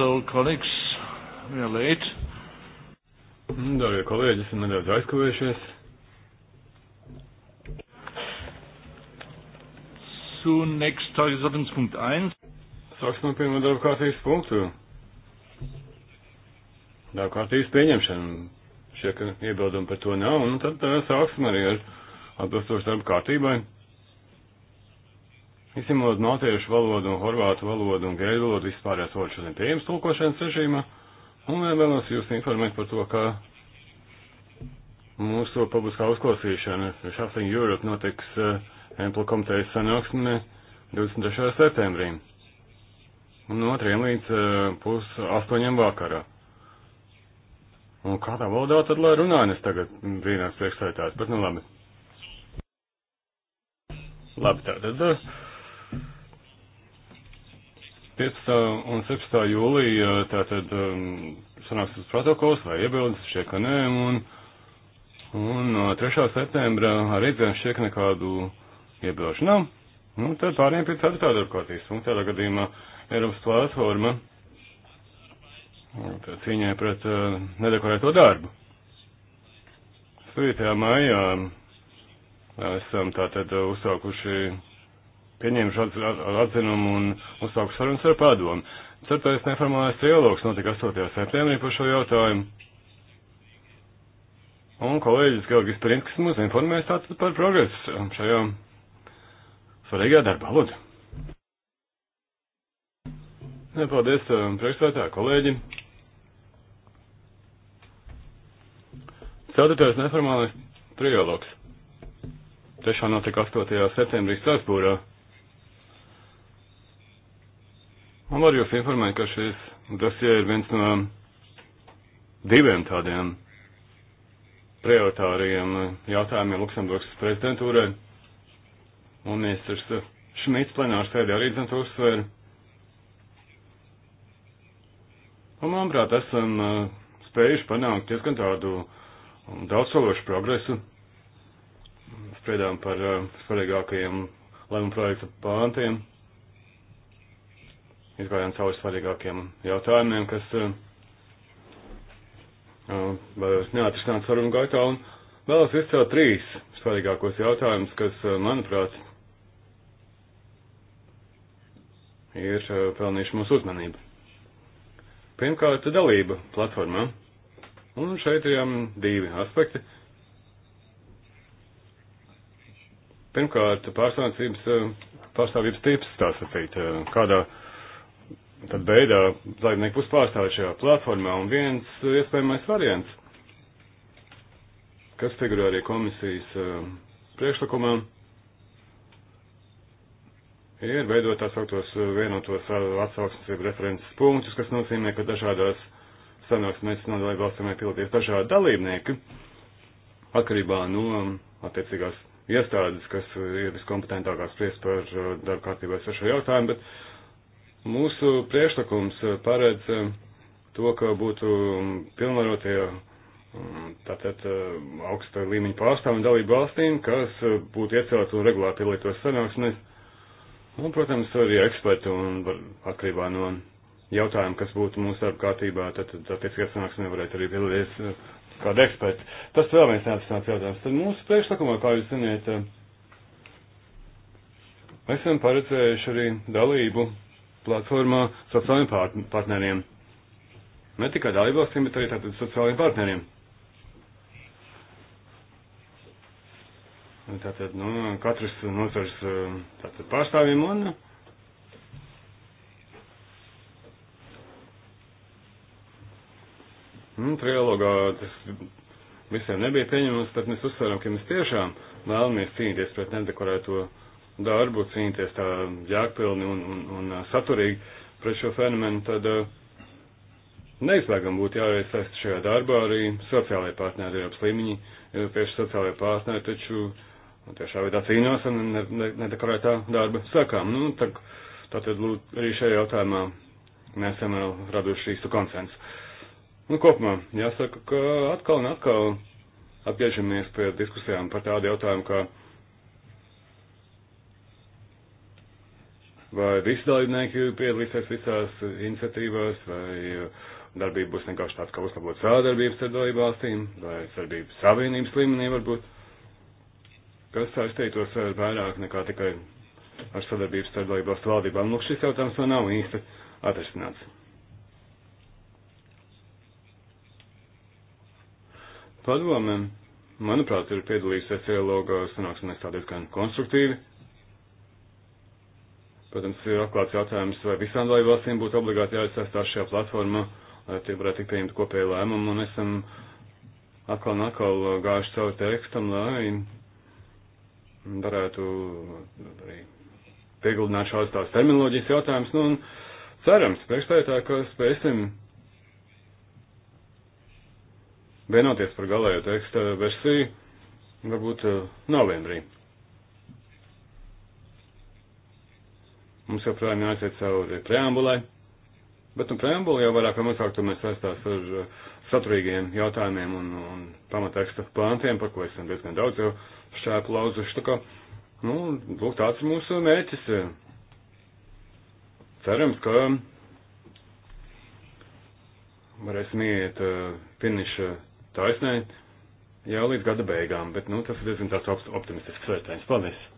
So, colleagues, we are late. Darbie kolēģi, esam nedaudz aizkavējušies. Zunächst Tagesordnungspunkt 1. Sāksim ar pirmo darba kārtības punktu. Darba kārtības pieņemšana. Šie, ka iebildumi par to nav, un tad tā, uh, sāksim arī ar atbilstošu darba kārtībai izņemot maltiešu valodu un horvātu valodu un gēļu valodu, vispārējās valodas šodien pieejams tulkošanas režīmā. Un vēlos jūs informēt par to, ka mūsu publiskā uzklausīšana Shuffling Europe notiks uh, eh, Empla komitejas sanāksmē 23. septembrī. Un no 3 līdz uh, pus 8 vakarā. Un kādā valodā tad lai runāju es tagad brīnās priekšstājotājs, bet nu labi. Labi, tātad. Uh, eh, 15. un 16. jūlija tātad um, sanāksmes protokols vai iebildes šie, ka nē, un, un no 3. septembra arī dzēn šie, ka nekādu iebilžu nav. Nu, tad pārējiem pie tāda tāda kārtīs, un tādā gadījumā Eiropas platforma cīņai pret uh, nedekorēto darbu. 7. maijā esam tātad uzsākuši pieņēma šādu atzinumu un uzsāku sarunas ar padomu. Ceturtais neformālais trialogs notika 8. septembrī par šo jautājumu. Un kolēģis Georgis Prinskis mūs informēs tātad par progresu šajā svarīgajā darbā. Lūdzu! Nu, paldies, um, priekšstādā kolēģi. Ceturtais neformālais trialogs. Tiešām notika 8. septembrī Strasbūrā. Un var jūs informēt, ka šis dosie ir viens no diviem tādiem prioritāriem jautājumiem Luksemburgas prezidentūrai. Un ministrs Šmits plenārs sēdē arī dzimta uzsver. Un, manuprāt, esam uh, spējuši panākt diezgan tādu daudzsološu progresu. Spriedām par uh, svarīgākajiem lēmumu projektu pāntiem izgājām cauri svarīgākiem jautājumiem, kas eh, eh, neatrisināt sarunu gaitā, un vēlos izcelt trīs svarīgākos jautājumus, kas, eh, manuprāt, ir pelnījuši mūsu uzmanību. Pirmkārt, dalība platformā. Un šeit ir jām um, divi aspekti. Pirmkārt, pārstāvības, pārstāvības tips, tā sacīt, kādā tad beidā zaļnieku būs pārstāvēt šajā platformā. Un viens iespējamais variants, kas figurē arī komisijas uh, priekšlikumā, ir veidot tās augtos eh, vienotos eh, atsauksmes jeb references punktus, kas nozīmē, ka dažādās sanāksmēs no valstīm ir piloties dažādi dalībnieki atkarībā no mm, attiecīgās iestādes, kas ir viskompetentākās spriest par darba kārtībā sešo jautājumu, bet Mūsu priekšlikums eh, paredz eh, to, ka būtu mm, pilnvarotie mm, tātad eh, augsta līmeņa pārstāvju dalību valstīm, kas būtu iecelt un regulāri pielietos sanāksmes. Un, nu, protams, arī eksperti un atkarībā no jautājuma, kas būtu mūsu darba kārtībā, tad attiecīgās sanāksmē varētu arī piedalīties kāda eksperta. Tas vēl viens neapstrādāts jautājums. Tad mūsu priekšlikumā, kā jūs ziniet, esam paredzējuši arī dalību platformā sociālajiem partneriem. Ne tikai dalībvalstīm, bet arī tātad sociālajiem partneriem. Tātad, nu, katrs nozars um, tātad pārstāvjiem un. Nu, trialogā tas visiem nebija pieņemams, tad mēs uzsveram, ka mēs tiešām vēlamies cīnīties pret nedeklarēto darbu, cīnīties tā jēgpilni un, un, un uh, saturīgi pret šo fenomenu, tad uh, neizslēgam būtu jāiesaist šajā darbā arī sociālajie partneri Eiropas līmeņi, tieši sociālajie partneri, taču nu, tiešā veidā cīnās un nedekorētā ne, ne, ne darba sakām. Nu, tā, tātad lūd, arī šajā jautājumā nesam vēl raduši īstu konsensu. Nu, kopumā jāsaka, ka atkal un atkal apiežamies pie diskusijām par tādu jautājumu, kā vai visi dalībnieki piedalīsies visās iniciatīvās, vai uh, darbība būs vienkārši tāds, kā uzlabot sādarbības ar dalībvalstīm, vai sardarbības savienības līmenī varbūt, kas saistītos ar vairāk nekā tikai ar sadarbības starp dalībvalstu valdībām. Lūk, šis jautājums vēl nav īsti atrisināts. Padomēm, manuprāt, ir piedalījusies dialogā sanāksmēs tādēļ gan konstruktīvi Protams, ir atklāts jautājums, vai visām dalībvalstīm būtu obligāti jāizsastās šajā platformā, lai tie varētu tikt pieņemt kopēju lēmumu, un esam atkal un atkal gājuši cauri tekstam, lai varētu arī piegildināt šādas tās terminoloģijas jautājumus, nu, un cerams, priekšstājotā, ka spēsim vienoties par galējo teksta versiju, varbūt uh, novembrī. Mums joprojām jāiet cauri preambulai, bet nu, preambula jau vairāk vai mazāk tomēr saistās ar uh, saturīgiem jautājumiem un, un pamateksta pāntiem, par ko esam diezgan daudz jau šāpu lauzuši. Tā kā, nu, lūk, tāds ir mūsu mērķis. Cerams, ka varēsim iet uh, finiša taisnē jau līdz gada beigām, bet, nu, tas ir diezgan tāds optimistisks vērtējums. Paldies!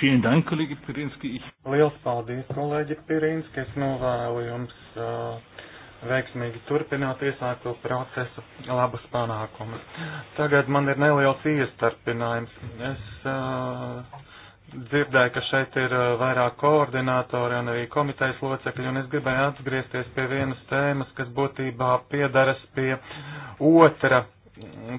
Vielen Dank, kolēģi Pirinski. Ich... Liels paldies, kolēģi Pirinski. Es novēlu jums uh, veiksmīgi turpināt iesākto procesu, labus panākumus. Tagad man ir neliels iestarpinājums. Es uh, dzirdēju, ka šeit ir uh, vairāk koordinātori un arī komitejas locekļi, un es gribēju atgriezties pie vienas tēmas, kas būtībā piedaras pie otra,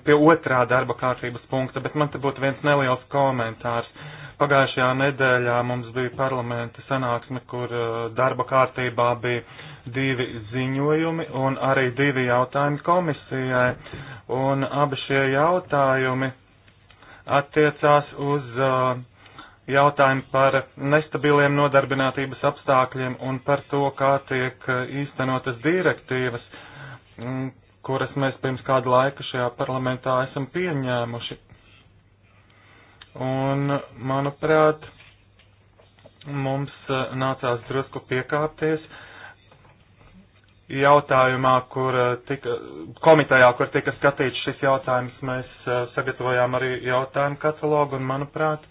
pie otrā darba kārtības punkta, bet man te būtu viens neliels komentārs. Pagājušajā nedēļā mums bija parlamenta sanāksme, kur uh, darba kārtībā bija divi ziņojumi un arī divi jautājumi komisijai. Un abi šie jautājumi attiecās uz uh, jautājumu par nestabiliem nodarbinātības apstākļiem un par to, kā tiek uh, īstenotas direktīvas, mm, kuras mēs pirms kādu laiku šajā parlamentā esam pieņēmuši Un, manuprāt, mums eh, nācās drusku piekāpties jautājumā, kur eh, tika, komitejā, kur tika skatīts šis jautājums, mēs eh, sagatavojām arī jautājumu katalogu, un, manuprāt,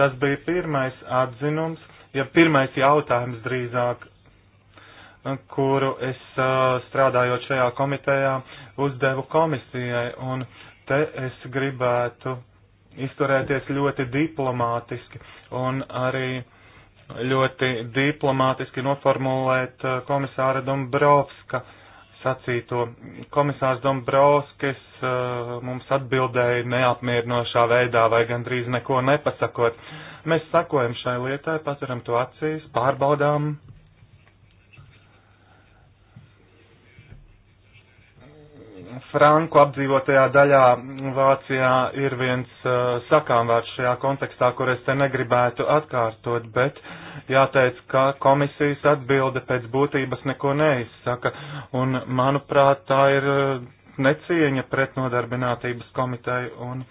tas bija pirmais atzinums, ja pirmais jautājums drīzāk, kuru es strādājot šajā komitejā, uzdevu komisijai, un te es gribētu izturēties ļoti diplomātiski un arī ļoti diplomātiski noformulēt uh, komisāra Dombrovska sacīto. Komisārs Dombrovskis uh, mums atbildēja neapmierinošā veidā vai gandrīz neko nepasakot. Mēs sakojam šai lietai, paturam to acīs, pārbaudām franku apdzīvotajā daļā Vācijā ir viens uh, sakāmvārds šajā kontekstā, kur es te negribētu atkārtot, bet jāteic, ka komisijas atbilde pēc būtības neko neizsaka, un manuprāt tā ir uh, necieņa pret nodarbinātības komiteju, un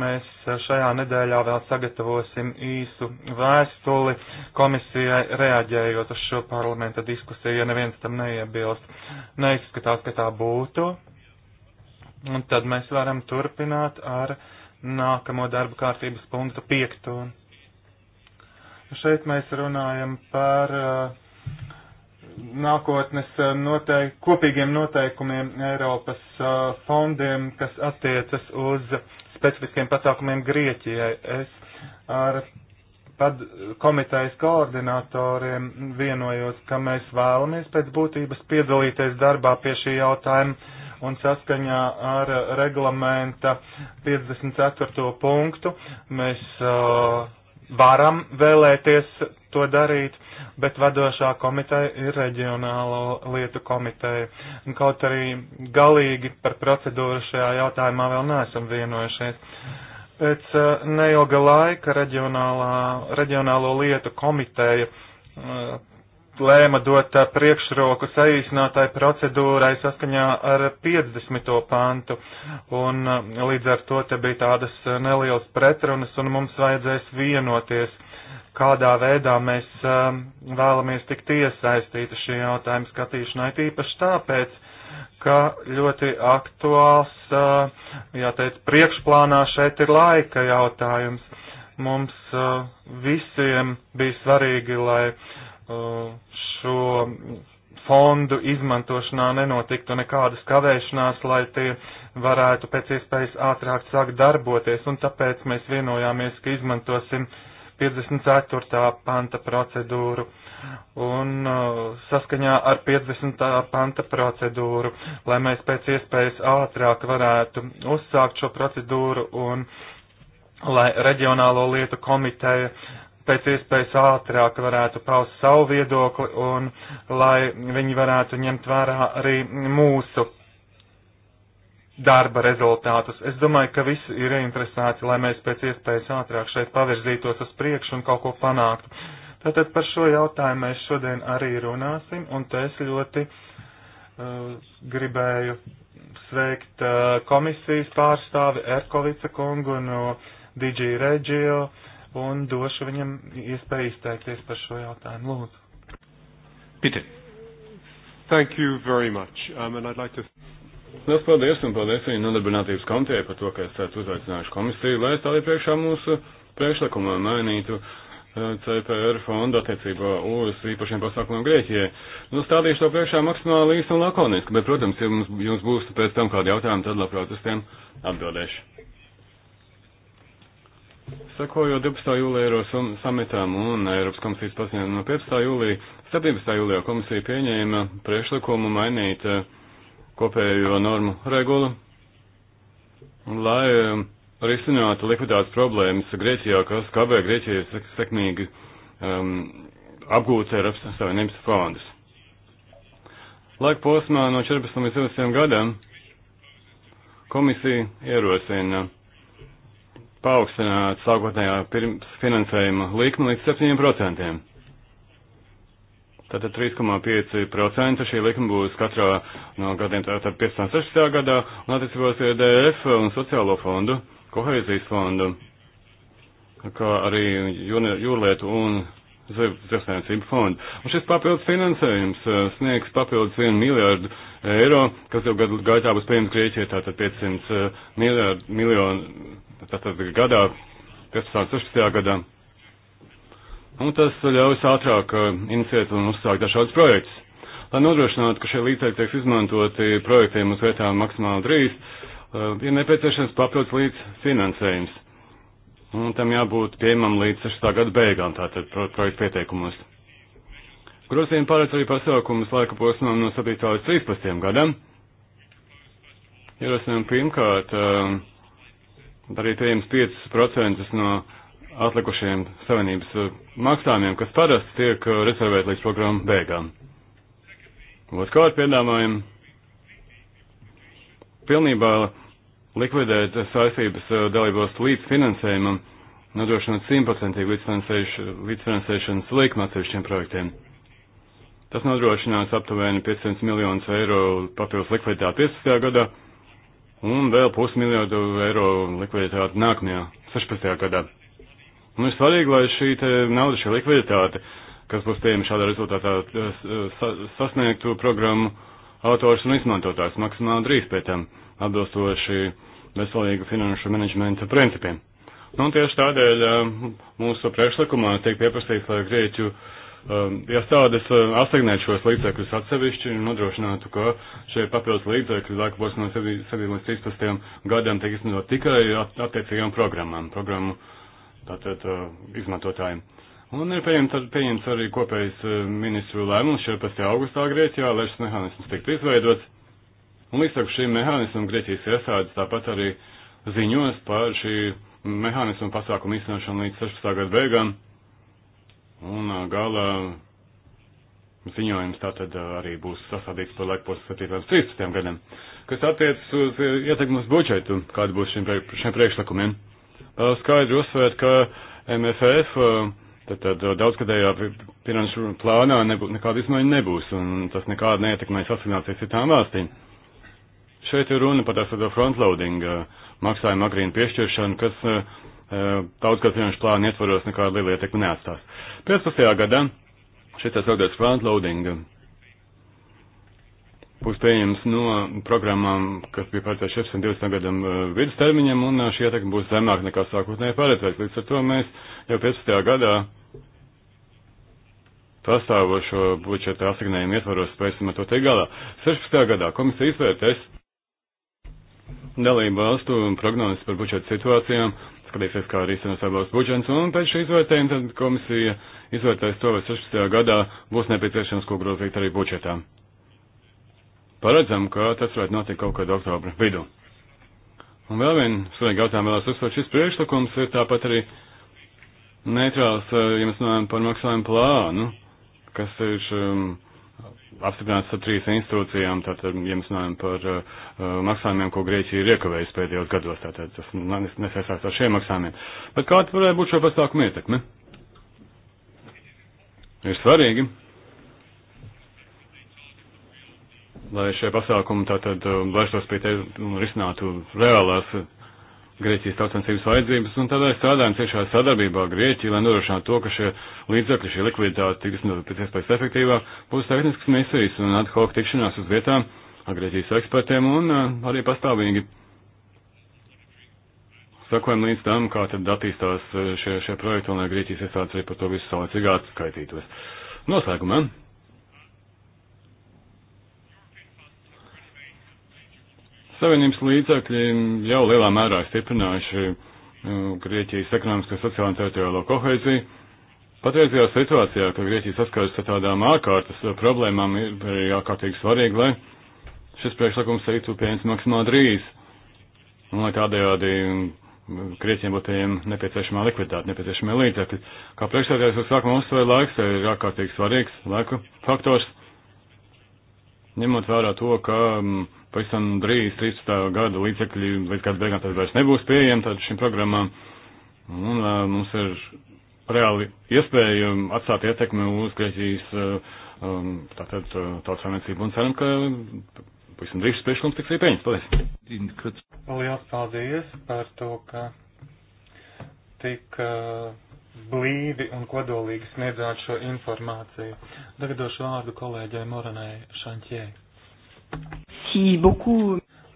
mēs šajā nedēļā vēl sagatavosim īsu vēstuli komisijai reaģējot uz šo parlamenta diskusiju, ja neviens tam neiebilst. Neizskatās, ka tā būtu Un tad mēs varam turpināt ar nākamo darba kārtības punktu piekto. Šeit mēs runājam par uh, nākotnes uh, noteik kopīgiem noteikumiem Eiropas uh, fondiem, kas attiecas uz specifiskiem pasākumiem Grieķijai. Es ar pad komitejas koordinatoriem vienojos, ka mēs vēlamies pēc būtības piedalīties darbā pie šī jautājuma un saskaņā ar reglamenta 54. punktu mēs uh, varam vēlēties to darīt, bet vadošā komiteja ir reģionālo lietu komiteja. Un kaut arī galīgi par procedūru šajā jautājumā vēl neesam vienojušies. Pēc uh, neilga laika reģionālā, reģionālo lietu komiteja uh, lēma dot uh, priekšroku saīsinātai procedūrai saskaņā ar 50. pantu, un uh, līdz ar to te bija tādas uh, nelielas pretrunas, un mums vajadzēs vienoties, kādā veidā mēs vēlamies tikt iesaistīti šī jautājuma skatīšanai, tīpaši tāpēc, ka ļoti aktuāls, jāteic, priekšplānā šeit ir laika jautājums. Mums visiem bija svarīgi, lai šo fondu izmantošanā nenotiktu nekādas kavēšanās, lai tie varētu pēc iespējas ātrāk sākt darboties, un tāpēc mēs vienojāmies, ka izmantosim 54. panta procedūru un uh, saskaņā ar 50. panta procedūru, lai mēs pēc iespējas ātrāk varētu uzsākt šo procedūru un lai reģionālo lietu komiteja pēc iespējas ātrāk varētu paust savu viedokli un lai viņi varētu ņemt vērā arī mūsu darba rezultātus. Es domāju, ka visi ir interesēti, lai mēs pēc iespējas ātrāk šeit pavirzītos uz priekšu un kaut ko panāktu. Tātad par šo jautājumu mēs šodien arī runāsim, un te es ļoti uh, gribēju sveikt uh, komisijas pārstāvi Erkovica kungu no DG Regio, uh, un došu viņam iespēju izteikties par šo jautājumu. Lūdzu. Pite. Thank you very much. Um, and I'd like to... Liels paldies un paldies viņa nodarbinātības komitē par to, ka esat uzaicinājuši komisiju, lai stāvīja priekšā mūsu priekšlikumā mainītu uh, CPR fondu attiecībā uz īpašiem pasākumiem Grieķijai. Nu, stādīšu to priekšā maksimāli īsti un lakoniski, bet, protams, ja jums, jums būs pēc tam kādi jautājumi, tad labprāt uz tiem atbildēšu. Sakojot 12. jūlijā Eiro samitām un Eiropas komisijas paziņojumu no 15. jūlijā, 17. jūlijā komisija pieņēma priešlikumu mainīt eh, kopējo normu regulu, lai eh, risinātu likvidācijas problēmas Grieķijā, kas kabē Grieķijai sekmīgi um, apgūts Eiropas Savienības fondus. Laika posmā no 14 līdz 20 gadiem komisija ierosina paaugstināt sākotnējā pirms finansējuma likmi līdz 7%. Tātad 3,5% šī likuma būs katrā no gadiem, tātad 15. gadā, un attiecībos ir e DF un sociālo fondu, kohēzijas fondu, kā arī jūrlietu un zivsēmniecību fondu. Un šis papildus finansējums eh, sniegs papildus 1 miljārdu eiro, kas jau gadu gaitā būs pieņemts Grieķijai, tātad 500 eh, miljārdu, miljonu, tātad gadā, 15. 16. gadā. Un tas ļaus ātrāk eh, iniciēt un uzsākt dažādus projektus. Lai nodrošinātu, ka šie līdzekļi tiek izmantoti projektiem uz vietām maksimāli drīz, ir nepieciešams papildus līdz finansējums un tam jābūt pieejamam līdz 6. gada beigām, tātad pro, projekta pieteikumos. Grozījumi paredz arī pasaukumus laika posmam no 7. līdz 13. gadam. Ierosinām pirmkārt um, darīt pieejams 5% no atlikušiem savienības maksājumiem, kas parasti tiek rezervēti līdz programmu beigām. Otrkārt piedāvājam pilnībā likvidēt saistības eh, dalībos līdz finansējumam, nodrošinot simtprocentīgu līdzfinansēšanas likmu atsevišķiem projektiem. Tas nodrošinās aptuveni 500 miljonus eiro papildus likviditāti 15. gadā un vēl pusmiljardu eiro likviditāti nākamajā 16. gadā. Un ir svarīgi, lai šī nauda, šī likviditāte, kas būs pieejama šādā rezultātā, eh, sasniegtu programmu autors un izmantotājs maksimāli drīz pēc tam atbilstoši veselīga finanšu menedžmenta principiem. Nu, tieši tādēļ eh, mūsu priekšlikumā tiek pieprasīts, lai Grieķu eh, iestādes eh, asignētu šos līdzekļus atsevišķi un nodrošinātu, ka šie papildus līdzekļi laika posmā no 7 līdz 13 gadiem tiek izmantot tikai attiecīgām programmām, programmu tātad izmantotājiem. Un ir pieņemts, pieņemts arī kopējs ministru lēmums 14. augustā Grieķijā, lai šis mehānisms tiktu izveidots. Un līdz ar šim mehānismam Grieķijas iestādes tāpat arī ziņos par šī mehānismu pasākumu īstenošanu līdz 16. gada beigām. Un gala ziņojums tātad arī būs sasādīts par laikposmu 7. līdz 13. gadam, kas attiecas uz ietekmus budžetu, kāda būs šiem, šiem priekšlikumiem. Skaidri uzsvērt, ka MFF tātad daudzgadējā finanšu plānā nebū, nekāda izmaiņa nebūs, un tas nekāda neietekmēs asimilācijas citām valstīm. Šeit ir runa par tādu frontloading eh, maksājumu agrīnu piešķiršanu, kas eh, eh, daudzgad finanšu plānu ietvaros nekādu lielu ietekmi neatstās. 15. gadā šis tā sauktais frontloading būs pieejams no programmām, kas bija paredzēts 2020. gadam vidustermiņam, un šī ietekme būs zemāk nekā sākotnēji paredzēts. Līdz ar to mēs jau 15. gadā pastāvošo budžeta asignējumu ietvaros spēsim ar to tikt galā. 16. gadā komisija izvērtēs dalību valstu prognozes par budžeta situācijām, skatīsies, kā arī sanos savos budžets, un pēc šī izvērtējuma tad komisija izvērtēs to, vai 16. gadā būs nepieciešams, ko grozīt arī budžetā. Paredzam, ka tas varētu notikt kaut kad oktobra vidū. Un vēl viena svarīga jautājuma vēlās uzsvērt, šis priekšlikums ir tāpat arī neitrāls, ja mēs runājam par maksājumu plānu, kas ir um, apstiprināts ar trīs institūcijām, tātad, ja mēs runājam par uh, uh, maksājumiem, ko Grieķija ir iekavējusi pēdējos gados, tātad tas nesaistās ar šiem maksājumiem. Bet kāda varētu būt šo pasākumu ietekme? Ir svarīgi, lai šie pasākumi tātad uh, vērstos pie tevis un risinātu reālās Grieķijas tautsvencības vajadzības, un tādēļ strādājam ciešā sadarbībā ar Grieķiju, lai nodrošinātu to, ka šie līdzekļi, šī likviditāte tiks izmantot pēc iespējas efektīvāk, būs tehniskas misijas un ad hoc tikšanās uz vietām ar Grieķijas ekspertiem un uh, arī pastāvīgi sakojam līdz tam, kā tad attīstās eh, šie, šie projekti, un lai Grieķijas iestādes arī par to visu saulēcīgi atskaitītos. Noslēgumā. Ja? Savienības līdzakļi jau lielā mērā stiprinājuši nu, Grieķijas ekonomisko sociālo un teritoriālo kohēziju. Patreizajā situācijā, kad Grieķija saskaras ar tādām ārkārtas problēmām, ir ārkārtīgi svarīgi, lai šis priekšlikums tiktu pieņemts maksimāli drīz, un lai tādējādi Grieķiem būtu nepieciešamā likviditāte, nepieciešamie līdzekļi. Kā priekšsēdētājs uz sākumu uzsver laiks, ir ārkārtīgi svarīgs laika faktors, ņemot vērā to, ka um, pavisam drīz 13. gada līdzekļi līdz kāda beigām tad vairs nebūs pieejami tad šīm programmām. Un uh, mums ir reāli iespēja atstāt ietekmi uz Grieķijas um, tātad tautsāmniecību un ceram, ka pavisam drīz priekšlikums tiks arī pieņemts. Paldies! Lielas paldies par to, ka tik uh, blīvi un kodolīgi sniedzāt šo informāciju. Tagad došu vārdu kolēģei Moranai Šanķēji.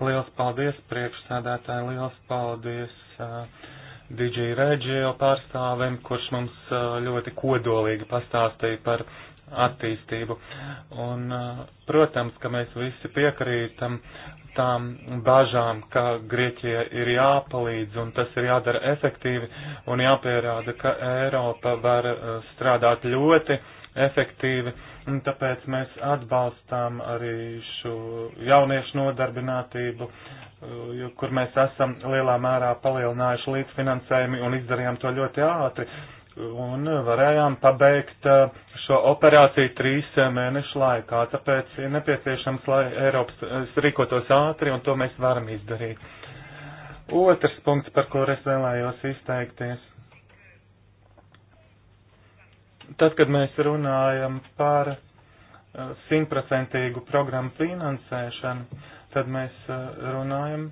Liels paldies priekšsēdētāji, liels paldies uh, eh, DJ Reģio pārstāvim, kurš mums uh, ļoti kodolīgi pastāstīja par attīstību. Un, uh, protams, ka mēs visi piekrītam tām bažām, ka Grieķija ir jāpalīdz un tas ir jādara efektīvi un jāpierāda, ka Eiropa var uh, strādāt ļoti efektīvi. Uh, Un tāpēc mēs atbalstām arī šo jauniešu nodarbinātību, eh, kur mēs esam lielā mērā palielinājuši līdzfinansējumi un izdarījām to ļoti ātri. Un varējām pabeigt eh, šo operāciju trīs mēnešu laikā, tāpēc ir nepieciešams, lai Eiropas eh, rīkotos ātri, un to mēs varam izdarīt. Otrs punkts, par kur es vēlējos izteikties Tad, kad mēs runājam par uh, simtprocentīgu programmu finansēšanu, tad mēs uh, runājam,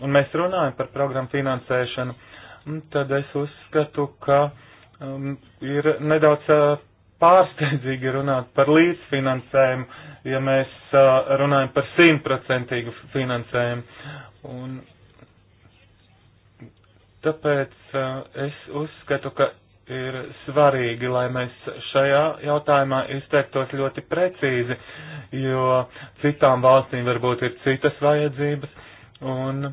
un mēs runājam par programmu finansēšanu, tad es uzskatu, ka um, ir nedaudz uh, pārsteidzīgi runāt par līdzfinansējumu, ja mēs uh, runājam par simtprocentīgu finansējumu. Un tāpēc uh, es uzskatu, ka ir svarīgi, lai mēs šajā jautājumā izteiktos ļoti precīzi, jo citām valstīm varbūt ir citas vajadzības, un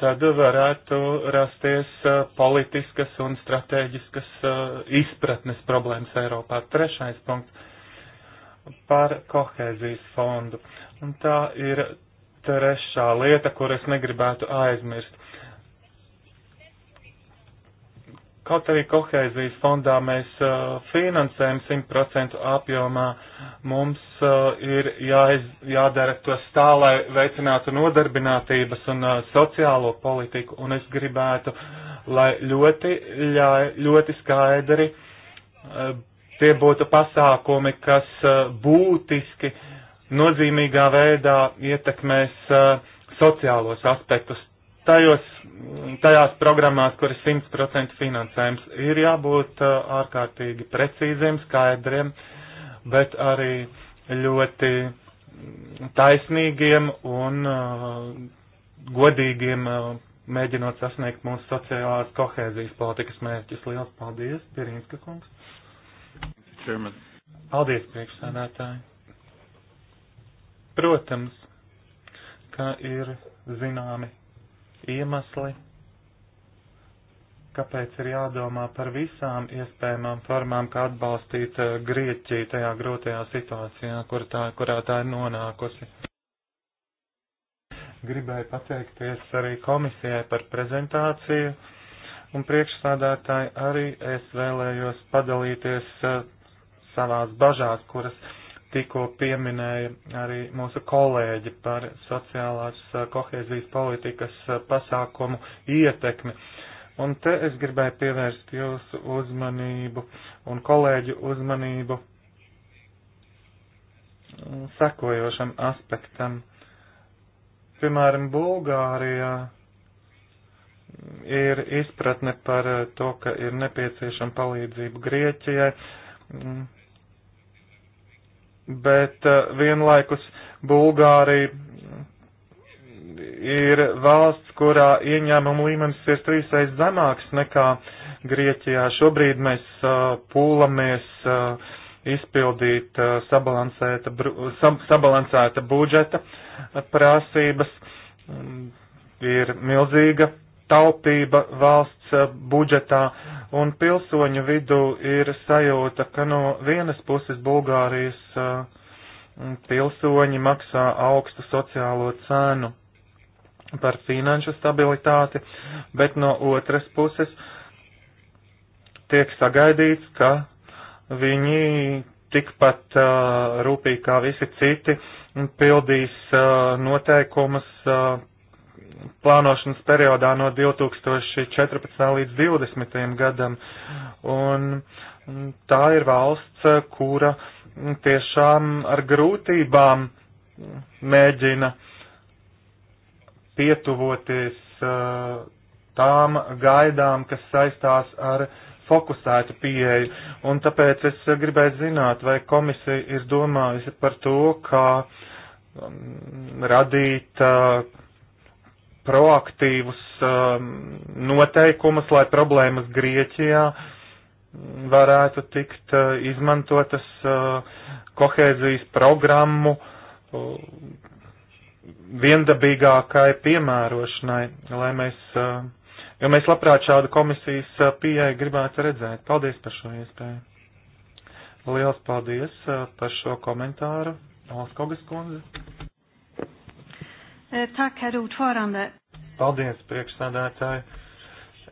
tad varētu rasties uh, politiskas un strateģiskas uh, izpratnes problēmas Eiropā. Trešais punkts par kohēzijas fondu. Un tā ir trešā lieta, kur es negribētu aizmirst. Kaut arī kohēzijas fondā mēs uh, finansējam 100% apjomā, mums uh, ir jāiz, jādara tas tā, lai veicinātu nodarbinātības un uh, sociālo politiku, un es gribētu, lai ļoti, ļa, ļoti skaidri uh, tie būtu pasākumi, kas uh, būtiski, nozīmīgā veidā ietekmēs uh, sociālos aspektus tajos, tajās programmās, kuras 100% finansējums, ir jābūt uh, ārkārtīgi precīziem, skaidriem, bet arī ļoti taisnīgiem un uh, godīgiem, uh, mēģinot sasniegt mūsu sociālās kohēzijas politikas mērķus. Lielas paldies, Pirinska kungs. Chairman. Paldies, priekšsēdētāji. Protams, ka ir zināmi iemesli, kāpēc ir jādomā par visām iespējamām formām, kā atbalstīt eh, Grieķiju tajā grūtajā situācijā, kur tā, kurā tā ir nonākusi. Gribēju pateikties arī komisijai par prezentāciju, un priekšstādātāji arī es vēlējos padalīties eh, savās bažās, kuras tikko pieminēja arī mūsu kolēģi par sociālās eh, kohēzijas politikas eh, pasākumu ietekmi. Un te es gribēju pievērst jūsu uzmanību un kolēģu uzmanību mm, sekojošam aspektam. Piemēram, Bulgārijā mm, ir izpratne par eh, to, ka ir nepieciešama palīdzība Grieķijai, mm, bet eh, vienlaikus Bulgārija ir valsts, kurā ieņēmuma līmenis ir trīsreiz zemāks nekā Grieķijā. Šobrīd mēs eh, pūlamies eh, izpildīt sabalansēta, sabalansēta budžeta prasības. Mm, ir milzīga taupība valsts eh, budžetā, un pilsoņu vidū ir sajūta, ka no vienas puses Bulgārijas eh, pilsoņi maksā augstu sociālo cenu par finanšu stabilitāti, bet no otras puses tiek sagaidīts, ka viņi tikpat uh, rūpīgi kā visi citi pildīs uh, noteikumus uh, plānošanas periodā no 2014. līdz 2020. gadam. Un tā ir valsts, kura tiešām ar grūtībām mēģina pietuvoties uh, tām gaidām, kas saistās ar fokusētu pieeju. Un tāpēc es gribēju zināt, vai komisija ir domājusi par to, kā um, radīt uh, proaktīvus um, noteikumus, lai problēmas Grieķijā varētu tikt uh, izmantotas uh, kohēzijas programmu uh, viendabīgākai piemērošanai, lai mēs, uh, jo mēs labprāt šādu komisijas uh, pieeju gribētu redzēt. Paldies par šo iespēju. Liels paldies uh, par šo komentāru. Alskogas kundze. Eh, tack, herr ordförande. Paldies, priekšsādātāji.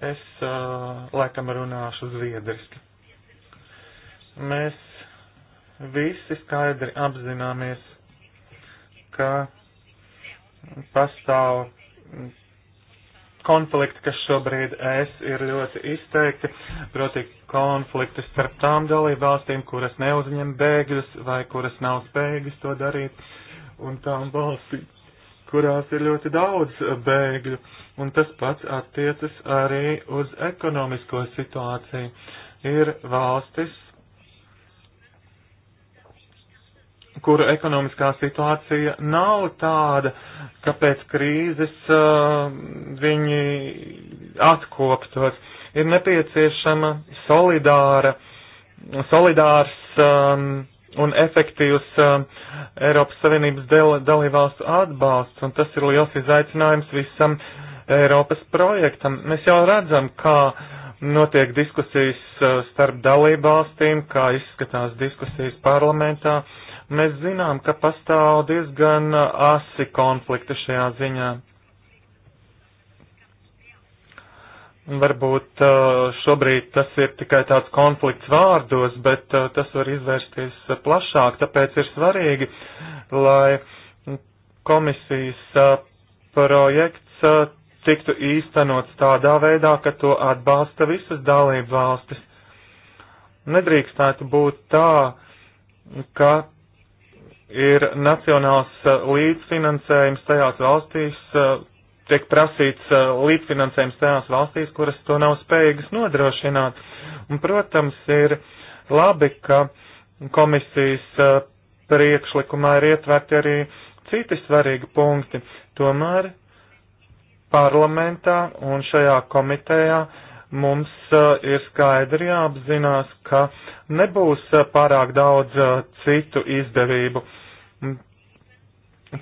Es uh, laikam runāšu zviedriski. Mēs visi skaidri apzināmies, ka pastāv konflikti, kas šobrīd es ir ļoti izteikti, proti konflikti starp tām dalībvalstīm, kuras neuzņem bēgļus vai kuras nav spējīgas to darīt, un tām valstīm, kurās ir ļoti daudz eh, bēgļu, un tas pats attiecas arī uz ekonomisko situāciju. Ir valstis, kura ekonomiskā situācija nav tāda, ka pēc krīzes uh, viņi atkoptos. Ir nepieciešama solidāra, solidārs um, un efektīvs uh, Eiropas Savienības dalībvalstu atbalsts, un tas ir liels izaicinājums visam Eiropas projektam. Mēs jau redzam, kā notiek diskusijas uh, starp dalībvalstīm, kā izskatās diskusijas parlamentā. Mēs zinām, ka pastāv diezgan uh, asi konflikti šajā ziņā. Varbūt uh, šobrīd tas ir tikai tāds konflikts vārdos, bet uh, tas var izvērsties uh, plašāk, tāpēc ir svarīgi, lai komisijas projekts tiktu īstenots tādā veidā, ka to atbalsta visas dalību valstis. Nedrīkstētu būt tā, ka ir nacionāls līdzfinansējums tajās valstīs, tiek prasīts eh, līdzfinansējums tajās valstīs, kuras to nav spējīgas nodrošināt. Un, protams, ir labi, ka komisijas eh, priekšlikumā ir ietverti arī citi svarīgi punkti. Tomēr parlamentā un šajā komitejā mums eh, ir skaidri jāapzinās, ka nebūs pārāk daudz citu izdevību.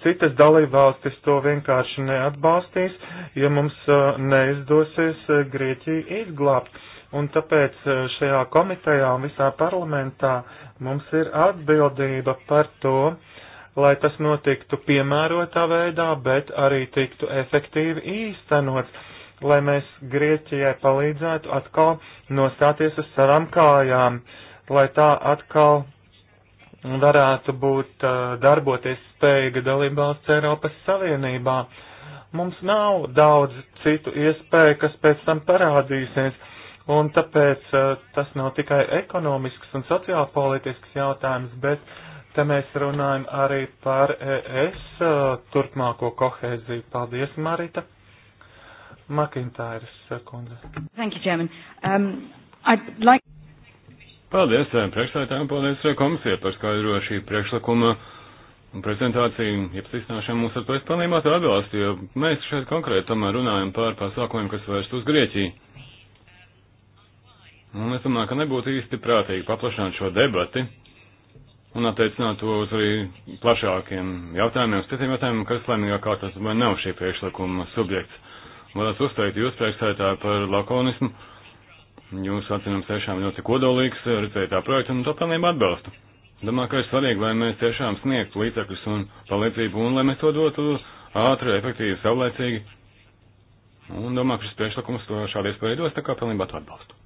Citas dalībvalstis to vienkārši neatbalstīs, ja mums uh, neizdosies uh, Grieķiju izglābt. Un tāpēc uh, šajā komitejā un visā parlamentā mums ir atbildība par to, lai tas notiktu piemērotā veidā, bet arī tiktu efektīvi īstenots, lai mēs Grieķijai palīdzētu atkal nostāties uz savām kājām, lai tā atkal varētu būt darboties spējīga dalībvalsts Eiropas Savienībā. Mums nav daudz citu iespēju, kas pēc tam parādīsies, un tāpēc tas nav tikai ekonomisks un sociālpolitisks jautājums, bet te mēs runājam arī par ES turpmāko kohēziju. Paldies, Marita! Makintājas kundze. Thank you, Chairman. Um, I'd like... Paldies eh, priekšsētājiem, paldies eh, komisijai par skaidro šī priekšlikuma prezentāciju, iepazīstināšanu mūs ar to es pilnībā atbalstu, jo mēs šeit konkrēti tomēr runājam par pasākumiem, kas vērst uz Grieķiju. Un es domāju, ka nebūtu īsti prātīgi paplašināt šo debati un attiecināt to uz arī plašākiem jautājumiem, uz citiem jautājumiem, kas laimīgā kārtā nav šī priekšlikuma subjekts. Vēlētos uzteikt jūs priekšsētāju par lakonismu Jūsu atzinums tiešām ļoti kodolīgs, redzēju tā projektu un to pilnībā atbalstu. Domāju, ka ir svarīgi, lai mēs tiešām sniegtu līdzekļus un palīdzību un lai mēs to dotu ātri, efektīvi, savlaicīgi. Un domāju, ka šis priekšlikums to šādi iespēju dos, tā kā pilnībā to atbalstu.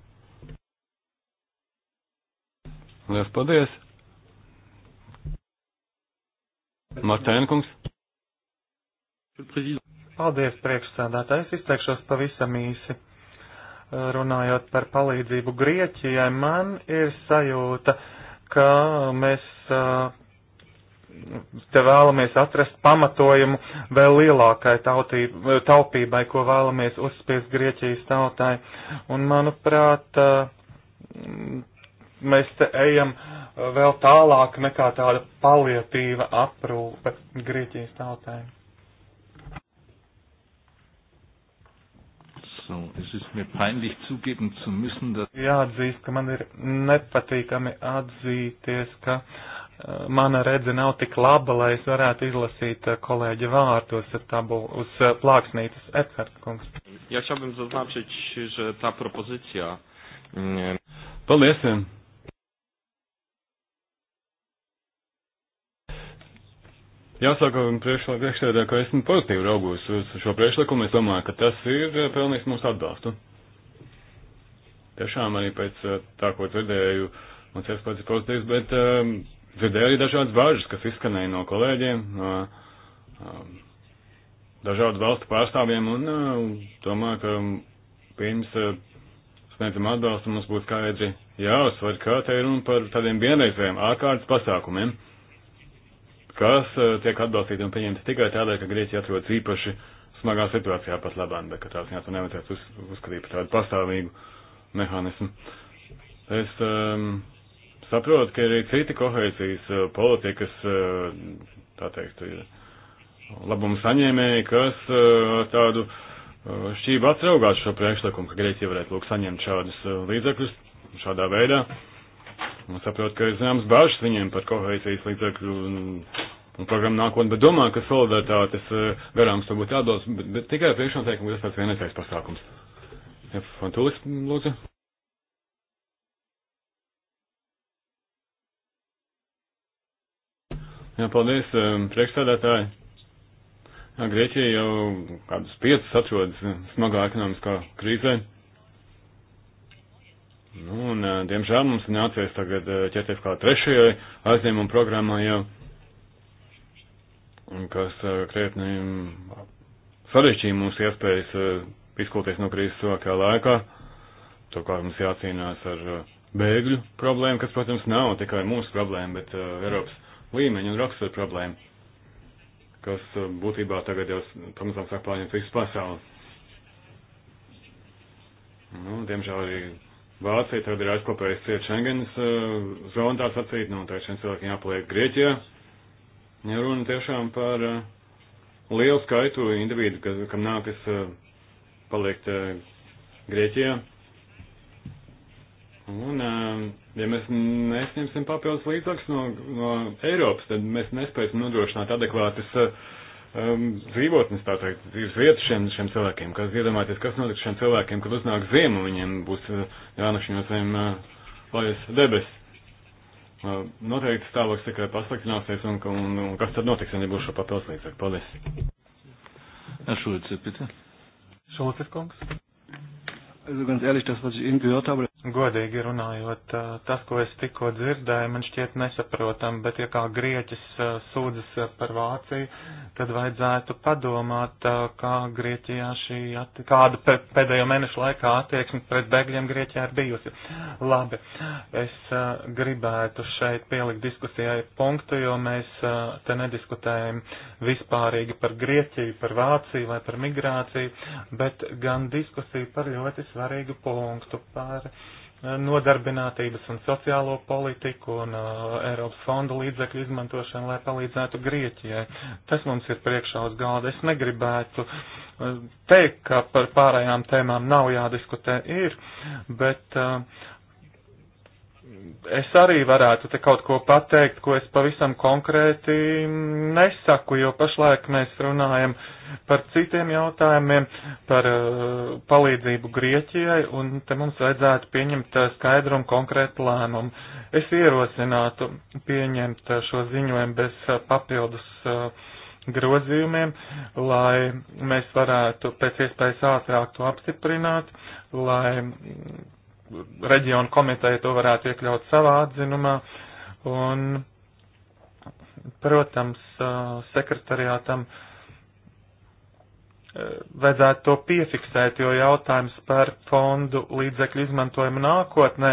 Lielas paldies! Martēnkungs. Paldies, priekšsēdētājs. Izteikšos pavisam īsi runājot par palīdzību Grieķijai, man ir sajūta, ka mēs te vēlamies atrast pamatojumu vēl lielākai tautība, taupībai, ko vēlamies uzspiest Grieķijas tautai. Un, manuprāt, mēs te ejam vēl tālāk nekā tāda palietīva aprūpe Grieķijas tautai. Auffassung. Es ist mir peinlich zugeben zu müssen, dass. Jāatzīst, ka man ir nepatīkami atzīties, ka uh, mana redze nav tik laba, lai es varētu izlasīt uh, kolēģa vārtos ar tabu uz uh, plāksnītes Edhardkungs. Ja chciałbym zaznaczyć, że ta propozycja. Mm, Paldies! Jāsaka, priekšsēdē, ka esmu pozitīvi raugos uz šo priekšlikumu. Es domāju, ka tas ir eh, pelnījis mums atbalstu. Tiešām arī pēc eh, tā, ko dzirdēju, mums iespējas ir pozitīvs, bet um, dzirdēju arī dažādas bāžas, kas izskanēja no kolēģiem, no um, dažādu valstu pārstāvjiem, un um, domāju, ka mm, pirms uh, sniedzam atbalstu mums būtu skaidri jāuzsver, ka te ir runa par tādiem vienreizējiem ārkārtas pasākumiem. Ja? kas eh, tiek atbalstīti un pieņemti tikai tādēļ, ka Grieķija atrodas īpaši smagā situācijā pat labāk, bet ka tās jāsaka nevajadzētu uz, uzskatīt par tādu pastāvīgu mehānismu. Es um, saprotu, ka ir arī citi kohēzijas uh, politikas, uh, tā teikt, labumu saņēmēji, kas uh, tādu uh, šķību atraugās šo priekšlikumu, ka Grieķija varētu lūk saņemt šādus uh, līdzekļus šādā veidā. Uh, Un saprot, ka ir zināmas bažas viņiem par kohēzijas līdzekļu un, un programmu nākotni, bet domā, ka solidaritātes eh, garāms to būtu jāatbalst, bet, bet tikai priekšnoteikumi, tas tāds vienreizais pasākums. Ja, Fantulis, lūdzu. Jā, paldies, eh, priekšstādātāji. Jā, Grieķija jau kādus piecus atrodas eh, smagā ekonomiskā krīzē. Nu, un, eh, diemžēl mums nācies tagad eh, ķerties kā trešajai aizņēmuma programmai jau, kas eh, krietni sarežģīja mūsu iespējas izkoties no krīzes tuvākajā laikā. To kā mums jācīnās ar bēgļu problēmu, kas, protams, nav tikai mūsu problēma, bet uh, Eiropas līmeņa un rakstura problēma, kas uh, būtībā tagad jau pamazām sāk pārņemt visu pasauli. Nu, diemžēl arī Vācija tad ir aizklapējusi ciet Schengenas uh, zonu tā sacīt, nu, tā šiem cilvēkiem jāpaliek Grieķijā. Ja runa tiešām par uh, lielu skaitu individu, ka, kam nākas uh, palikt uh, Grieķijā. Un, uh, ja mēs nesņemsim papildus līdzekļus no, no Eiropas, tad mēs nespēsim nodrošināt adekvātas uh, um, dzīvotnes, tā teikt, dzīves vietu šiem, šiem cilvēkiem. Kas iedomājieties, kas notiks šiem cilvēkiem, kad uznāk ziema, viņiem būs uh, jānošņo zem uh, lejas debes. Uh, noteikti stāvoklis tikai pasliktināsies, un, un, un kas tad notiks, ja nebūs šo papildus līdzekļu? Paldies! Herr Schulze, bitte. Schulze, Kongs. Also ganz ehrlich, das, was ich eben gehört habe, Godīgi runājot, tas, ko es tikko dzirdēju, man šķiet nesaprotam, bet ja kā grieķis sūdzas par Vāciju, tad vajadzētu padomāt, kā Grieķijā šī, kāda pēdējo mēnešu laikā attieksme pret bēgļiem Grieķijā ir bijusi. Labi, es gribētu šeit pielikt diskusijai punktu, jo mēs te nediskutējam vispārīgi par Grieķiju, par Vāciju vai par migrāciju, bet gan diskusiju par ļoti svarīgu punktu, par. Uh, nodarbinātības un sociālo politiku un uh, Eiropas fondu līdzekļu izmantošanu, lai palīdzētu Grieķijai. Tas mums ir priekšā uz galda. Es negribētu uh, teikt, ka par pārējām tēmām nav jādiskutē, ir, bet uh, es arī varētu te kaut ko pateikt, ko es pavisam konkrēti nesaku, jo pašlaik mēs runājam par citiem jautājumiem, par uh, palīdzību Grieķijai, un te mums vajadzētu pieņemt eh, skaidru un konkrētu lēmumu. Es ierosinātu pieņemt eh, šo ziņojumu bez papildus uh, grozījumiem, lai mēs varētu pēc iespējas ātrāk to apstiprināt, lai reģionu komiteja to varētu iekļaut savā atzinumā. Un, protams, sekretariātam vajadzētu to piefiksēt, jo jautājums par fondu līdzekļu izmantojumu nākotnē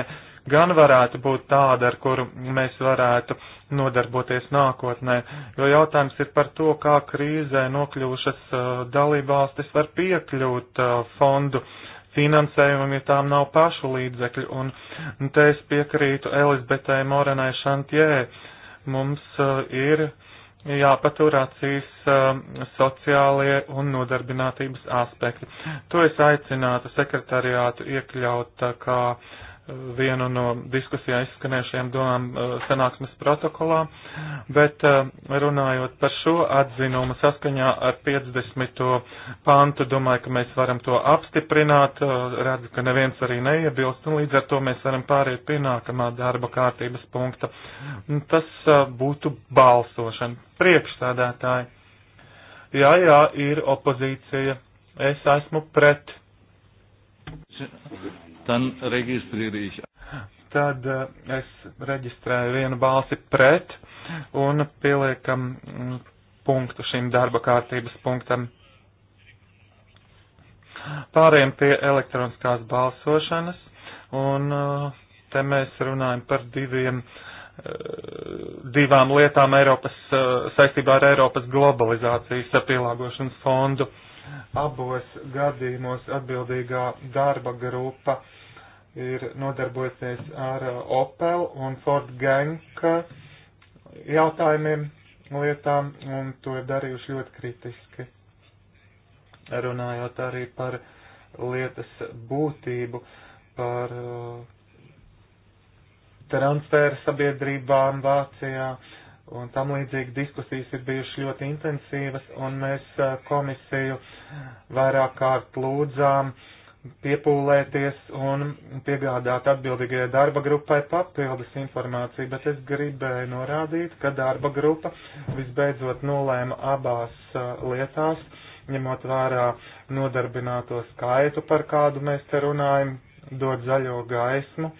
gan varētu būt tāda, ar kuru mēs varētu nodarboties nākotnē, jo jautājums ir par to, kā krīzē nokļūšas dalībvalstis var piekļūt fondu uh, finansējumam, ja tām nav pašu līdzekļu. Un, un te es piekrītu Elizabetei Morenai Šantjē. Mums uh, ir jāpatur acīs uh, sociālie un nodarbinātības aspekti. To es aicinātu sekretariātu iekļaut uh, kā vienu no diskusijā izskanējušajām domām eh, sanāksmes protokolā, bet eh, runājot par šo atzinumu saskaņā ar 50. pantu, domāju, ka mēs varam to apstiprināt, eh, redzu, ka neviens arī neiebilst, un līdz ar to mēs varam pāriet pie nākamā darba kārtības punkta. Tas būtu balsošana. Priekšstādātāji. Jā, jā, ir opozīcija. Es esmu pret dann registriere ich. Tad eh, es reģistrēju vienu balsi pret un pieliekam mm, punktu šim darba kārtības punktam. Pārējiem pie elektroniskās balsošanas, un eh, te mēs runājam par diviem, eh, divām lietām Eiropas, saistībā ar Eiropas globalizācijas pielāgošanas fondu. Abos gadījumos atbildīgā darba grupa ir nodarbojusies ar uh, Opel un Ford Genk uh, jautājumiem, lietām, un to ir darījuši ļoti kritiski. Runājot arī par lietas būtību, par uh, transfēra sabiedrībām Vācijā, uh, un tam līdzīgi diskusijas ir bijušas ļoti intensīvas, un mēs komisiju vairāk kārt lūdzām piepūlēties un piegādāt atbildīgajai darba grupai papildus informāciju, bet es gribēju norādīt, ka darba grupa visbeidzot nolēma abās lietās, ņemot vērā nodarbināto skaitu, par kādu mēs te runājam, dot zaļo gaismu,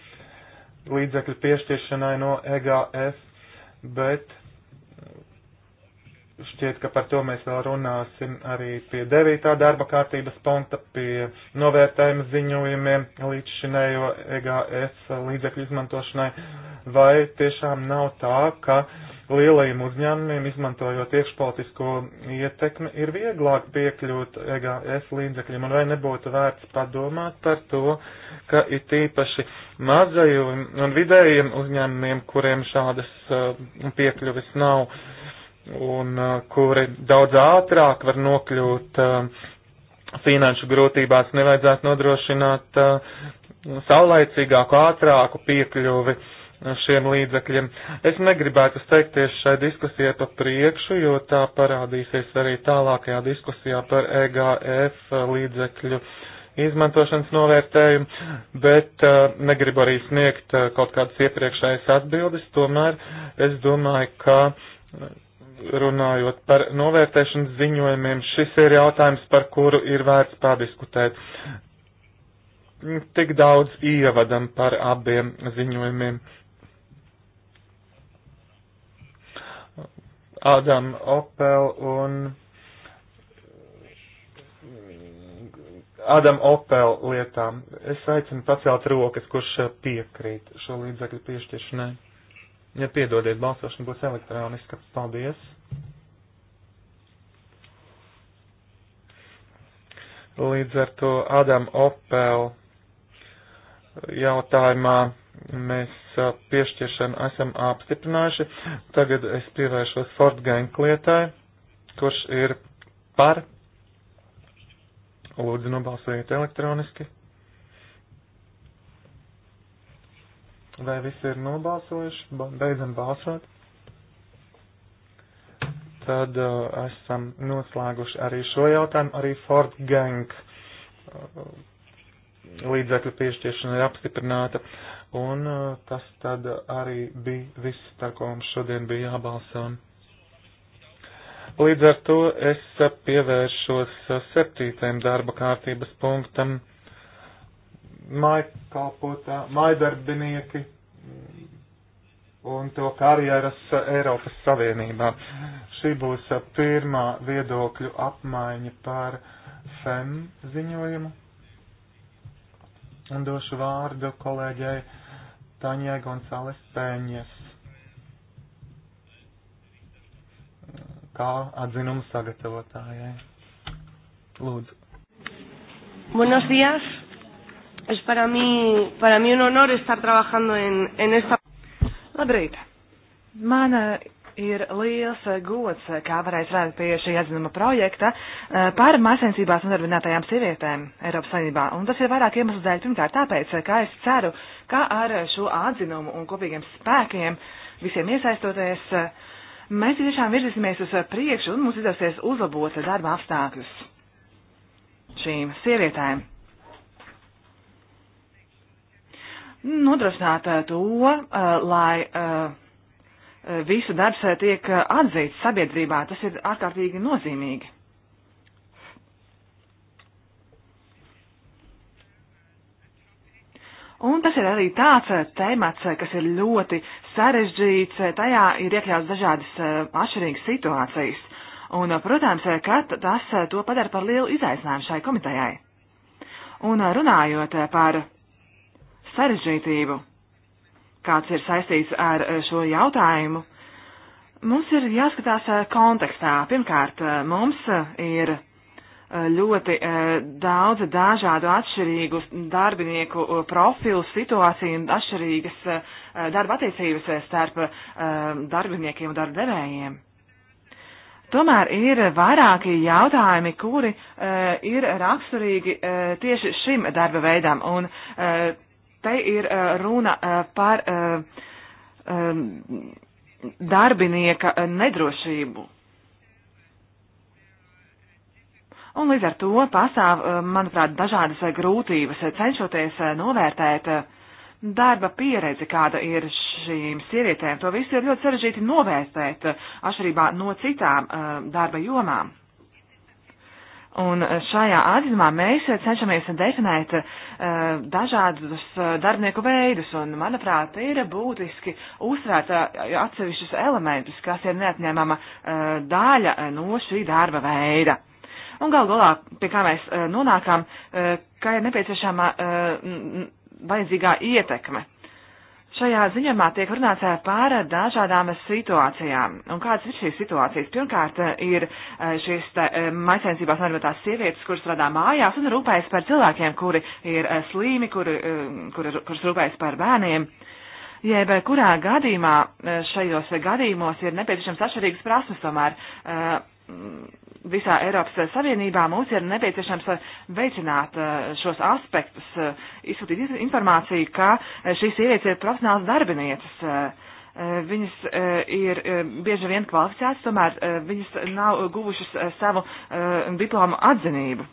līdzekļu piešķiršanai no EGF bet Šķiet, ka par to mēs vēl runāsim arī pie 9. darba kārtības punkta, pie novērtējuma ziņojumiem līdz šinējo EGS līdzekļu izmantošanai. Vai tiešām nav tā, ka lielajiem uzņēmumiem, izmantojot iekšpolitisko ietekmi, ir vieglāk piekļūt EGS līdzekļiem, un vai nebūtu vērts padomāt par to, ka ir tīpaši mazajiem un vidējiem uzņēmumiem, kuriem šādas uh, piekļuvis nav, un uh, kuri daudz ātrāk var nokļūt uh, finanšu grūtībās, nevajadzētu nodrošināt uh, saulaicīgāku, ātrāku piekļuvi šiem līdzekļiem. Es negribētu steigties šai diskusijai pa priekšu, jo tā parādīsies arī tālākajā diskusijā par EGF līdzekļu izmantošanas novērtējumu, bet uh, negribu arī sniegt uh, kaut kādas iepriekšējas atbildes, tomēr es domāju, ka runājot par novērtēšanas ziņojumiem, šis ir jautājums, par kuru ir vērts pārdiskutēt. Tik daudz ievadam par abiem ziņojumiem. Adam Opel un Adam Opel lietām. Es aicinu pacelt rokas, kurš piekrīt šo līdzekļu piešķiršanai. Ja piedodiet, balsošana būs elektroniska. Paldies! Līdz ar to Adam Opel jautājumā mēs piešķiršanu esam apstiprinājuši. Tagad es pievēršos Ford Gank lietai, kurš ir par. Lūdzu, nobalsojiet elektroniski. Vai visi ir nobalsojuši? Beidzam balsot. Tad uh, esam noslēguši arī šo jautājumu. Arī Ford Gang uh, līdzekļu piešķiršana ir apstiprināta. Un uh, tas tad arī bija viss, par ko mums šodien bija jābalso. Līdz ar to es pievēršos uh, septītajam darba kārtības punktam mājkalpotā, mājdarbinieki un to karjeras Eiropas Savienībā. Šī būs pirmā viedokļu apmaiņa par FEM ziņojumu. Un došu vārdu kolēģei Taņai Gonzales Pēņas. Kā atzinumu sagatavotājai. Lūdzu. Buenos días. Es para mí, para mí un honor estar trabajando en, en esta. Labrīt! Man eh, ir liels eh, gods, eh, kā varēja strādāt pie šī atzinuma projekta par māsainicībās nodarbinātajām sievietēm Eiropas Savienībā. Un tas ir vairāk iemeslu dēļ. Pirmkārt, tāpēc, kā es ceru, ka ar šo atzinumu un kopīgiem spēkiem visiem iesaistoties, mēs tiešām virzīsimies uz priekšu un mums izdosies uzlabot darba apstākļus šīm sievietēm. nodrošināt eh, to, eh, lai eh, visu darbs tiek atzīts sabiedrībā. Tas ir ārkārtīgi nozīmīgi. Un tas ir arī tāds temats, kas ir ļoti sarežģīts, tajā ir iekļauts dažādas atšķirīgas situācijas. Un, protams, ka tas to padara par lielu izaicinājumu šai komitejai. Un runājot par sarežģītību, kāds ir saistīts ar eh, šo jautājumu, mums ir jāskatās eh, kontekstā. Pirmkārt, eh, mums ir ļoti daudz dažādu atšķirīgu darbinieku profilu, situāciju un atšķirīgas darba attiecības starp darbiniekiem un darba devējiem. Tomēr ir vairāki jautājumi, kuri uh, ir raksturīgi uh, tieši šim darba veidam, un uh, te ir eh, runa eh, par eh, darbinieka nedrošību. Un līdz ar to pastāv, manuprāt, dažādas grūtības cenšoties novērtēt darba pieredzi, kāda ir šīm sievietēm. To visu ir ļoti sarežģīti novērtēt atšķirībā no citām darba jomām. Un eh, šajā atzinumā mēs cenšamies definēt uh, dažādus eh, darbinieku veidus, un, manuprāt, ir būtiski uzsvērt atsevišķus elementus, kas ir neatņēmama uh, daļa no šī darba veida. Un gal galā, pie kā mēs uh, nonākam, ka ir nepieciešama vajadzīgā ietekme. Šajā ziņamā tiek runāts eh, par dažādām situācijām. Un kādas ir šīs situācijas? Pirmkārt, eh, ir eh, šīs maisainsībās normatās sievietes, kuras strādā mājās un rūpējas par cilvēkiem, kuri ir slīmi, kuri, kuri, kuras rūpējas par bērniem. Jeb kurā gadījumā šajos gadījumos ir nepieciešams atšķirīgas prasmes tomēr. Uh, Mm, visā Eiropas eh, Savienībā mums ir nepieciešams eh, veicināt eh, šos aspektus, izsūtīt informāciju, ka šīs sievietes ir profesionāls darbinieces. Viņas ir bieži vien kvalificētas, tomēr viņas nav guvušas savu diplomu atzinību.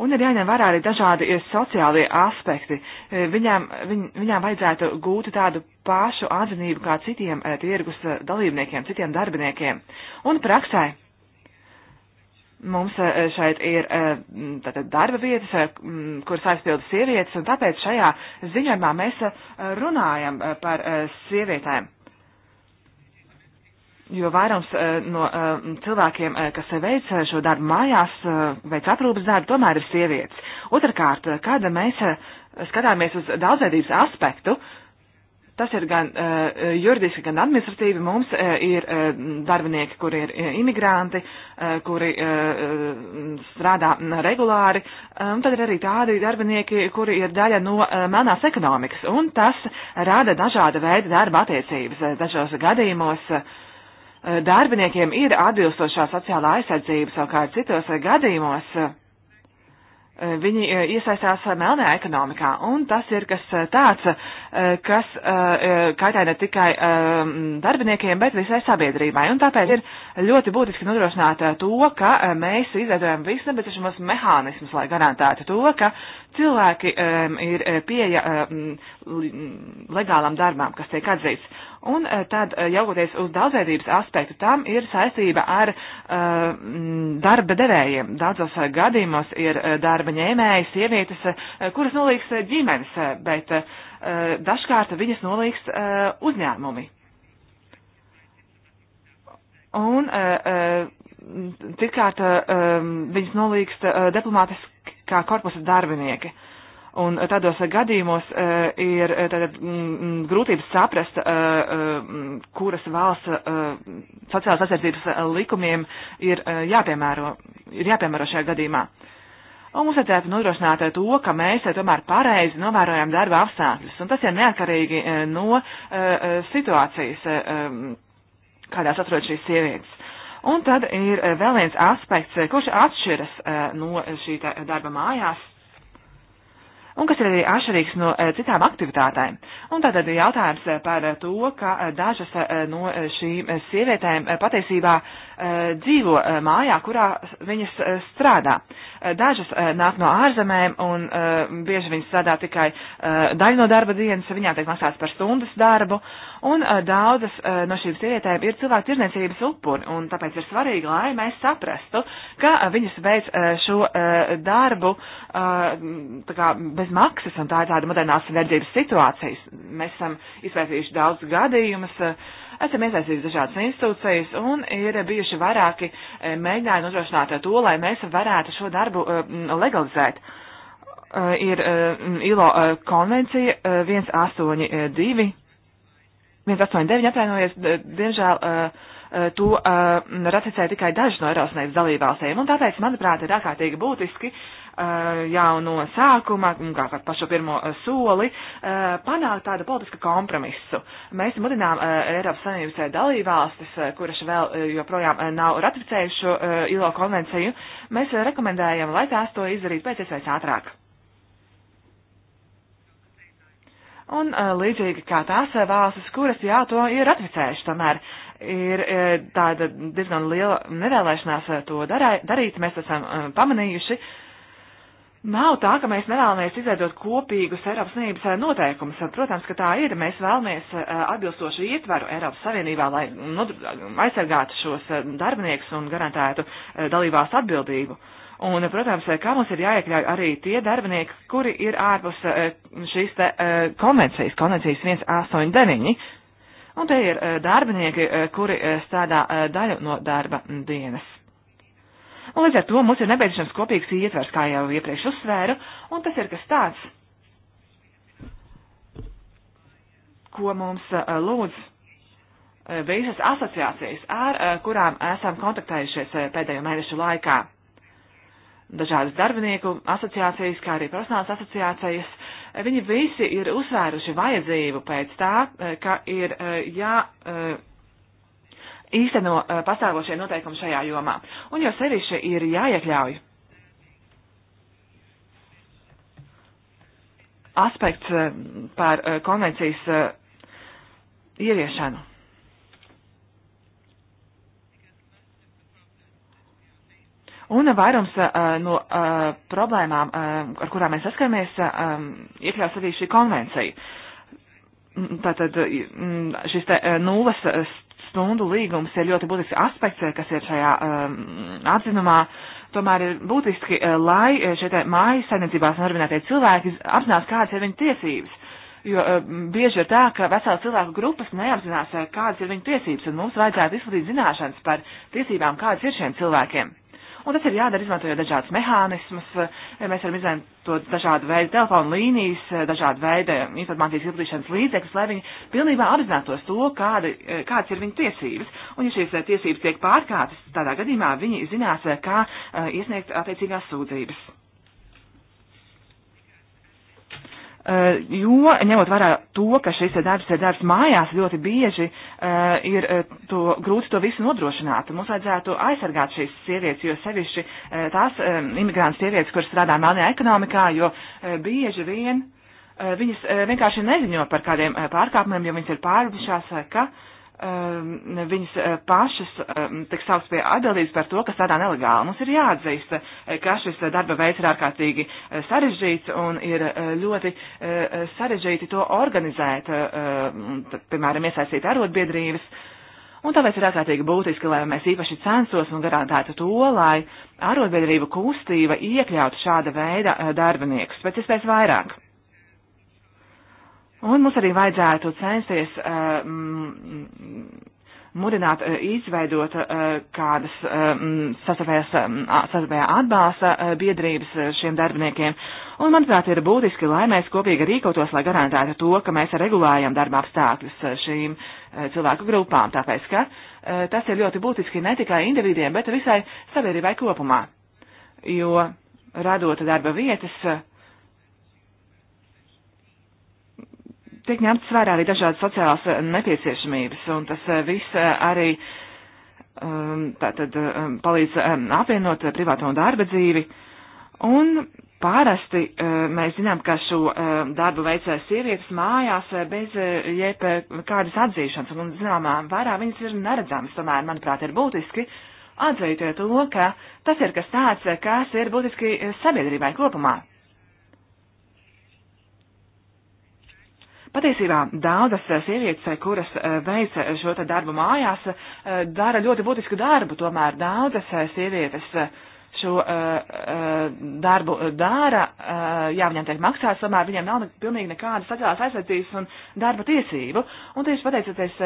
Un ir jāņem vērā arī dažādi eh, sociālie aspekti. Eh, viņām, viņ, viņām vajadzētu gūt tādu pašu atzinību kā citiem eh, tirgus dalībniekiem, citiem darbiniekiem. Un praksē mums šeit ir tātad, darba vietas, kuras aizpilda sievietes, un tāpēc šajā ziņojumā mēs runājam par sievietēm. Jo vairums eh, no eh, cilvēkiem, eh, kas veic šo darbu mājās, veic aprūpas darbu, tomēr ir sievietes. Otrakārt, kāda mēs skatāmies uz daudzveidības aspektu, tas ir gan juridiski, gan administratīvi. Mums ir darbinieki, kuri ir imigranti, kuri strādā regulāri, un tad ir arī tādi darbinieki, kuri ir daļa no manās ekonomikas, un tas rada dažāda veida darba attiecības dažos gadījumos Eh, darbiniekiem ir atbilstošā sociālā aizsardzība, savukārt citos eh, gadījumos eh, viņi iesaistās melnē ekonomikā. Un tas ir kas tāds, kas kaitē ne tikai darbiniekiem, bet visai sabiedrībai. Un tāpēc ir ļoti būtiski nodrošināt to, ka mēs izveidojam visu nepieciešamos mehānismus, lai garantētu to, ka cilvēki ir pieeja legālam darbām, kas tiek atzīts. Un eh, tad, eh, jaukoties uz daudzveidības aspektu, tam ir saistība ar uh, darba devējiem. Daudzos gadījumos ir darba ņēmēji, sievietes, kuras nolīgs ģimenes, bet uh, dažkārt viņas nolīgs uh, uzņēmumi. Un citkārt viņas nolīgst diplomātiskā korpusa darbinieki. Un tādos gadījumos uh, ir e, tātad, mm, grūtības saprast, uh, uh, kuras valsts uh, sociālās aizsardzības likumiem ir, uh, jāpiemēro, ir jāpiemēro šajā gadījumā. Un mums vajadzētu nodrošināt to, ka mēs tomēr pareizi novērojam darba apstākļus. Un tas ir neatkarīgi no uh, situācijas, uh, kādās atrodas šīs sievietes. Un tad ir vēl viens aspekts, kurš atšķiras uh, no šī darba mājās un kas ir arī atšķirīgs no eh, citām aktivitātēm. Un tātad jautājums eh, par to, ka eh, dažas no šīm sievietēm patiesībā Eh, dzīvo eh, mājā, kurā viņas eh, strādā. Dažas nāk no ārzemēm un bieži viņas strādā tikai daļu no darba dienas, viņām tiek maksāts par stundas darbu, un daudzas no šīm sievietēm ir cilvēku tirdzniecības upuri, un tāpēc ir svarīgi, lai mēs saprastu, ka viņas veic šo darbu kā, bez maksas, un tā ir tāda modernās verdzības situācijas. Mēs esam izpētījuši daudz gadījumus, uh, Esam iesaistījuši dažādas institūcijas un ir bijuši vairāki e, mēģinājumi nodrošināt to, lai mēs varētu šo darbu e, legalizēt. E, ir ILO konvencija 182, 189 atvainojies, diemžēl to ratificēja tikai daži no Eiropas dalībvalstīm, un tāpēc, manuprāt, ir ārkārtīgi būtiski uh, Eh, jauno sākuma, kā ar pašu pirmo eh, soli, eh, panākt tādu politisku kompromisu. Mēs mudinām Eiropas Savienības dalībvalstis, kuras vēl joprojām nav ratificējuši ILO konvenciju, mēs rekomendējam, lai tās to izdarītu pēc iespējas ātrāk. Un līdzīgi kā tās valstis, kuras jā, to ir ratificējuši, tomēr ir tāda diezgan liela nevēlēšanās to darā, darīt, mēs esam pamanījuši, uh, Nav tā, ka mēs nevēlamies izveidot kopīgus Eiropas Savienības eh, noteikumus. Protams, ka tā ir. Mēs vēlamies eh, atbilstošu ietvaru Eiropas Savienībā, lai aizsargātu šos eh, darbiniekus un garantētu dalībās atbildību. Un, protams, kā mums ir jāiekļauj arī tie darbinieki, kuri ir ārpus šīs te konvencijas, konvencijas 189. Un te ir darbinieki, kuri strādā daļu no darba dienas. Un līdz ar to mums ir nebeidzams kopīgs ietvers, kā jau iepriekš uzsvēru, un tas ir kas tāds, ko mums eh, lūdz eh, visas asociācijas, ar eh, kurām esam kontaktējušies pēdējo mēnešu laikā. Dažādas darbinieku asociācijas, kā arī profesionālas asociācijas, viņi visi ir uzsvēruši vajadzību pēc tā, ka ir jā. Ja, īsteno eh, pastāvošie noteikumi šajā jomā. Un jo sevišķi ir jāiekļauj aspekts eh, par eh, konvencijas ieviešanu. Un vairums no problēmām, ar kurām mēs saskaramies, iekļaus arī šī konvencija. Tātad šis te nulles stundu līgums ir ļoti būtisks aspekts, eh, kas ir šajā um, atzinumā. Tomēr ir būtiski, eh, lai eh, šeit mājas saimniecībās norminētie cilvēki apzinās, kādas ir viņu tiesības. Jo uh, bieži ir tā, ka vesela cilvēku grupas neapzinās, kādas ir viņu tiesības, un mums vajadzētu izplatīt zināšanas par tiesībām, kādas ir šiem cilvēkiem. Un tas ir jādara izmantojot dažādas mehānismas. Eh, mēs varam izmantot dažādu veidu telefonu līnijas, eh, dažādu veidu eh, informācijas izplatīšanas līdzekļus, lai viņi pilnībā apzinātos to, kāda, kādas ir viņu tiesības. Un ja šīs tiesības tiek pārkāptas, tādā gadījumā viņi zinās, kā iesniegt attiecīgās sūdzības. Eh, jo, ņemot vērā to, ka šis darbs ir darbs mājās, ļoti bieži uh, ir eh, to, grūti to visu nodrošināt. Mums vajadzētu aizsargāt šīs sievietes, jo sevišķi uh, tās uh, imigrāntu sievietes, kuras strādā melnajā ekonomikā, jo uh, bieži vien uh, viņas uh, vienkārši neziņo par kādiem uh, pārkāpumiem, jo viņas ir pārvišās, uh, ka uh, Um, viņas uh, pašas um, tiks saukts pie atbildības par to, kas tādā nelegāli. Mums ir jāatzīst, uh, ka šis uh, darba veids ir ārkārtīgi sarežģīts un ir ļoti sarežģīti to organizēt, um, piemēram, iesaistīt arotbiedrības. Un tāpēc ir ārkārtīgi būtiski, lai mēs īpaši censos un garantētu to, lai arotbiedrību kustība iekļautu šāda veida darbiniekus, pēc iespējas vairāk. Un mums arī vajadzētu censties uh, mm, mudināt uh, izveidot uh, kādas uh, mm, mm, sastāvējā atbalsta uh, biedrības uh, šiem darbiniekiem. Un, manuprāt, ir būtiski, lai mēs kopīgi rīkotos, lai garantētu to, ka mēs regulējam darba apstākļus šīm cilvēku grupām, tāpēc, ka tas ir ļoti būtiski ne tikai individiem, bet visai sabiedrībai kopumā. Jo radot darba vietas, tiek ņemts vērā arī dažādas sociālās eh, nepieciešamības, un tas eh, viss eh, arī um, tātad um, palīdz um, apvienot privāto un darba dzīvi. Un pārasti mēs zinām, ka šo darbu veicē sievietes mājās bez jeb kādas atzīšanas, un zināmā vērā viņas ir neredzamas, tomēr, manuprāt, ir būtiski atzīt to, ka tas ir kas tāds, kas ir būtiski sabiedrībai kopumā. Patiesībā daudzas eh, sievietes, eh, kuras eh, veic šo darbu mājās, dara ļoti būtisku darbu, tomēr daudzas sievietes šo darbu dara, jā, viņiem tiek maksāts, tomēr viņiem nav pilnīgi nekādas sociālās aizsardzības un darba tiesību. Un tieši pateicoties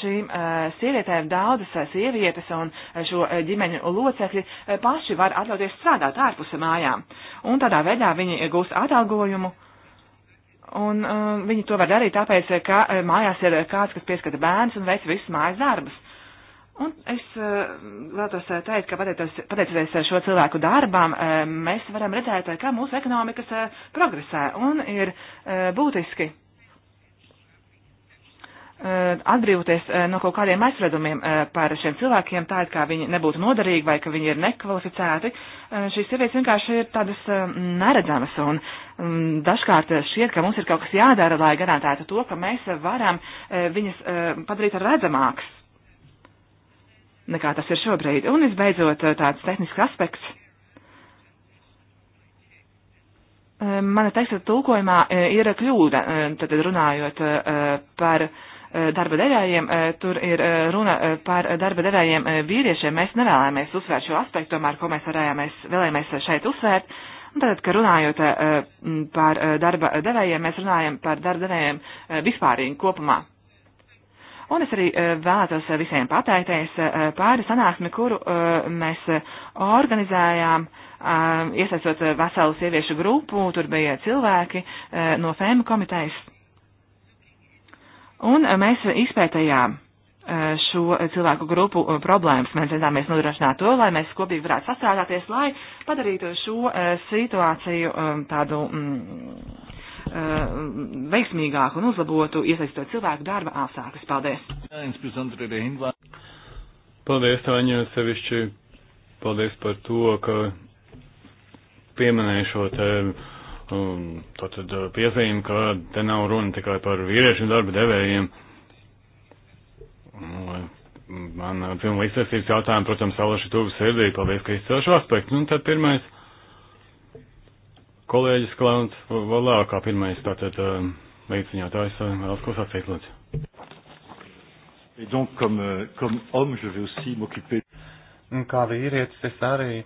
šīm sievietēm, daudzas sievietes un šo ģimeņu locekļi paši var atļauties strādāt ārpus mājām. Un tādā veidā viņi gūst atalgojumu Un uh, viņi to var darīt tāpēc, ka uh, mājās ir kāds, kas pieskata bērns un veic visus mājas darbus. Un es uh, vēlētos uh, teikt, ka pateicoties uh, šo cilvēku darbām, uh, mēs varam redzēt, uh, ka mūsu ekonomikas uh, progresē un ir uh, būtiski uh, Eh, atbrīvoties eh, no kaut kādiem aizsredumiem eh, par šiem cilvēkiem, tā it kā viņi nebūtu noderīgi vai ka viņi ir nekvalificēti. Šīs sievietes vienkārši ir tādas neredzamas un mm, dažkārt šķiet, ka mums ir kaut kas jādara, lai garantētu to, ka mēs varam viņas padarīt redzamākas nekā tas ir šobrīd. Un visbeidzot tāds tehnisks aspekts. Mana teksta tulkojumā ir kļūda, tad runājot par uh, Eh, darba devējiem, eh, tur ir eh, runa par darba devējiem vīriešiem. Mēs nevēlējāmies uzsvērt šo aspektu, tomēr, ko mēs vēlējāmies šeit uzsvērt. Un tad, kad runājot par darba devējiem, mēs runājam par darba devējiem vispārīgi kopumā. Un es arī vēlētos visiem pateikties pāri sanāksmi, kuru mēs organizējām, iesaistot veselu sieviešu grupu, tur bija cilvēki no FEMA komitejas Un eh, mēs izpētējām eh, šo cilvēku grupu eh, problēmas. Mēs centāmies nodrošināt to, lai mēs kopīgi varētu sastrādāties, lai padarītu šo situāciju tādu mm, veiksmīgāku un uzlabotu, iesaistot cilvēku darba apstākļus. Paldies! Paldies, Tāņa, sevišķi paldies par to, ka pieminēju šo te. Uh, Um, Tātad uh, piezīme, ka te nav runa tikai par vīriešu darba devējiem. Man uh, dzimuma līdzsvarības jautājumi, protams, salaši tuvu sirdī. Paldies, ka izcēl šo aspektu. Un nu, tad pirmais kolēģis Klauns Valā, kā pirmais tātad uh, līdziņotājs vēlas ko sacīt, lūdzu. Et donc, comme, euh, comme homme, je vais aussi m'occuper. Kā vīrietis, es arī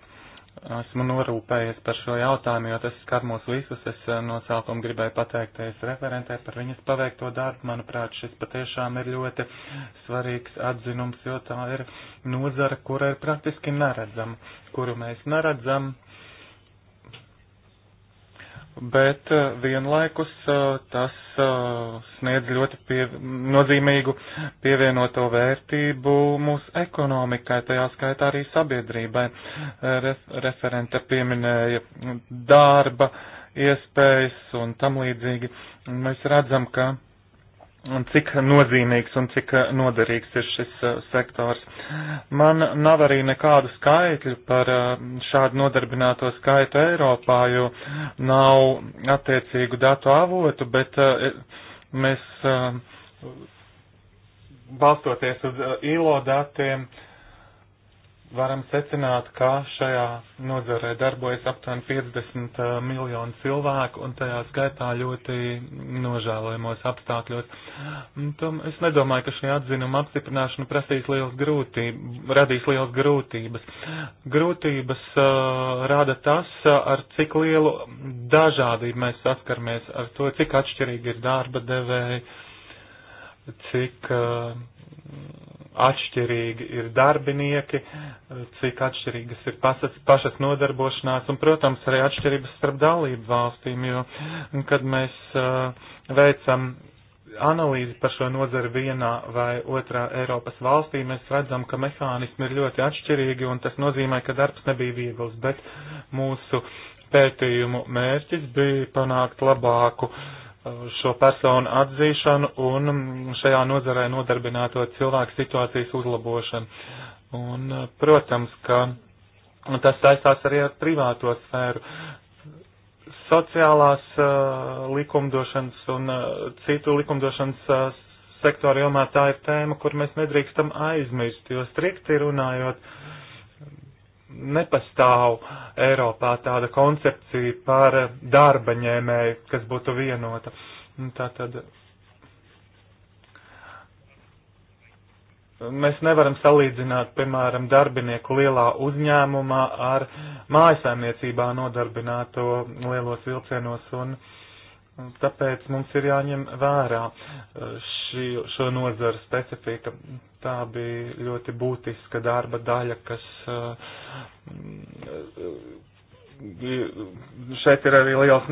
esmu norūpējies par šo jautājumu, jo tas skar mūs visus. Es eh, nosaukumu gribēju pateikties referentē par viņas paveikto darbu. Manuprāt, šis patiešām ir ļoti svarīgs atzinums, jo tā ir nozara, kura ir praktiski neredzama, kuru mēs neredzam, bet eh, vienlaikus eh, tas eh, sniedz ļoti pie, nozīmīgu pievienoto vērtību mūsu ekonomikai, tajā skaitā arī sabiedrībai. Ref, referente pieminēja darba iespējas un tam līdzīgi. Mēs redzam, ka cik nozīmīgs un cik noderīgs ir šis uh, sektors. Man nav arī nekādu skaitļu par uh, šādu nodarbināto skaitu Eiropā, jo nav attiecīgu datu avotu, bet uh, mēs balstoties uz ILO datiem, uh, varam secināt, ka šajā nozarē darbojas aptuveni 50 uh, eh, miljonu cilvēku un tajā skaitā ļoti nožēlojamos apstākļos. Mm, tom, es nedomāju, ka šī atzinuma apstiprināšana prasīs liels grūtības, radīs liels grūtības. Grūtības uh, rada tas, eh, ar cik lielu dažādību mēs saskaramies, ar to, cik atšķirīgi ir darba devēji, cik. Uh, atšķirīgi ir darbinieki, cik atšķirīgas ir pasas, pašas nodarbošanās un, protams, arī atšķirības starp dalību valstīm, jo, kad mēs uh, veicam analīzi par šo nozari vienā vai otrā Eiropas valstī, mēs redzam, ka mehānismi ir ļoti atšķirīgi un tas nozīmē, ka darbs nebija viegls, bet mūsu pētījumu mērķis bija panākt labāku uh, šo personu atzīšanu un šajā nozarē nodarbināto cilvēku situācijas uzlabošanu. Un, protams, ka tas saistās arī ar privāto sfēru. Sociālās uh, likumdošanas un uh, citu likumdošanas uh, sektoru jomā tā ir tēma, kur mēs nedrīkstam aizmirst, jo strikti runājot, uh, nepastāv Eiropā tāda koncepcija par darba ņēmēju, kas būtu vienota. Tātad mēs nevaram salīdzināt, piemēram, darbinieku lielā uzņēmumā ar mājasēmniecībā nodarbināto lielos vilcienos un uh, Tāpēc mums ir jāņem vērā eh, šī, šo nozaru specifika. Tā bija ļoti būtiska darba daļa, kas eh, šeit ir arī liels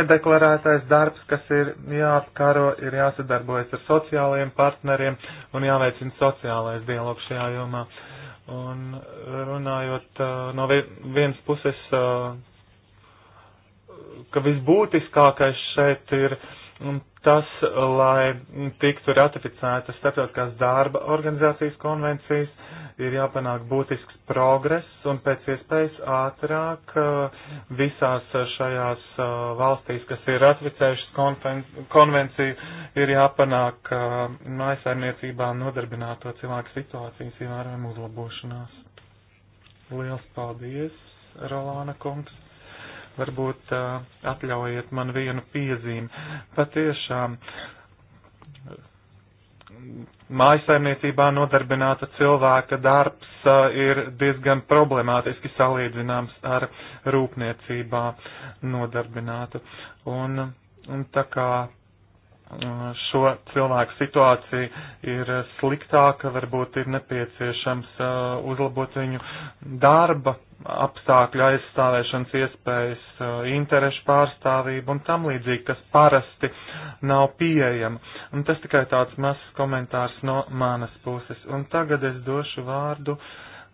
nedeklarētais darbs, kas ir jāapkaro, ir jāsadarbojas ar sociālajiem partneriem un jāveicina sociālais dialogs šajā jomā. Un runājot eh, no vienas puses ka visbūtiskākais šeit ir mm, tas, lai tiktu ratificēta starptautiskās darba organizācijas konvencijas, ir jāpanāk būtisks progress un pēc iespējas ātrāk uh, visās šajās uh, valstīs, kas ir ratificējušas konvenciju, ir jāpanāk mājasarniecībā uh, nodarbināto cilvēku situācijas ievērojama uzlabošanās. Liels paldies, Rolāna kungs! Varbūt uh, atļaujiet man vienu piezīmi. Patiešām mājasaimniecībā nodarbināta cilvēka darbs uh, ir diezgan problemātiski salīdzināms ar rūpniecībā nodarbinātu. Un, un tā kā šo cilvēku situācija ir sliktāka, varbūt ir nepieciešams uzlabot viņu darba apstākļu aizstāvēšanas iespējas, eh, interešu pārstāvību un tam līdzīgi, kas parasti nav pieejama. Un tas tikai tāds mazs komentārs no manas puses. Un tagad es došu vārdu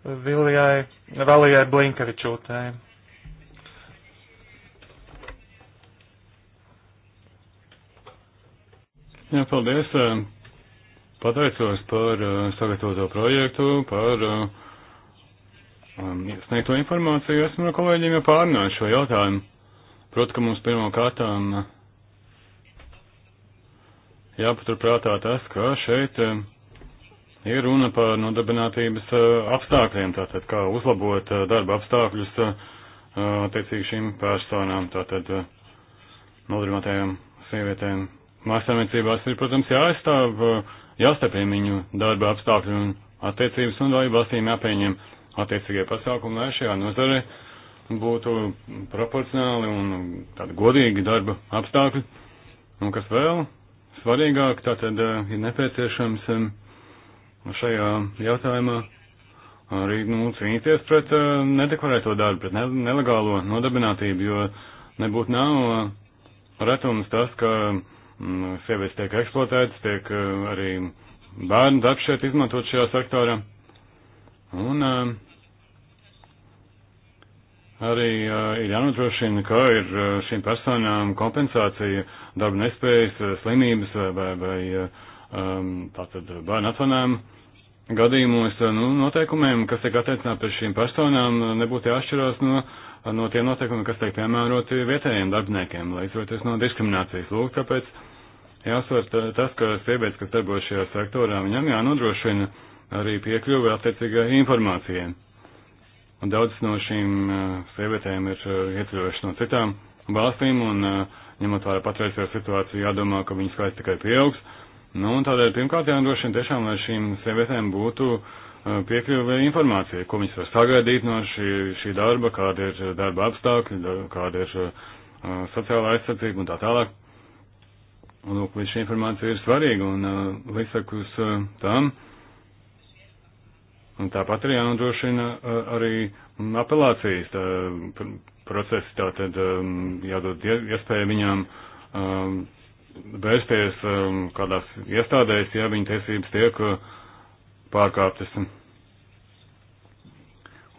Vilijai, Valijai Blinkevičūtei. Jā, paldies. Pateicos par eh, sagatavoto projektu, par uh, um, sniegto informāciju. Esmu no kolēģiem jau pārnājis šo jautājumu. Protams, ka mums pirmā kārtām uh, jāpaturprātā tas, ka šeit uh, ir runa par nodarbinātības uh, apstākļiem, tātad kā uzlabot darba apstākļus attiecīgi šīm personām, tātad nodarbinātajām sievietēm. Mākslāniecībās ir, protams, jāaizstāv, jāstapriem viņu darba apstākļi un attiecības un dalību valstīm jāpieņem attiecīgie pasākumi, lai šajā nozare būtu proporcionāli un tādi godīgi darba apstākļi. Un kas vēl svarīgāk, tātad eh, ir nepieciešams eh, šajā jautājumā arī nu, cīnīties pret eh, nedeklarēto darbu, pret ne nelegālo nodarbinātību, jo nebūtu nav retums tas, ka mm, sievietes tiek eksploatētas, tiek arī bērnu darbs šeit izmantot šajā sektorā. Un uh, arī uh, ir jānodrošina, ka ir uh, šīm personām kompensācija darba nespējas, slimības vai, vai um, tātad bērnu atvanām gadījumos nu, noteikumiem, kas tiek attiecināti par šīm personām, nebūtu jāšķirās no, no tiem noteikumiem, kas tiek piemēroti vietējiem darbiniekiem, lai izvairītos no diskriminācijas. Lūk, tāpēc jāsver tas, ka sievietes, kas darbojas šajā sektorā, viņam jānodrošina. Uh, arī piekļuvi attiecīgai informācijai. Un daudz no šīm uh, sievietēm ir uh, ieceļojuši no citām valstīm, un uh, ņemot vērā patreizējo situāciju, jādomā, ka viņu skaits tikai pieaugs. Nu, un tādēļ pirmkārt jānodrošina tiešām, lai šīm sievietēm būtu piekļuve informācijai, ko viņas var sagaidīt no šī, šī darba, kāda ir darba apstākļi, kāda ir sociālā aizsardzība un tā tālāk. Un, lūk, viss šī informācija ir svarīga, un līdz sakus tam. Uh, Un tāpat ir jānodrošina arī apelācijas tā, procesi, tātad jādod iespēju viņām vērsties kādās iestādēs, ja viņa tiesības tiek pārkāptas.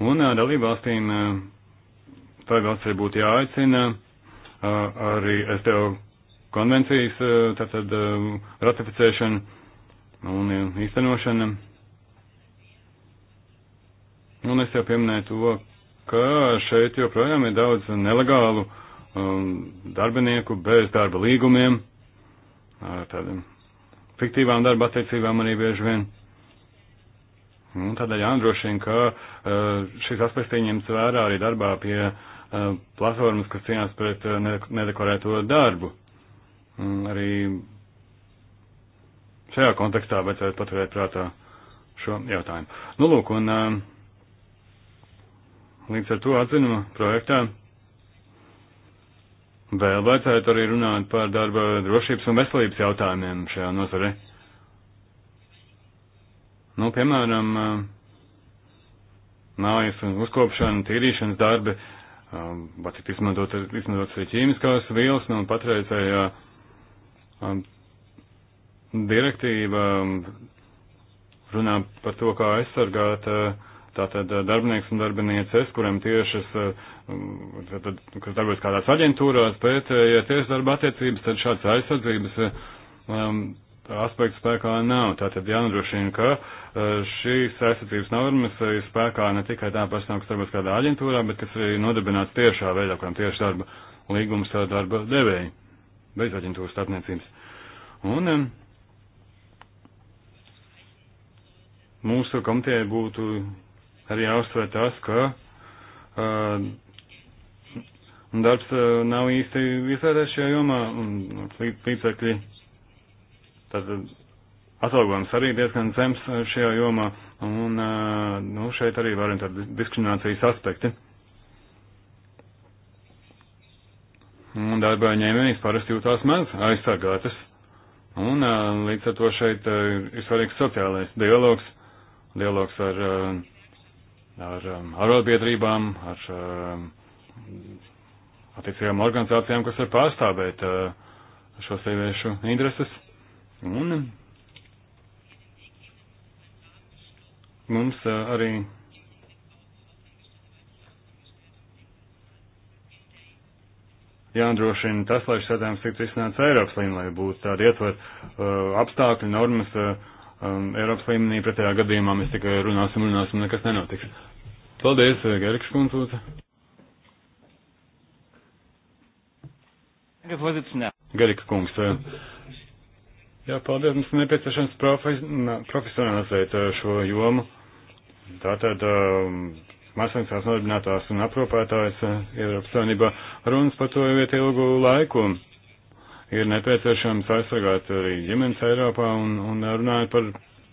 Un dalībvalstīm tagad arī būtu jāaicina arī STO konvencijas tātad ratificēšana un īstenošana. Un es jau pieminēju to, ka šeit joprojām ir daudz nelegālu um, darbinieku bez darba līgumiem, ar tādiem fiktīvām darba attiecībām arī bieži vien. Un tādēļ jānodrošina, ka uh, šis aspekts tiek ņemts vērā arī darbā pie uh, platformas, kas cīnās pret uh, nedekorēto darbu. Un arī šajā kontekstā vajadzētu paturēt prātā šo jautājumu. Nu, lūk, un uh, Līdz ar to atzinuma projektā vēl vajadzētu arī runāt par darba drošības un veselības jautājumiem šajā nozarē. Nu, piemēram, mājas uzkopšana, tīrīšanas darbi, var tikt izmantot, izmantot arī ķīmiskās vielas, nu, patreizējā direktīva runā par to, kā aizsargāt uh, Tātad darbinieks un darbinieces, kuriem tiešas, mm, tad, kas darbojas kādās aģentūrās, bet, ja tiešas darba attiecības, tad šāds aizsardzības um, aspekts spēkā nav. Tātad jānodrošina, ka šīs aizsardzības normas ir spēkā ne tikai tām personām, kas darbojas kādā aģentūrā, bet kas arī nodarbināts tiešā veidā, kuram tieši darba līgums darba devēji, bez aģentūras starpniecības. Un, um, mūsu komitē būtu arī jāuztver tas, ka uh, darbs uh, nav īsti izvērēts šajā jomā, un līdzekļi, tad atalgojums arī diezgan zems šajā jomā, un uh, nu, šeit arī varam tādi diskriminācijas aspekti. Un darbā ņēmējs parasti jūtās maz aizsargātas. Un uh, līdz ar to šeit uh, ir svarīgs sociālais dialogs, dialogs ar uh, ar um, arotbiedrībām, ar um, attiecīgām organizācijām, kas var pārstāvēt uh, šo sieviešu intereses. Un um, mums uh, arī jānodrošina tas, lai šis jautājums tiktu risināts Eiropas līmenī, lai būtu tādi ietver uh, apstākļi, normas, uh, um, Eiropas līmenī. Pretējā gadījumā mēs tikai runāsim, runāsim, nekas nenotiks. Paldies, Geriks Kundzūte. Gerika kungs. Jā, paldies, mums ir nepieciešams profe profesionalizēt uh, šo jomu. Tātad um, mākslinieks nodarbinātās un aprūpētājs uh, Eiropas Savienībā runas par to jau iet ilgu laiku ir nepieciešams aizsargāt arī ģimenes Eiropā un, un runājot par,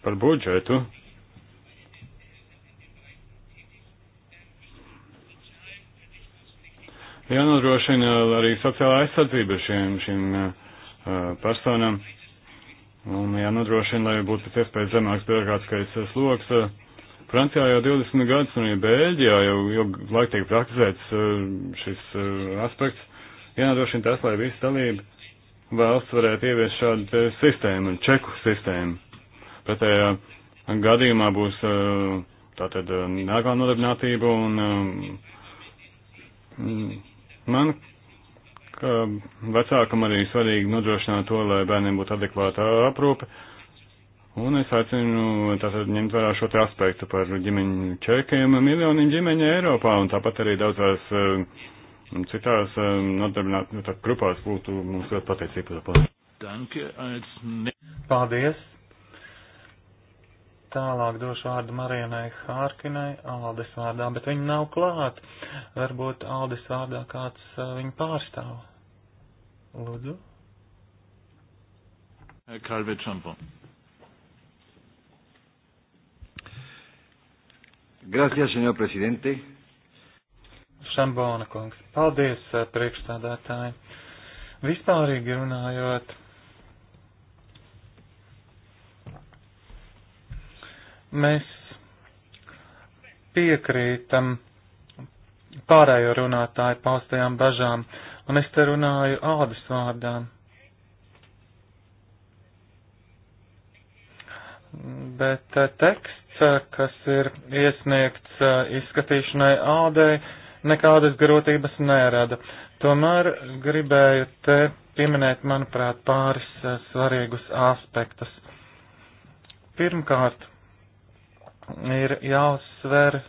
par budžetu. Jānodrošina arī sociālā aizsardzība šiem, šiem uh, personām un jānodrošina, lai būtu pēc iespējas zemāks birokrātiskais sloks. Uh, Francijā jau 20 gadus un arī Bēļģijā jau, jau laik tiek praktizēts uh, šis uh, aspekts. Jānodrošina tas, lai visi dalība valsts varētu ieviest šādu sistēmu, čeku sistēmu. Pretējā gadījumā būs eh, tātad eh, nākā nodarbinātība un eh, mm, man, kā vecākam arī svarīgi nodrošināt to, lai bērniem būtu adekvāta aprūpe. Un es aicinu tātad ņemt vērā šo te aspektu par ģimeņu čekiem miljoniem ģimeņu Eiropā un tāpat arī daudzās uh, citās nodarbinātās nu, grupās būtu mums ļoti pateicīgi par palīdzību. Danke, als ne... Paldies. Tālāk došu vārdu Marijanai Hārkinai, Aldis vārdā, bet viņa nav klāt. Varbūt Aldis vārdā kāds eh, viņu pārstāv. Lūdzu. Kalvi Čampo. Gracias, señor presidente. Šambona kungs. Paldies, eh, priekšstādātāji. Vispārīgi runājot, mēs piekrītam pārējo runātāju paustajām bažām, un es te runāju ādas vārdā. Bet eh, teksts, eh, kas ir iesniegts izskatīšanai ādai, nekādas grūtības nerada. Tomēr gribēju te pieminēt, manuprāt, pāris eh, svarīgus aspektus. Pirmkārt, ir jāuzsver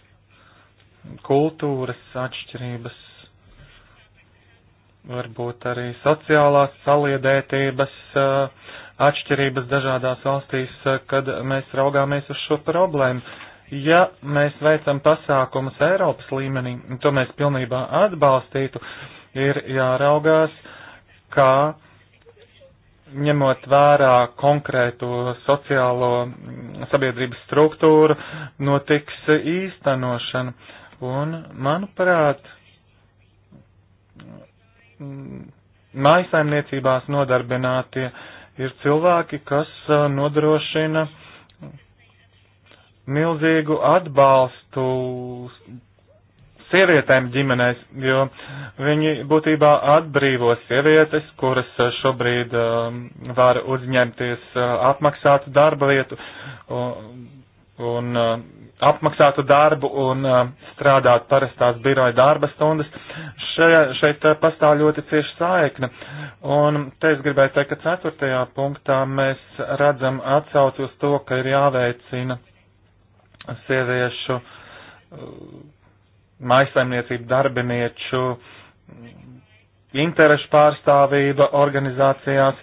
kultūras atšķirības, varbūt arī sociālās saliedētības eh, atšķirības dažādās valstīs, eh, kad mēs raugāmies uz šo problēmu Ja mēs veicam pasākumus Eiropas līmenī, to mēs pilnībā atbalstītu, ir jāraugās, kā ņemot vērā konkrēto sociālo mm, sabiedrības struktūru, notiks īstenošana. Un, manuprāt, mm, mājasaimniecībās nodarbinātie ir cilvēki, kas uh, nodrošina uh, milzīgu atbalstu sievietēm ģimenēs, jo viņi būtībā atbrīvo sievietes, kuras eh, šobrīd um, var uzņemties uh, apmaksātu darba vietu un, un uh, eh, apmaksātu darbu un uh, strādāt parastās biroja darba stundas. Še, šeit uh, pastāv ļoti cieša saikne. Un te es gribēju teikt, ka ceturtajā punktā mēs redzam atsauci uz to, ka ir jāveicina sieviešu, eh, maisaimniecību darbinieču, interešu pārstāvība organizācijās,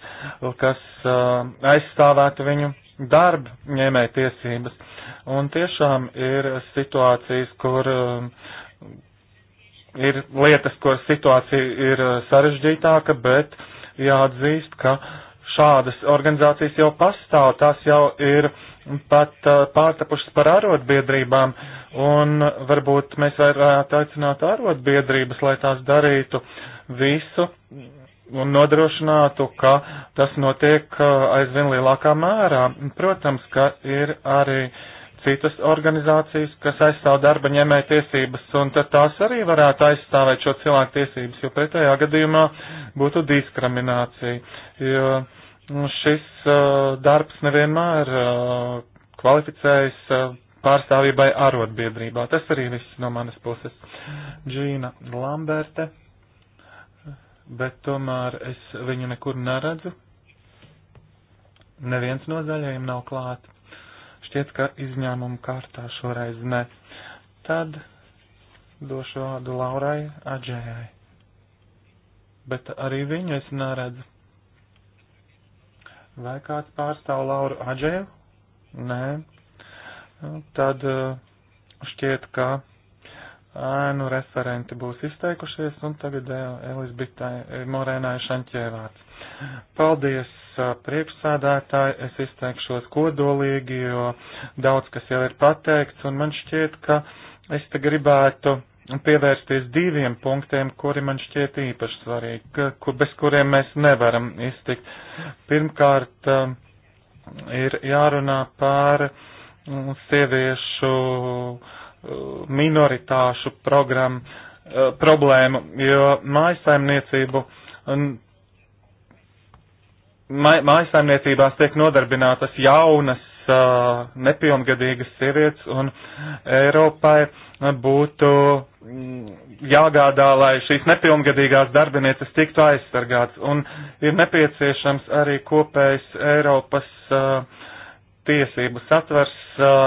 kas eh, aizstāvētu viņu darba ņēmēja tiesības. Un tiešām ir situācijas, kur eh, ir lietas, kur situācija ir sarežģītāka, bet jāatzīst, ka uh, šādas organizācijas jau pastāv, tās jau ir pat uh, pārtapušas par arotbiedrībām, un varbūt mēs varētu aicināt arotbiedrības, lai tās darītu visu un nodrošinātu, ka tas notiek uh, aizvien lielākā mērā. Protams, ka ir arī citas organizācijas, kas aizstāv darba ņēmēja tiesības, un tad tās arī varētu aizstāvēt šo cilvēku tiesības, jo pretējā gadījumā būtu diskriminācija. Jo, uh, šis uh, darbs nevienmēr uh, kvalificējas uh, pārstāvībai arotbiedrībā. Tas arī viss no manas puses. Džīna Lamberte, bet tomēr es viņu nekur neredzu. Neviens no zaļajiem nav klāt. Šķiet, ka izņēmumu kārtā šoreiz ne. Tad došu vārdu Laurai Aģējai. Bet arī viņu es neredzu. Vai kāds pārstāv Lauru Adžēju? Nē. Tad eh, šķiet, ka ēnu referenti būs izteikušies, un tagad eh, Elisbitai eh, Morēnai Šanķēvāts. Paldies, priekšsādātāji, es izteikšos kodolīgi, jo daudz kas jau ir pateikts, un man šķiet, ka es te gribētu pievērsties diviem punktiem, kuri man šķiet īpaši svarīgi, kur, bez kuriem mēs nevaram iztikt. Pirmkārt, um, ir jārunā par mm, sieviešu uh, minoritāšu programmu, uh, problēmu, jo mājasaimniecību Mājasaimniecībās tiek nodarbinātas jaunas uh, nepilngadīgas sievietes, un Eiropai būtu mm, jāgādā, lai šīs nepilngadīgās darbinieces tiktu aizsargāts, un ir nepieciešams arī kopējs Eiropas uh, tiesību satvers, uh,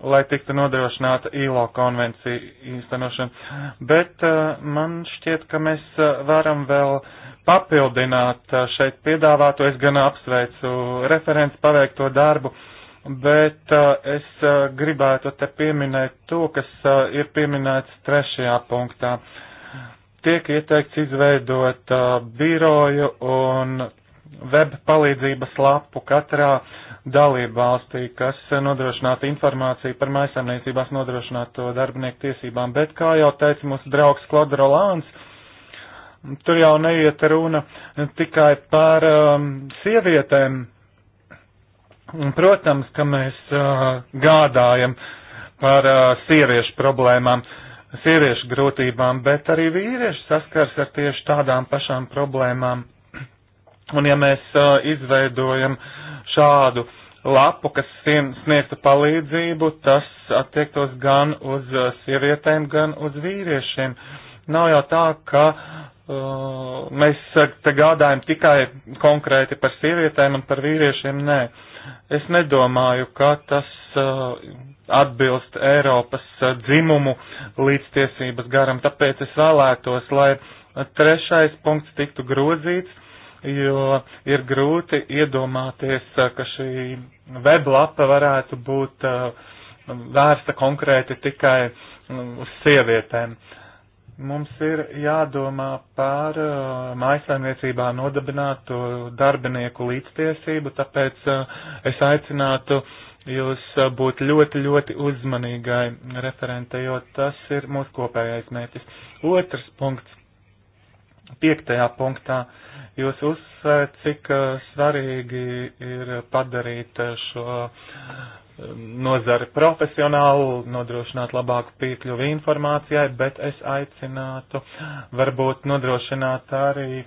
lai tiktu nodrošināta ILO konvencija īstenošana. Bet uh, man šķiet, ka mēs uh, varam vēl uh, papildināt šeit piedāvāto. Es gan apsveicu referents paveikto darbu, bet es gribētu te pieminēt to, kas ir pieminēts trešajā punktā. Tiek ieteikts izveidot biroju un web palīdzības lapu katrā dalību valstī, kas nodrošinātu informāciju par maisaimniecībās nodrošināto darbinieku tiesībām. Bet, kā jau teica mūsu draugs Klodro Lāns, uh, Tur jau neiet runa tikai par um, sievietēm. Un, protams, ka mēs uh, gādājam par uh, sieviešu problēmām, sieviešu grūtībām, bet arī vīrieši saskars ar tieši tādām pašām problēmām. Un ja mēs uh, izveidojam šādu lapu, kas sniegtu palīdzību, tas attiektos gan uz uh, sievietēm, gan uz vīriešiem. Nav jau tā, ka Eh, mēs eh, te gādājam tikai konkrēti par sievietēm un par vīriešiem, nē. Es nedomāju, ka tas eh, atbilst Eiropas dzimumu līdztiesības garam, tāpēc es vēlētos, lai trešais punkts tiktu grozīts, jo ir grūti iedomāties, ka šī weblapa varētu būt vērsta konkrēti tikai mm, uz sievietēm. Uh, Mums ir jādomā par uh, mājasaimniecībā nodabinātu darbinieku līdztiesību, tāpēc uh, es aicinātu jūs uh, būt ļoti, ļoti uzmanīgai referente, jo tas ir mūsu kopējais mērķis. Otrs punkts piektajā punktā jūs uzsvērt, cik uh, svarīgi ir padarīt uh, šo nozari profesionāli, nodrošināt labāku piekļuvi informācijai, bet es aicinātu varbūt nodrošināt arī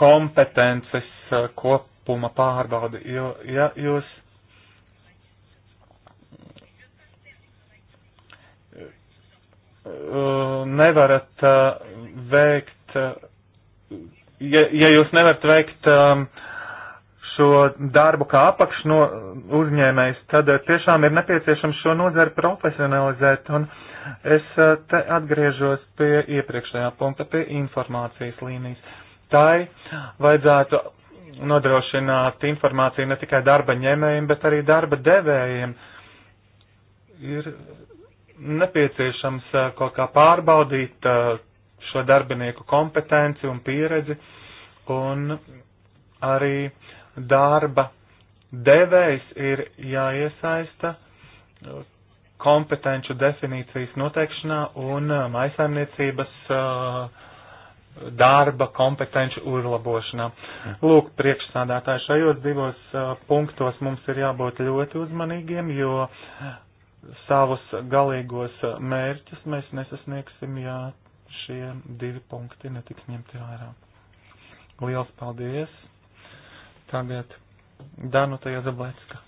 kompetences uh, kopuma pārbaudi, jo, ja jūs uh, nevarat uh, veikt, ja, ja jūs nevarat veikt um, šo darbu kā apakšno uh, uzņēmējs, tad uh, tiešām ir nepieciešams šo nozari profesionalizēt. Un es uh, te atgriežos pie iepriekšējā punkta, pie informācijas līnijas. Tai vajadzētu nodrošināt informāciju ne tikai darba ņēmējiem, bet arī darba devējiem. Ir nepieciešams kaut kā pārbaudīt šo darbinieku kompetenci un pieredzi un arī uh, darba devējs ir jāiesaista kompetenču definīcijas noteikšanā un maisaimniecības um, uh, darba kompetenču uzlabošanā. Mm. Lūk, priekšsādātāji, šajos divos uh, punktos mums ir jābūt ļoti uzmanīgiem, jo savus galīgos uh, mērķus mēs nesasniegsim, ja šie divi punkti netiks ņemti vērā. Liels paldies! Tagad Danuta Jazablecka.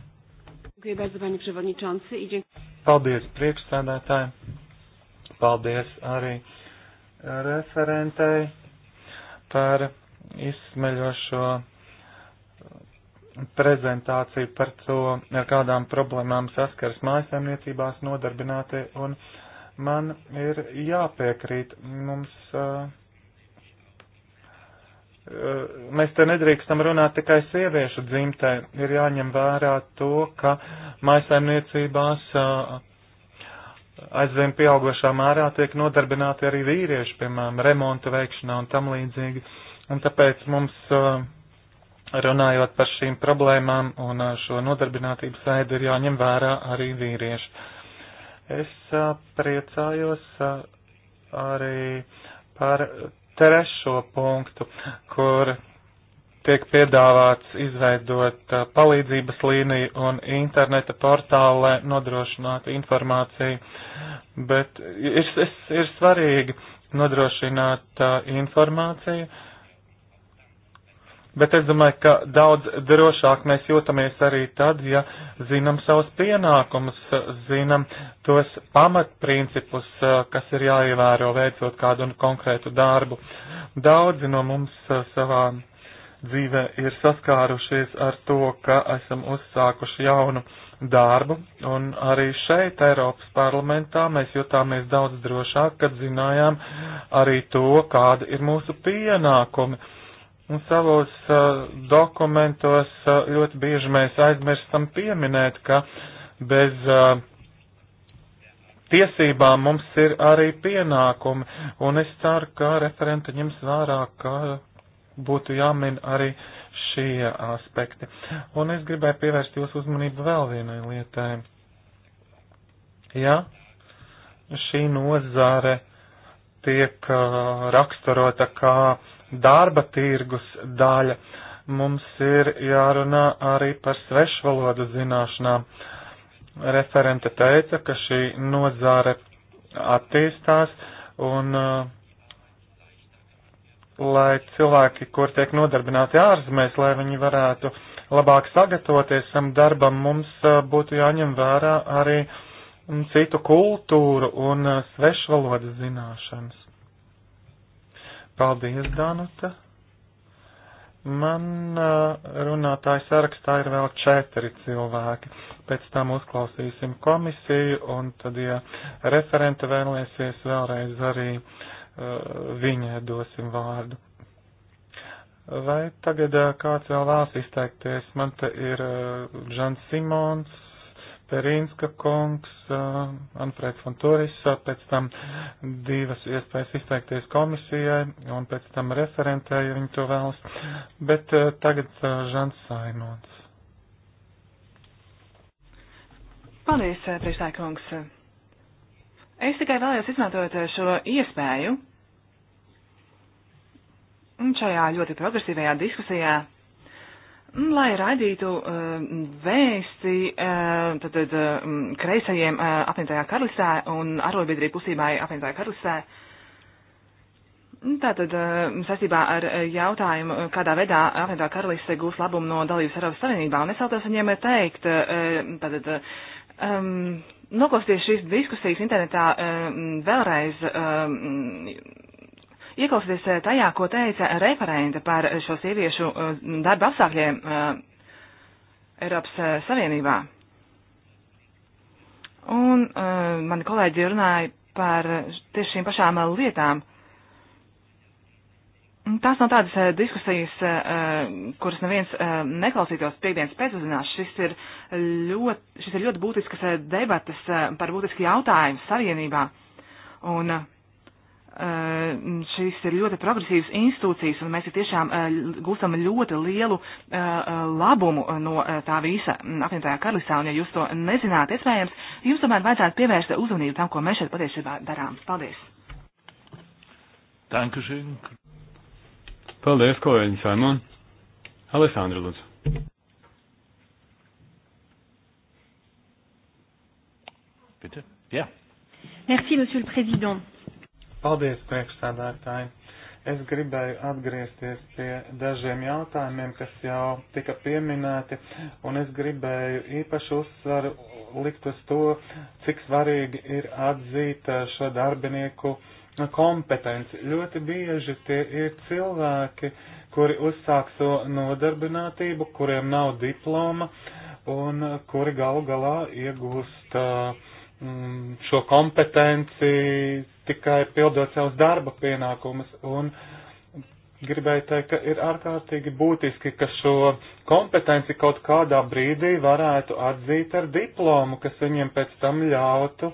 Paldies priekšsēdētāji. Paldies arī referentei par izsmeļošo prezentāciju par to, ar kādām problēmām saskaras mājasēmniecībās nodarbināti, un man ir jāpiekrīt, mums uh, Eh, mēs te nedrīkstam runāt tikai sieviešu dzimtē. Ir jāņem vērā to, ka maisaimniecībās eh, aizvien pieaugošā mērā tiek nodarbināti arī vīrieši, piemēram, remonta veikšanā un tam līdzīgi. Un tāpēc mums, eh, runājot par šīm problēmām un šo nodarbinātības veidu, ir jāņem vērā arī vīrieši. Es priecājos arī par trešo punktu, kur tiek piedāvāts izveidot uh, palīdzības līniju un interneta portālu, lai nodrošinātu informāciju, bet ir, ir, ir svarīgi nodrošināt uh, informāciju, bet es domāju, ka daudz drošāk mēs jūtamies arī tad, ja zinām savus pienākumus, zinām tos pamatprincipus, kas ir jāievēro veicot kādu konkrētu darbu. Daudzi no mums uh, savā dzīvē ir saskārušies ar to, ka esam uzsākuši jaunu darbu, un arī šeit Eiropas parlamentā mēs jutāmies daudz drošāk, kad zinājām arī to, kāda ir mūsu pienākumi Un savos uh, dokumentos uh, ļoti bieži mēs aizmirstam pieminēt, ka bez uh, tiesībām mums ir arī pienākumi, un es ceru, ka referenta ņems vērā, ka būtu jāmin arī šie aspekti. Un es gribēju pievērst jūsu uzmanību vēl vienai lietai. Ja šī nozare tiek uh, raksturota kā uh, darba tirgus daļa. Mums ir jārunā arī par svešvalodu zināšanām. Referente teica, ka šī nozāre attīstās un uh, lai cilvēki, kur tiek nodarbināti ārzemēs, lai viņi varētu labāk sagatavoties tam darbam, mums uh, būtu jāņem vērā arī citu kultūru un uh, svešvalodas zināšanas. Paldies, Danuta. Man uh, runātāja sarakstā ir vēl četri cilvēki. Pēc tam uzklausīsim komisiju un tad, ja referente vēlēsies, vēlreiz arī uh, viņai dosim vārdu. Vai tagad uh, kāds vēl vēlas izteikties? Man te ir Džans Simons, Perinska kungs, uh, eh, Anfrēks un Turis, uh, pēc tam divas iespējas izteikties komisijai un pēc tam referentē, ja viņi to vēlas. Bet uh, tagad uh, Žants Saimons. Paldies, priekšsēkungs. Es tikai vēlējos izmantot šo iespēju un šajā ļoti progresīvajā diskusijā Mm, lai raidītu uh, vēsti uh, tad, uh, kreisajiem uh, apvienotajā karalistē un arotbiedrību pusībai apvienotajā karalistē, mm, tātad uh, saistībā ar jautājumu, kādā veidā apvienotā karalistē gūs labumu no dalības Eiropas Savienībā, un es vēlos viņiem teikt, uh, tātad, um, noklausties šīs diskusijas internetā uh, vēlreiz. Uh, ieklausīties eh, tajā, ko teica referente par eh, šo sieviešu eh, darba apstākļiem Eiropas Savienībā. Un mani kolēģi runāja par tieši šīm pašām lietām. Tās nav tādas diskusijas, kuras neviens neklausītos piekdienas pēcpazinās. Šis ir ļoti, šis ir ļoti būtisks debatas par būtisku jautājumu savienībā. Un Eh, šīs ir ļoti progresīvas institūcijas, un mēs tiešām eh, gūstam ļoti lielu eh, labumu no tā visa apvienotajā karalistā, un ja jūs to nezināt, iespējams, jums tomēr vajadzētu pievērst uzmanību tam, ko mēs šeit patiesībā darām. Paldies! Dankeschön. Paldies, kolēģi Saimon. Alessandra, lūdzu. Bitte? Jā. Yeah. Merci, monsieur le président. Paldies, priekšsādātāji! Es gribēju atgriezties pie dažiem jautājumiem, kas jau tika pieminēti, un es gribēju īpašu uzsvaru likt uz to, cik svarīgi ir atzīt eh, šo darbinieku eh, kompetenci. Ļoti bieži tie ir cilvēki, kuri uzsāk to so nodarbinātību, kuriem nav diploma un eh, kuri galu galā iegūst uh, šo kompetenci tikai pildot savus darba pienākumus. Un gribēju teikt, ka ir ārkārtīgi būtiski, ka šo kompetenci kaut kādā brīdī varētu atzīt ar diplomu, kas viņiem pēc tam ļautu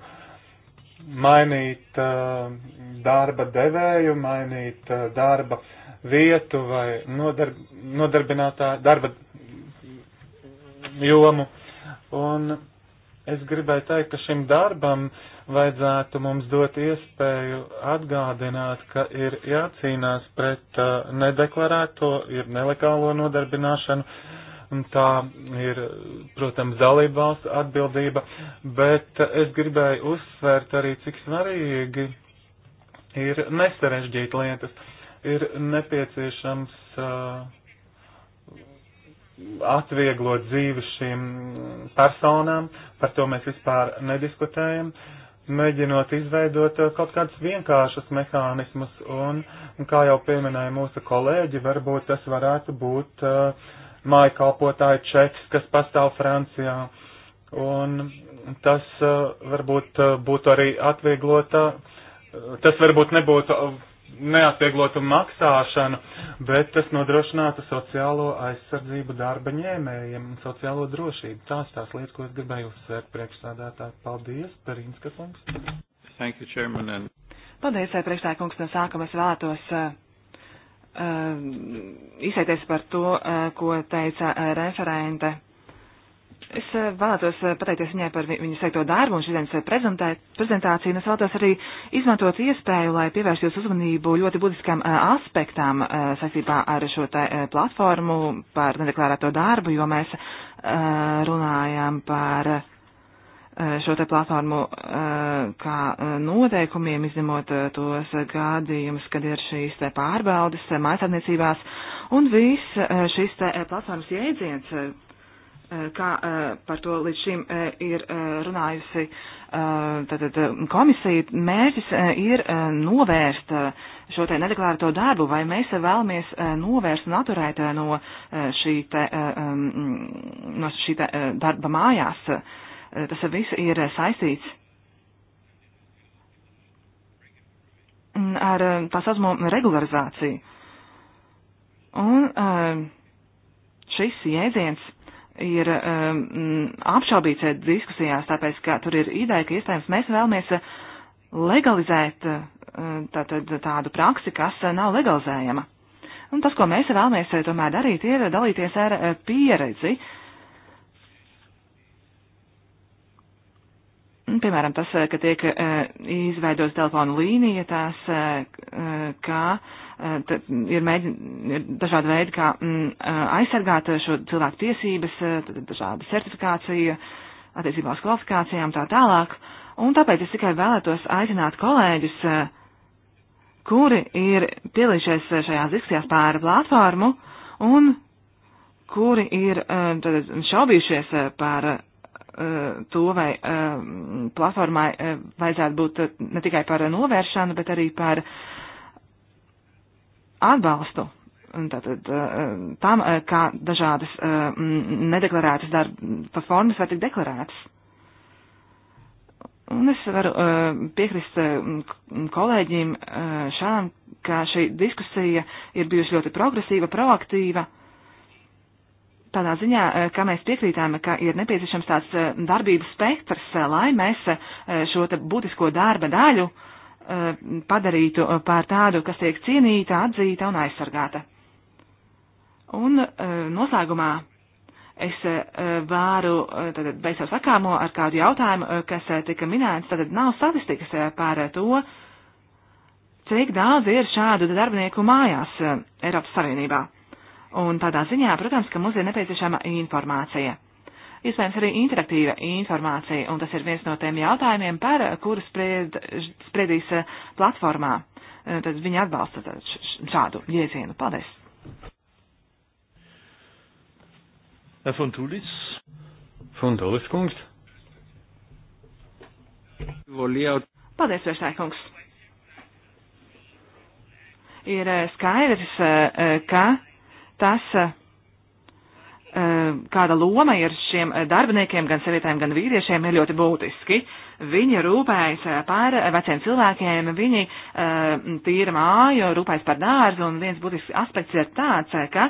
mainīt uh, darba devēju, mainīt uh, darba vietu vai nodarb nodarbinātā darba jomu. Un es gribēju teikt, ka šim darbam uh, vajadzētu mums dot iespēju atgādināt, ka ir jācīnās pret uh, nedeklarēto, ir nelegālo nodarbināšanu. Tā ir, protams, dalība valsts atbildība, bet es gribēju uzsvērt arī, cik svarīgi ir nesarežģīt lietas. Ir nepieciešams uh, atvieglot dzīvi šīm personām, par to mēs vispār nediskutējam. Uh, mēģinot izveidot eh, kaut kādus vienkāršus mehānismus, un, un kā jau pieminēja mūsu kolēģi, varbūt tas varētu būt uh, eh, mājkalpotāju čeks, kas pastāv Francijā, un tas uh, varbūt uh, būtu arī atvieglota, tas varbūt nebūtu neatvieglotu maksāšanu, bet tas nodrošinātu sociālo aizsardzību darba ņēmējiem un sociālo drošību. Tās tās lietas, ko es gribēju uzsvērt priekšsādātāji. Paldies, Perinska kungs. Thank you, Chairman. And... Paldies, eh, priekšsādātāji kungs, no sākuma es vēlētos uh, eh, uh, eh, izsēties par to, uh, ko teica uh, referente Es eh, vēlētos eh, pateikties viņai par viņas veikto darbu un šodienas eh, prezentāciju, un es vēlētos arī izmantot iespēju, lai pievērst jūs uzmanību ļoti būtiskām aspektām saistībā ar šo te platformu par nedeklarēto darbu, jo mēs runājam par šo te platformu kā noteikumiem, izņemot tos gadījumus, kad ir šīs te pārbaudas mājasādniecībās, un viss šis te platformas jēdziens, Eh, kā eh, par to līdz šim eh, ir runājusi tātad, komisija, mērķis ir novērst šo te nedeklarēto darbu, vai mēs vēlamies novērst un atturēt no šī te, no šī te darba mājās. Tas viss ir saistīts mm, ar tā saucamo regularizāciju. Un šis jēdziens ir um, apšaubīts diskusijās, tāpēc, ka tur ir ideja, ka iespējams mēs vēlamies legalizēt uh, tātad, tādu praksi, kas nav legalizējama. Un tas, ko mēs vēlamies eh, tomēr darīt, ir dalīties ar eh, pieredzi. Piemēram, tas, eh, ka tiek izveidots telefonu līnija, tās, kā Eh, ir, mēģin, ir dažādi veidi, kā mm, eh, aizsargāt eh, šo cilvēku tiesības, dažāda certifikācija attiecībā uz kvalifikācijām tā tālāk. Un tāpēc es tikai vēlētos aicināt kolēģus, kuri ir pielīšies šajās diskusijās pāri platformu un kuri ir tad, šaubījušies par to, vai platformai vajadzētu būt ne tikai par novēršanu, bet arī par uh, atbalstu tātad, eh, tam, eh, kā dažādas eh, nedeklarētas darba formas var tikt deklarētas. Un es varu piekrist kolēģiem šādam, ka šī diskusija ir bijusi ļoti progresīva, proaktīva, tādā ziņā, ka mēs piekrītām, ka ir nepieciešams tāds darbības spektrs, lai mēs šo būtisko darba daļu uh, Eh, padarītu eh, par tādu, kas tiek cienīta, atzīta un aizsargāta. Un eh, noslēgumā es varu tātad, beigt savu sakāmo ar kādu jautājumu, kas tika minēts. Tātad nav statistikas par to, cik daudz ir šādu darbinieku mājās Eiropas Savienībā. Un tādā ziņā, protams, ka mums ir nepieciešama informācija iespējams arī interaktīva informācija, un tas ir viens no tiem jautājumiem, par kuru spried, spriedīs eh, platformā. Eh, tad viņi atbalsta šādu jēdzienu. Paldies! Funtulis. Funtulis kungs. Paldies, priekšstāj kungs. Ir eh, skaidrs, ka tas Ehm, kāda loma ir šiem eh, darbiniekiem, gan sievietēm, gan vīriešiem, ir ļoti būtiski. Viņi rūpējas eh, par veciem cilvēkiem, viņi ehm, tīra māju, rūpējas par dārzu, un viens būtisks aspekts ir tāds, eh, ka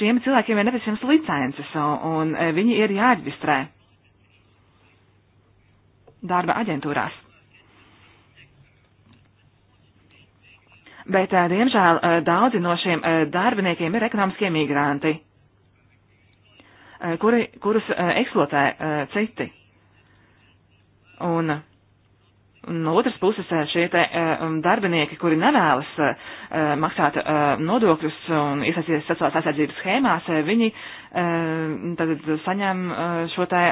šiem cilvēkiem ir nepieciešams licences, un viņi ir jāreģistrē darba aģentūrās. Bet, diemžēl, daudzi no šiem darbiniekiem ir ekonomiskie migranti, kuri, kurus eksploatē citi. Un no otras puses šie te darbinieki, kuri nevēlas maksāt nodokļus un iesaistīties sociālās aizsardzības schēmās, viņi tad saņem šo te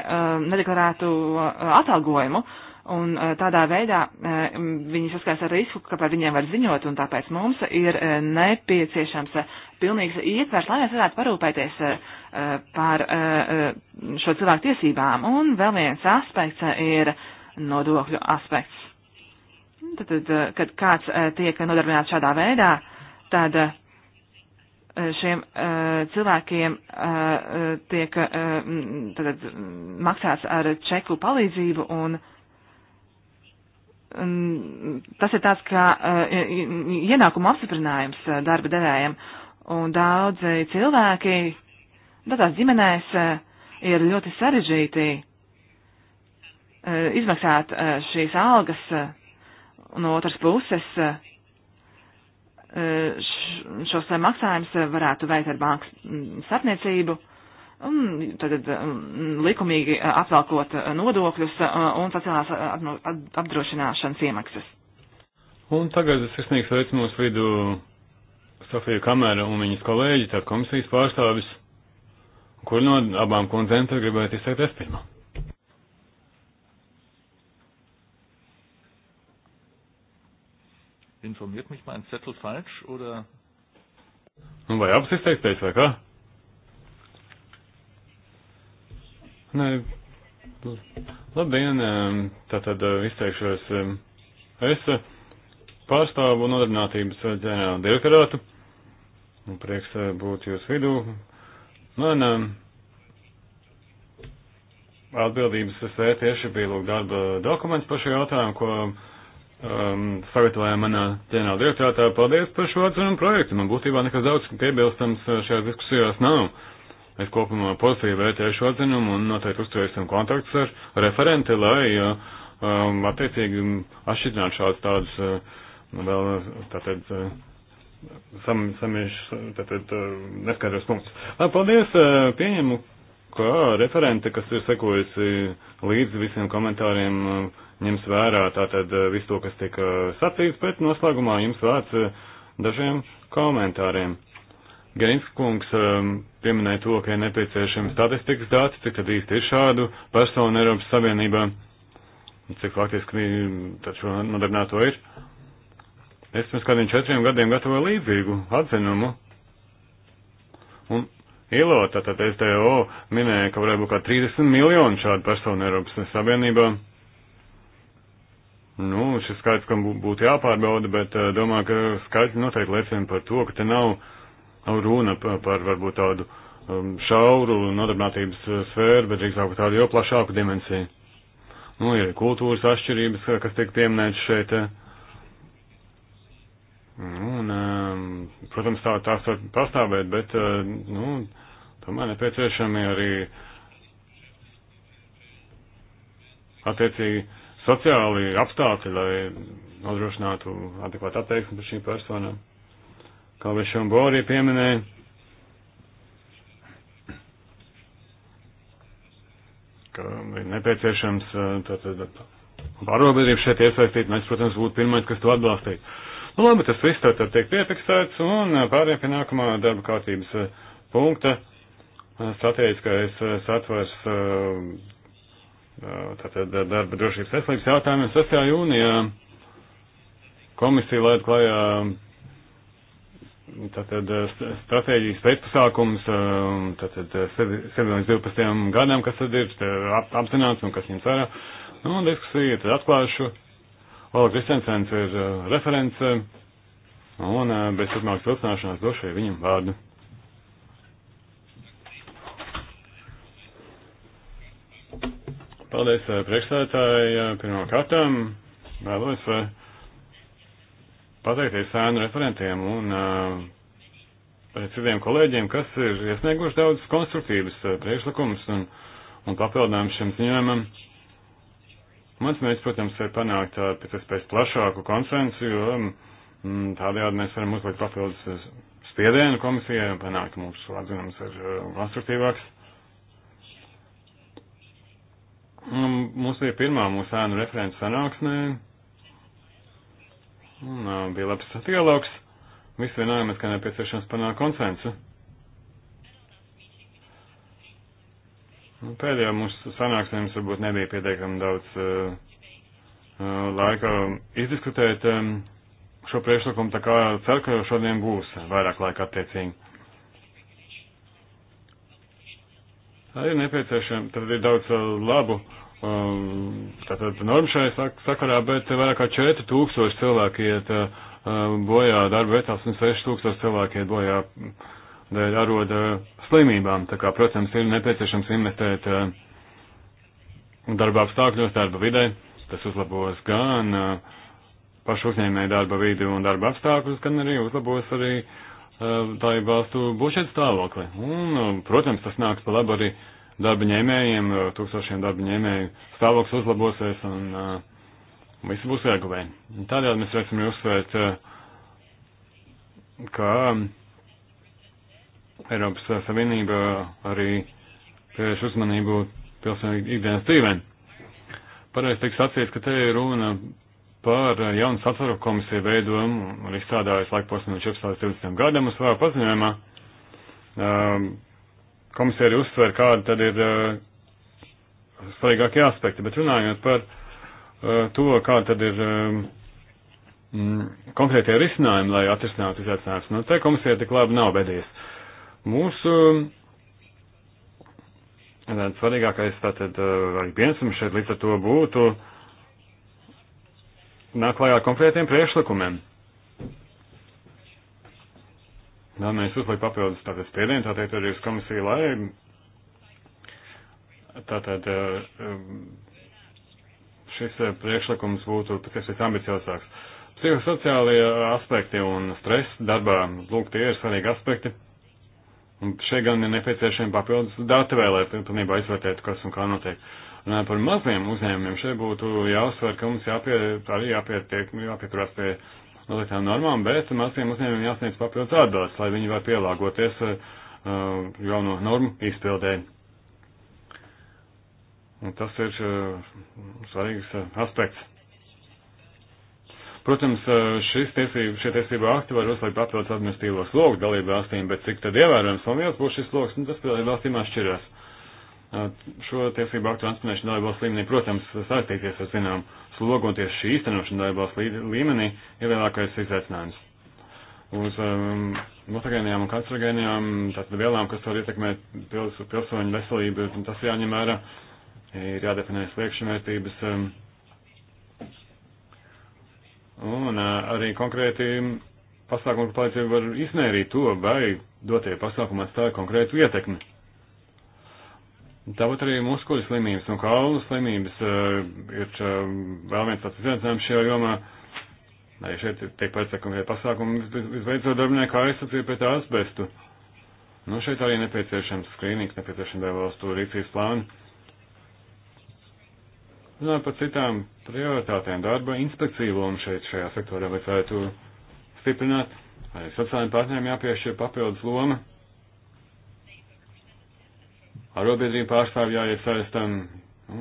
nedeklarētu atalgojumu. Un e, tādā veidā e, viņi saskars ar risku, ka par viņiem var ziņot, un tāpēc mums ir e, nepieciešams pilnīgs ietvers, lai mēs varētu parūpēties par šo cilvēku tiesībām. Un vēl viens aspekts ir nodokļu aspekts. Tad, tad kad kāds tiek nodarbināts šādā veidā, tad šiem uh, cilvēkiem uh, tiek uh, tātad, maksāts ar čeku palīdzību un uh, tas ir tāds kā e, ienākuma apstiprinājums e, darba devējiem. Un daudzi cilvēki dažās ģimenēs e, ir ļoti sarežģīti izmaksāt šīs algas. No otras puses, šos maksājumus varētu veikt ar bankas starpniecību. Um, tad um, likumīgi uh, atvēlkot uh, nodokļus uh, un sociālās apdrošināšanas iemaksas. Un tagad es sniegšu sveicu mūsu vidū Sofiju Kameru un viņas kolēģi, tā komisijas pārstāvis, kur no abām kundzēm tad gribētu izteikt es pirmā. Informiert mich mein Zettel falsch, oder? Nu, vai abas izteikties, vai kā? Nē, labdien, tātad eh, izteikšos es eh, pārstāvu nodarbinātības eh, ģenerāla direktorātu. Nu, un prieks būt jūs vidū. Man atbildības sfēra tieši bija lūk darba dokuments par šo jautājumu, ko um, sagatavoja manā ģenerāla direktorātā. Paldies par šo atzinumu projektu. Man būtībā nekas daudz piebilstams šajās diskusijās nav. Uh, Es kopumā pozitīvi vērtēju šo atzinumu un noteikti uzturēsim kontaktus ar referenti, lai uh, um, attiecīgi atšķirinātu šādas tādas uh, nu, vēl tātad. Uh, Sam, samiešu, tātad uh, neskaidrs punkts. Lā, paldies, uh, pieņemu, ka referente, kas ir sekojusi līdz visiem komentāriem, uh, ņems vērā tātad uh, visu to, kas tika sacīts, bet noslēgumā jums vārds uh, dažiem komentāriem. Gerinska kungs um, pieminēja to, ka ir nepieciešami statistikas dati, cik tad īsti ir šādu personu Eiropas Savienībā, cik faktiski taču nodarbināto ir. Es pirms kādiem četriem gadiem gatavoju līdzīgu atzinumu. Un ILO, tātad SDO, minēja, ka varētu būt kā 30 miljoni šādu personu Eiropas Savienībā. Nu, šis skaits, kam būtu jāpārbauda, bet eh, domāju, ka skaits noteikti liecina par to, ka te nav uh, runa par varbūt tādu um, šauru nodarbinātības uh, sfēru, bet drīzāk tādu jau plašāku dimensiju. Nu, ir kultūras atšķirības, kas tiek pieminētas šeit. Eh. Nu, un, um, protams, tā, tās var pastāvēt, bet, uh, nu, tomēr nepieciešami arī attiecīgi sociāli apstākļi, lai nodrošinātu adekvātu attieksmi par šīm personām kā vēl šam Borī pieminēja. ka ir nepieciešams tātad pārobežību šeit iesaistīt, mēs, protams, būtu pirmais, kas to atbalstītu. Nu, labi, tas viss tātad tiek piefiksēts un pārējiem pie nākamā darba kārtības punkta strateģiskais satvers tātad darba drošības veselības jautājumiem 6. jūnijā komisija laid klajā tātad eh, stratēģijas pēcpasākums, eh, tātad 7.12. Eh, gadam, kas tad ir ap, apzināts un kas ņem vērā. Nu, un diskusija tad atklāšu. Ola Kristensens ir referents un bez turpmākas vilcināšanās došu viņam vārdu. Paldies priekšsētāji pirmā kārtām. Vēlos. Uh, pateikties sēnu referentiem un uh, citiem kolēģiem, kas ir iesnieguši daudz konstruktīvas uh, priekšlikumus un, un papildinājumus šim ziņojumam. Mans mērķis, pēc, protams, ir panākt uh, pēc iespējas plašāku konsensu, jo um, tādējādi mēs varam uzlikt papildus spiedienu komisijai un panākt mūsu atzinums ir uh, konstruktīvāks. Um, mums bija pirmā mūsu ēnu referents sanāksmē. Ne Un bija labs dialogs. Visi vienojāmies, ka nepieciešams panākt konsensu. Nu, pēdējā mūsu sanāksmē mums varbūt nebija pietiekami daudz uh, laika izdiskutēt um, šo priekšlikumu, tā kā ceru, ka šodien būs vairāk laika attiecīgi. Ir nepieciešams, tad ir daudz labu uh, Um, tātad norma šajā sakarā, bet vairāk kā 4000 cilvēki iet uh, um, bojā darba vietās un 6000 cilvēki iet bojā dēļ aroda slimībām. Tā kā, protams, ir nepieciešams investēt uh, darba apstākļos, darba vidē. Tas uzlabos gan uh, pašu uzņēmēju darba vidi un darba apstākļus, gan arī uzlabos arī tā ir valstu bušet stāvokli. Un, protams, tas nāks pa labu arī uh, darba ņēmējiem, eh, tūkstošiem darba ņēmēju stāvoklis uzlabosies un eh, visi būs ieguvē. Tādēļ mēs varēsim uzsvērt, eh, ka Eiropas Savienība arī pievērš uzmanību pilsēņu ikdienas dzīvēm. Pareizi tiks atcīts, ka te ir runa par jaunu satvaru komisiju veidojumu un izstrādājas laikposmu no 14. līdz 20. gadam uz savā paziņojumā. Um, komisija arī uzsver, kāda tad ir uh, svarīgākie aspekti, bet runājot par uh, to, kāda tad ir um, konkrētie risinājumi, lai atrisinātu izaicinājumus. Nu, te komisija tik labi nav bedījis. Mūsu tad, svarīgākais tātad arī piensums šeit līdz ar to būtu nāk klājā konkrētiem priekšlikumiem. Vēlamies uzlikt papildus tātad spiedienu, tātad arī uz komisiju, lai tātad eh, šis eh, priekšlikums būtu pēc iespējas ambiciozāks. Psihosociālie eh, aspekti un stress darbā, lūk, tie ir svarīgi aspekti. Un šeit gan ir nepieciešami papildus dati vēl, lai pilnībā izvērtētu, kas un kā notiek. Runājot par maziem uzņēmumiem, šeit būtu jāuzsver, ka mums jāpie, arī jāpietiek, jāpieturās pie noteiktām nu, normām, bet maziem uzņēmumiem jāsniedz papildus atbildes, lai viņi var pielāgoties uh, jauno normu izpildē. Un tas ir uh, svarīgs uh, aspekts. Protams, šis tiesību, šie tiesību akti var uzlikt papildus administratīvos logus dalību valstīm, bet cik tad ievērojams un liels būs šis logs, nu, tas dalību valstīm atšķirās. Šo tiesību aktu transponēšana dalību valsts līmenī, protams, saistīties ar zināmu slogu un tieši šī īstenošana darbās līmenī ir lielākais izaicinājums. Uz um, mutagēnijām un kancerogēnijām, tātad vielām, kas var ietekmēt pils, pilsoņu veselību, tas jāņem vērā, ir jādefinē sliekšņvērtības. Um, un uh, arī konkrēti pasākumu palīdzību var izmērīt to, vai dotie pasākumi atstāja konkrētu ietekmi. Tāpat arī muskuļu slimības un kaulu slimības uh, ir uh, vēl viens tāds izaicinājums šajā jomā. Arī šeit tiek pēcsekumi tie pasākumi, visbeidzot darbinieku aizsardzība pret asbestu. Nu, šeit arī nepieciešams skrīnings, nepieciešams devalstu rīcības plānu. Runājot par citām prioritātēm, darba inspekciju lomu šeit šajā sektorā vajadzētu stiprināt. Arī sociālajiem partneriem jāpiešķir papildus loma. Arotbiedrību pārstāvju jāiesaistam,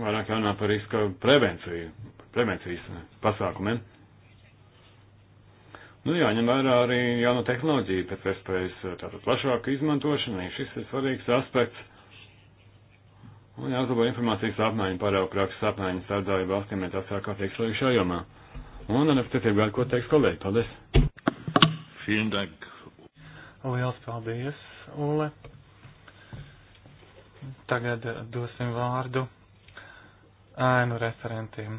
vairāk jānāk par riska prevenciju, prevencijas pasākumiem. Nu, jāņem vērā arī jauno tehnoloģiju pēc iespējas tātad plašāku izmantošanai. Šis ir svarīgs aspekts. Un jāuzlabo informācijas apmaiņu, pārējo prakses apmaiņu sārdāju valstīm, ja tas ir kārtīgi svarīgi šajā jomā. Un ar FTT vēl ko teiks kolēģi. Paldies! Vielen Dank! Liels paldies, Ule! Tagad dosim vārdu ēnu referentiem.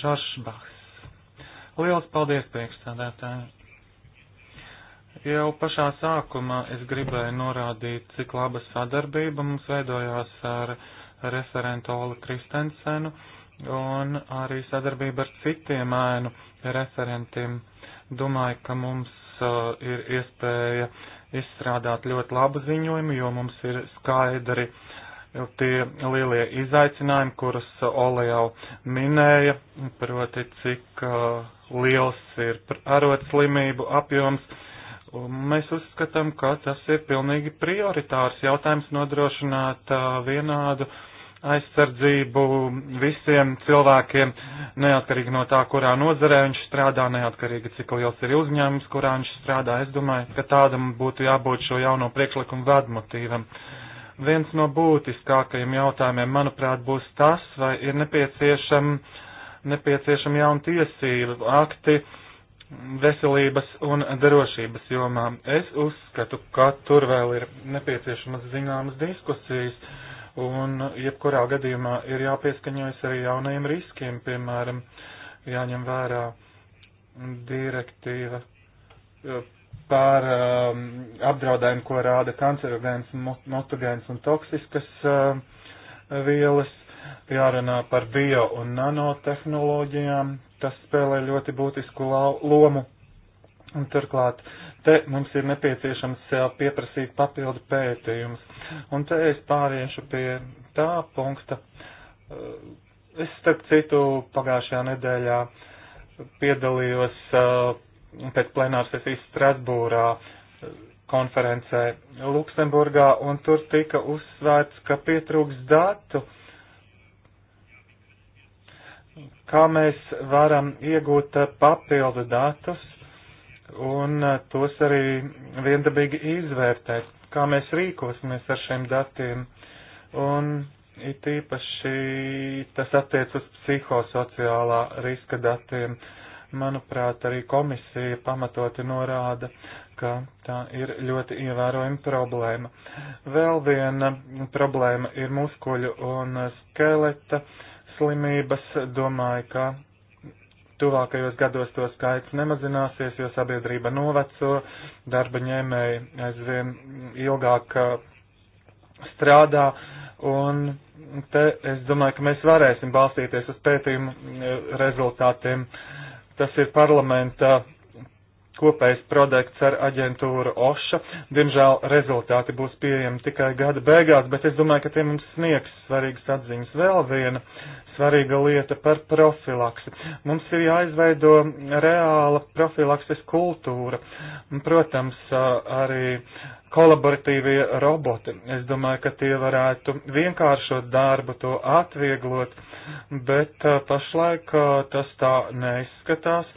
Žoržs Bahs. Liels paldies priekšstādātāji. Jau pašā sākumā es gribēju norādīt, cik laba sadarbība mums veidojās ar referentu Olu Kristensenu un arī sadarbība ar citiem ēnu referentiem. Domāju, ka mums uh, ir iespēja izstrādāt ļoti labu ziņojumu, jo mums ir skaidri uh, Nu, tie lielie izaicinājumi, kurus uh, Ole jau minēja, proti cik uh, liels ir arotslimību apjoms. Mēs uzskatām, ka tas ir pilnīgi prioritārs jautājums nodrošināt uh, vienādu aizsardzību visiem cilvēkiem, neatkarīgi no tā, kurā nozarē viņš strādā, neatkarīgi cik liels ir uzņēmums, kurā viņš strādā. Es domāju, ka tādam būtu jābūt šo jauno priekšlikumu vadmotīvam. Uh, Viens no būtiskākajiem jautājumiem, manuprāt, būs tas, vai ir nepieciešami nepieciešam jauni tiesību akti veselības un drošības jomā. Es uzskatu, ka tur vēl ir nepieciešamas zināmas diskusijas, un jebkurā gadījumā ir jāpieskaņojas arī jaunajiem riskiem, piemēram, jāņem vērā direktīva par um, apdraudējumu, ko rāda kancerogēns, mutagēns un toksiskas uh, vielas, jārunā par bio un nanotehnoloģijām, tas spēlē ļoti būtisku lomu. Un turklāt te mums ir nepieciešams sev pieprasīt papildu pētījumus. Un te es pāriešu pie tā punkta. Uh, es starp citu pagājušajā nedēļā piedalījos uh, pēc plenāras sesijas Strasbūrā eh, konferencē Luksemburgā, un tur tika uzsvērts, ka pietrūks datu, kā mēs varam iegūt eh, papildu datus un eh, tos arī viendabīgi izvērtēt, kā mēs rīkosimies ar šiem datiem. Un it īpaši tas attiec uz psihosociālā riska datiem. Uh, Manuprāt, arī komisija pamatoti norāda, ka tā ir ļoti ievērojama problēma. Vēl viena problēma ir muskuļu un skeleta slimības. Domāju, ka tuvākajos gados to skaits nemazināsies, jo sabiedrība noveco, darba ņēmēji aizvien ilgāk uh, strādā, un te es domāju, ka mēs varēsim balstīties uz pētījumu uh, rezultātiem. Uh, Tas ir parlamenta kopējs projekts ar aģentūru OŠA. Diemžēl rezultāti būs pieejami tikai gada beigās, bet es domāju, ka tie mums sniegs svarīgas atziņas. Vēl viena svarīga lieta par profilaksi. Mums ir jāizveido reāla profilakses kultūra. Protams, arī kolaboratīvie roboti. Es domāju, ka tie varētu vienkāršot darbu, to atvieglot, bet pašlaik tas tā neizskatās.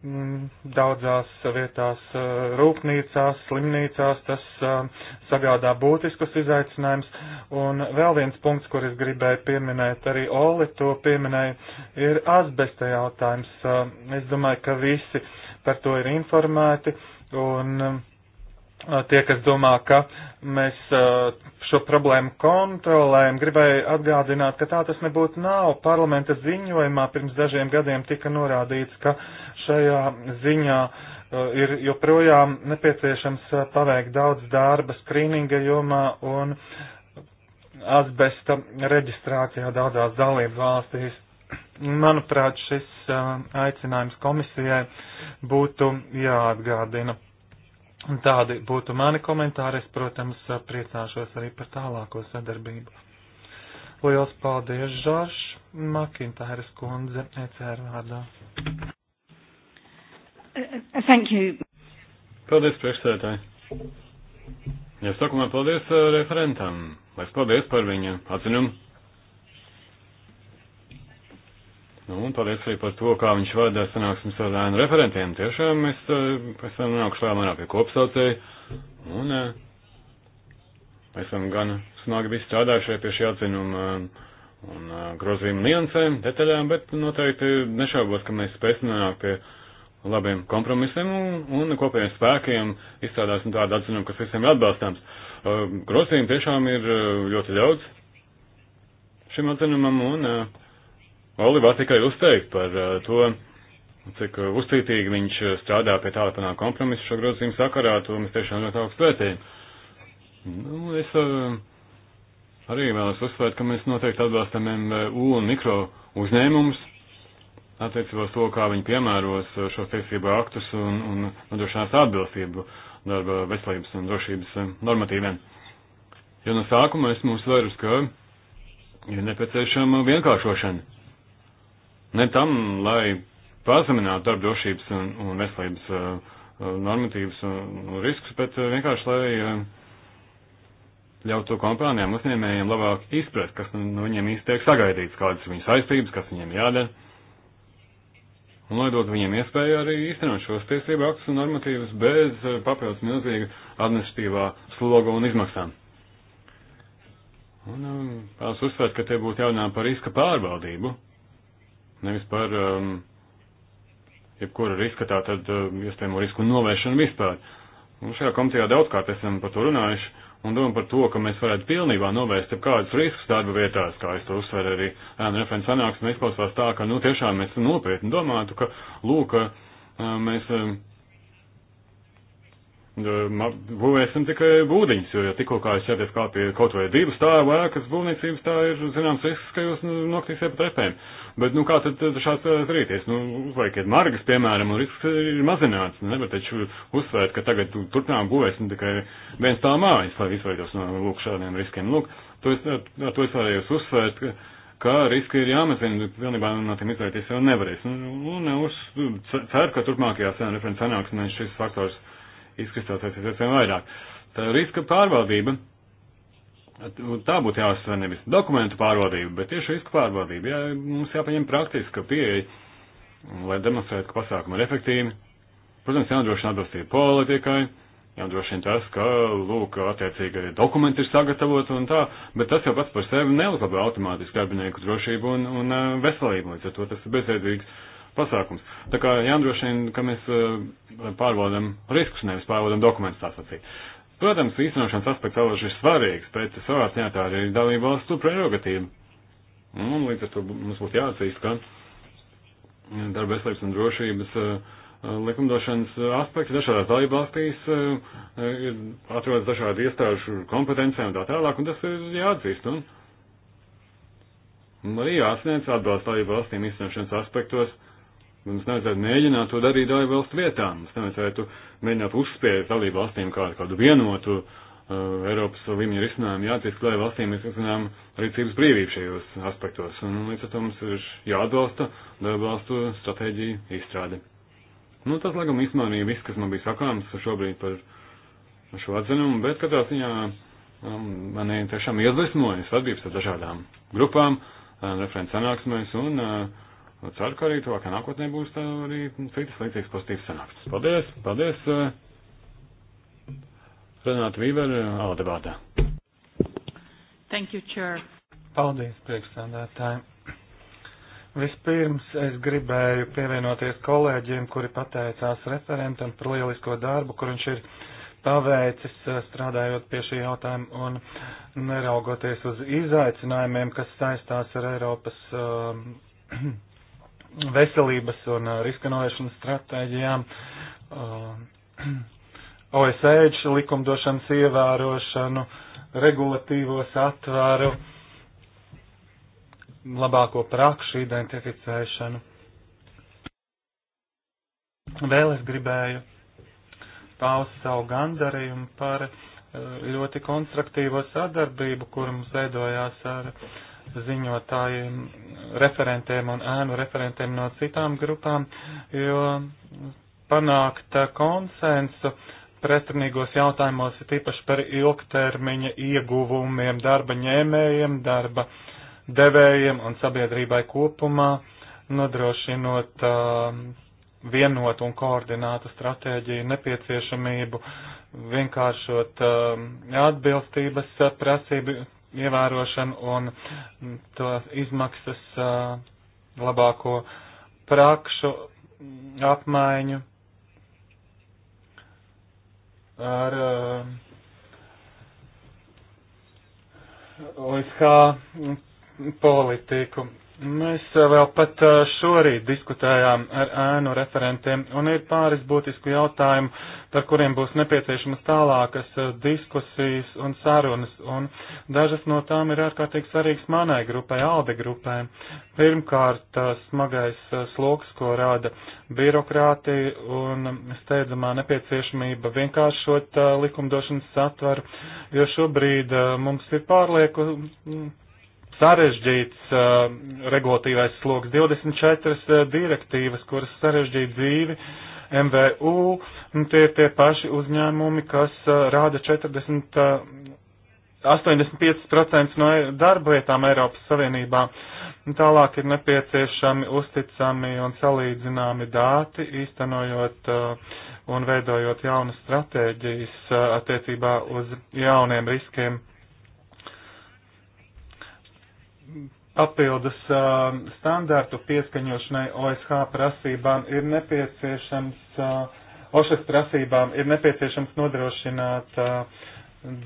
Mm, daudzās vietās rūpnīcās, slimnīcās tas sagādā būtiskus izaicinājumus. Un vēl viens punkts, kur es gribēju pieminēt, arī Oli to pieminēja, ir asbesta jautājums. Es domāju, ka visi par to ir informēti. Un tie, kas domā, ka mēs uh, šo problēmu kontrolējam, gribēju atgādināt, ka tā tas nebūtu nav. Parlamenta ziņojumā pirms dažiem gadiem tika norādīts, ka šajā ziņā uh, ir joprojām nepieciešams uh, paveikt daudz darba skrīninga jomā un asbesta reģistrācijā daudzās dalību valstīs. Manuprāt, šis aicinājums komisijai būtu jāatgādina Tādi būtu mani komentāri. Es, protams, priecāšos arī par tālāko sadarbību. Lielas paldies, Žorž, Makintāras kundze, ECR vārdā. Thank you. Paldies, priekšsētāji. Ja sākumā paldies eh, referentam. Lai paldies par viņa atzinumu. Nu, un paldies arī par to, kā viņš vadīja sanāksmes ar ēnu referentiem. Tiešām mēs eh, esam nākuši lēmērā pie kopsaucēja. Un eh, esam gan smagi visi strādājušie pie šī atzinuma eh, un grozījuma niansēm, detaļām, bet noteikti nešaubos, ka mēs spēsim nonākt pie labiem kompromisiem un, un kopējiem spēkiem izstrādāsim tādu atzinumu, kas visiem ir atbalstāms. Grozījumi tiešām ir ļoti daudz šim atzinumam un uh, Olivā tikai uzteikt par uh, to, cik uh, uzcītīgi viņš uh, strādā pie tāda panākt kompromisu šo grozījumu sakarā, to mēs tiešām ļoti augstu vērtējam. Nu, es arī vēlos uzsvērt, ka mēs noteikti atbalstam MVU un mikro uzņēmumus attiecībā uz to, kā viņi piemēros šos tiesību aktus un, un nodrošinās atbilstību darba veselības un drošības um, normatīviem. Jo no sākuma esmu uzsvērus, ka ir nepieciešama vienkāršošana. Ne tam, lai pazeminātu darba drošības un, un veselības uh, uh, normatīvas un, un riskus, bet uh, vienkārši, lai uh, ļautu kompānijām, uzņēmējiem labāk izprast, kas nu, no nu, viņiem īsti tiek sagaidīts, kādas viņu saistības, kas viņiem jādara. Un lai dot viņiem iespēju arī īstenot šos tiesību aktus un normatīvas bez uh, papildus milzīga administratīvā sloga un izmaksām. Un um, tās uzsvērt, ka te būtu jānāk par riska pārvaldību nevis par um, jebkura riska, tātad um, iespējamo risku novēršanu vispār. Un nu, šajā komitejā daudzkārt esam par to runājuši un domā par to, ka mēs varētu pilnībā novērst jebkādus riskus darba vietās, kā es to uzsveru arī ēnu referents sanāksmē, izklausās tā, ka, nu, tiešām mēs nopietni domātu, ka, lūk, um, mēs um, būvēsim tikai būdiņus, jo, ja tikko kā es ķerties kā pie kaut vai divu stāvu ēkas būvniecības, tā ir zināms risks, ka jūs nu, noktīsiet pa trepēm. Bet, nu, kā tad šāds darīties? Nu, uzlaikiet margas, piemēram, un risks ir mazināts, nu, ne, bet taču uzsvērt, ka tagad turpinām būvēsim tikai viens tā mājas, lai izvairītos no, lūk, šādiem riskiem. Lūk, to es, to es vēlējos uzsvērt, ka, ka riski ir jāmazina, pilnībā no tiem izvairīties jau nevarēs. Un, nu, nu, un, un uz, ceru, ka turpmākajā sēna referents sanāksmē šis faktors izkristalizēsies aizvien vairāk. Tā riska pārvaldība, tā būtu jāsver nevis dokumentu pārvaldība, bet tieši riska pārvaldība. Jā, mums jāpaņem praktiska pieeja, lai demonstrētu, ka pasākumi ir efektīvi. Protams, jānodrošina atbilstība politikai, jānodrošina tas, ka, lūk, attiecīgi dokumenti ir sagatavoti un tā, bet tas jau pats par sevi nelabā automātiski darbinieku drošību un, un uh, veselību, līdz ar to tas ir bezveidīgs pasākums. Tā kā jāndrošina, ka mēs eh, pārvaldam riskus, nevis pārvaldam dokumentus tā sacīt. Protams, īstenošanas aspekts vēl ir svarīgs, bet savā ziņā tā arī ir dalība valstu prerogatīva. Un līdz ar to mums būtu jāatzīst, ka eh, darba veselības un drošības uh, likumdošanas aspekti dažādās dalībvalstīs ir atrodas dažādi iestāžu kompetencijām un tā tālāk, un tas ir jāatzīst. Un, un arī jāsniedz atbalsts dalībvalstīm izcenošanas aspektos, Mums nevajadzētu mēģināt to darīt dalību valstu vietā. Mums nevajadzētu mēģināt uzspiest dalību valstīm kādu, kādu vienotu uh, Eiropas līmeņa risinājumu. Jāatcerās, ka dalību valstīm ir, zinām, arī cīvas brīvība šajos aspektos. Un līdz ar to mums ir jāatbalsta dalību valstu stratēģiju izstrādi. Nu, tas, laikam, īstenībā viss, kas man bija sakāms šobrīd par šo atzinumu, bet katrā ziņā um, mani tiešām iedvesmojas atbības ar dažādām grupām, um, referents sanāksmēs un uh, Ceru, ka arī tuvākā nākotnē būs arī citas līdzīgas pozitīvas sanāksmes. Paldies! Paldies! Eh, Renāta Vībera, eh, Aldebātā. Thank you, Chair. Paldies, priekšsādātāji. Vispirms es gribēju pievienoties kolēģiem, kuri pateicās referentam par lielisko darbu, kur viņš ir paveicis eh, strādājot pie šī jautājuma un neraugoties uz izaicinājumiem, kas saistās ar Eiropas uh, veselības un uh, riska novēršanas stratēģijām, OSH uh, likumdošanas ievērošanu, regulatīvo satvaru, labāko prakšu identificēšanu. Vēl es gribēju paust savu gandarījumu par uh, ļoti konstruktīvo sadarbību, kur mums veidojās ar uh, ziņotājiem, referentiem un ēnu referentiem no citām grupām, jo panākt konsensu pretrunīgos jautājumos ir tīpaši par ilgtermiņa ieguvumiem darba ņēmējiem, darba devējiem un sabiedrībai kopumā, nodrošinot uh, vienotu un koordinātu stratēģiju nepieciešamību, vienkāršot um, uh, atbilstības prasību ievērošanu un to izmaksas labāko prakšu apmaiņu ar OSH politiku. Mēs eh, vēl pat eh, šorīt diskutējām ar ēnu referentiem, un ir pāris būtisku jautājumu, par kuriem būs nepieciešamas tālākas eh, diskusijas un sarunas, un dažas no tām ir ārkārtīgi svarīgas manai grupai, Alde grupai. Pirmkārt, smagais sloks, ko rada birokrātija un steidzamā nepieciešamība vienkāršot likumdošanas satvaru, jo šobrīd mums ir pārlieku sarežģīts uh, regulatīvais sloks, 24 eh, direktīvas, kuras sarežģīja dzīvi MVU, un tie ir tie paši uzņēmumi, kas uh, rāda 40, uh, 85% no e- darba vietām Eiropas Savienībā. Un tālāk ir nepieciešami uzticami un salīdzināmi dāti, īstenojot uh, un veidojot jaunas stratēģijas uh, attiecībā uz jauniem riskiem papildus uh, um, standārtu pieskaņošanai OSH prasībām ir nepieciešams, uh, OSHAS prasībām ir nepieciešams nodrošināt uh,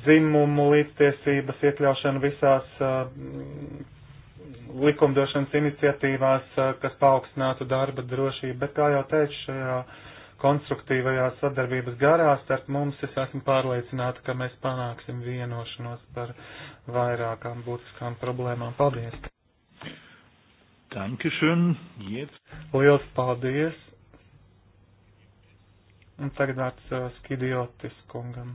dzimumu līdztiesības iekļaušanu visās uh, likumdošanas iniciatīvās, uh, kas paaugstinātu darba drošību, bet kā jau teicu, šajā konstruktīvajā sadarbības garā starp mums es esmu pārliecināta, ka mēs panāksim vienošanos par vairākām būtiskām problēmām. Paldies! Dankeschön, jetzt. Liels paldies! Un tagad vārds uh, Skidiotis kungam.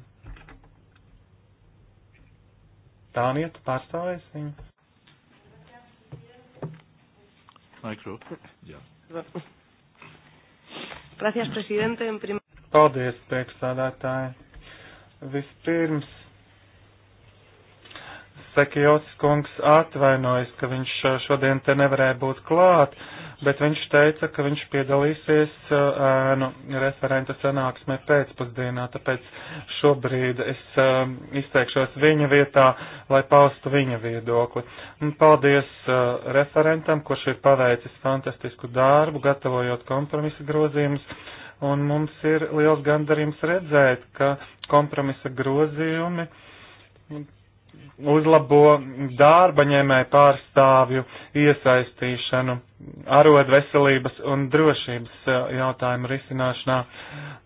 Tāniet, pārstāvēs viņu. Mikro. Jā. Gracias, presidente. Paldies, priekšsādātāji. Vispirms Stekijots kungs atvainojas, ka viņš uh, šodien te nevarēja būt klāt, bet viņš teica, ka viņš piedalīsies uh, ēnu referenta sanāksmē pēcpusdienā, tāpēc šobrīd es um, izteikšos viņa vietā, lai paustu viņa viedokli. Un paldies uh, referentam, kurš ir paveicis fantastisku darbu, gatavojot kompromisa grozījumus un mums ir liels gandarījums redzēt, ka kompromisa grozījumi uzlabo darba ņēmēju pārstāvju iesaistīšanu arod veselības un drošības eh, jautājumu risināšanā.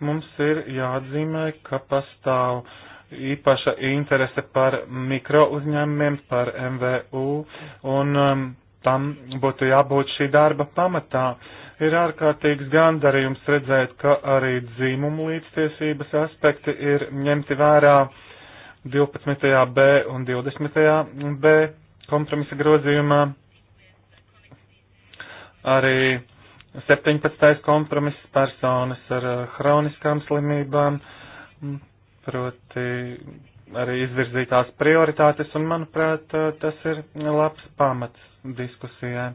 Mums ir jāatzīmē, ka pastāv īpaša interese par mikro uzņēmumiem, par MVU, un um, tam būtu jābūt šī darba pamatā. Ir ārkārtīgs gandarījums redzēt, ka arī dzīmumu līdztiesības aspekti ir ņemti vērā uh, 12. B un 20. B kompromisa grozījumā, arī 17. kompromiss personas ar eh, hroniskām slimībām, proti arī izvirzītās prioritātes, un manuprāt, eh, tas ir labs pamats diskusijai.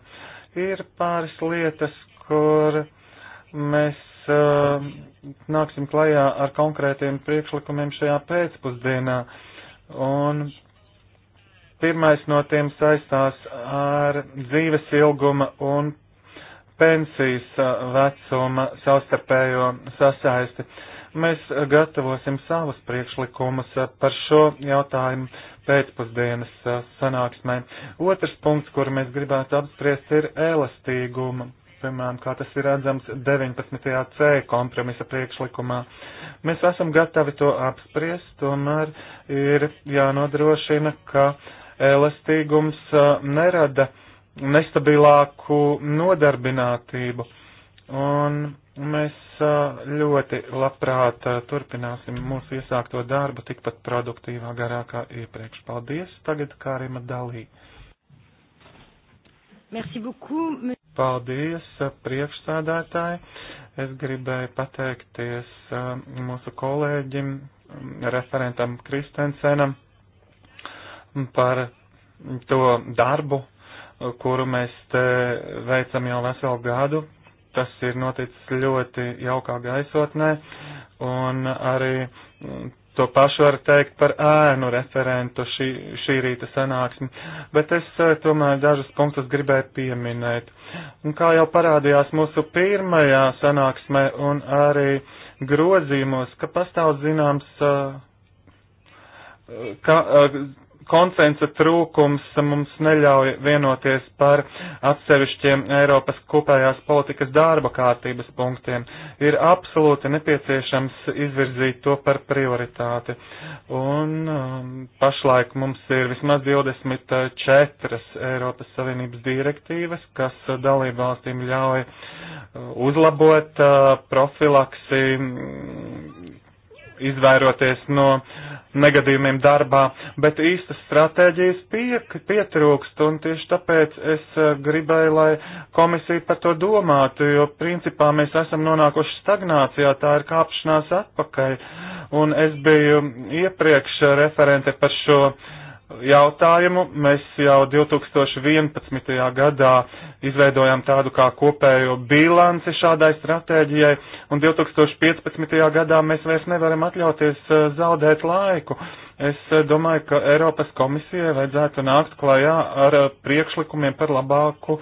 Ir pāris lietas, kur mēs uh, nāksim klajā ar konkrētiem priekšlikumiem šajā pēcpusdienā. Un pirmais no tiem saistās ar dzīves ilguma un pensijas vecuma savstarpējo sasaisti. Mēs gatavosim savus priekšlikumus par šo jautājumu pēcpusdienas sanāksmē. Otrs punkts, kuru mēs gribētu apspriest, ir elastīguma piemēram, kā tas ir redzams 19.c kompromisa priekšlikumā. Mēs esam gatavi to apspriest, tomēr ir jānodrošina, ka elastīgums nerada nestabilāku nodarbinātību. Un mēs ļoti labprāt turpināsim mūsu iesākto darbu tikpat produktīvā garā kā iepriekš. Paldies! Tagad Kārima Dalī. Merci beaucoup. Paldies, priekšsādātāji. Es gribēju pateikties um, mūsu kolēģim, um, referentam Kristensenam um, par to darbu, uh, kuru mēs te veicam jau veselu gadu. Tas ir noticis ļoti jaukā gaisotnē un arī To pašu var teikt par ēnu referentu šī, šī rīta sanāksmi, bet es eh, tomēr dažus punktus gribēju pieminēt. Un kā jau parādījās mūsu pirmajā sanāksmē un arī grozījumos, ka pastāv zināms, eh, ka eh, konsensa trūkums mums neļauj vienoties par atsevišķiem Eiropas kopējās politikas darba kārtības punktiem. Ir absolūti nepieciešams izvirzīt to par prioritāti. Un um, pašlaik mums ir vismaz 24 Eiropas Savienības direktīvas, kas dalību valstīm ļauj uh, uzlabot uh, profilaksi izvairoties no negadījumiem darbā, bet īstas stratēģijas piek, pietrūkst, un tieši tāpēc es eh, gribēju, lai komisija par to domātu, jo principā mēs esam nonākuši stagnācijā, tā ir kāpšanās atpakaļ, un es biju iepriekš referente par šo uh, jautājumu. Mēs jau 2011. gadā izveidojām tādu kā kopējo bilanci šādai stratēģijai, un 2015. gadā mēs vairs nevaram atļauties eh, zaudēt laiku. Es eh, domāju, ka Eiropas komisijai vajadzētu nākt klajā ar eh, priekšlikumiem par labāku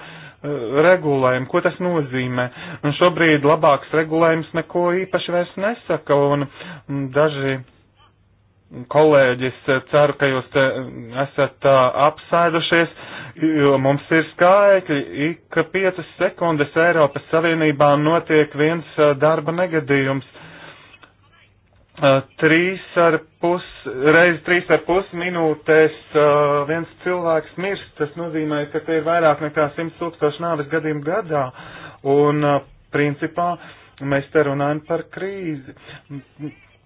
regulējumu. Ko tas nozīmē? Un šobrīd labāks regulējums neko īpaši vairs nesaka, un mm, daži kolēģis, eh, ceru, ka jūs eh, esat eh, apsēdušies, jo mums ir skaitļi, ik 5 sekundes Eiropas Savienībā notiek viens darba negadījums. Trīs ar pus, reiz trīs ar pus minūtēs viens cilvēks mirst, tas nozīmē, ka te ir vairāk nekā 100 tūkstoši nāves gadījumu gadā, un principā mēs te runājam par krīzi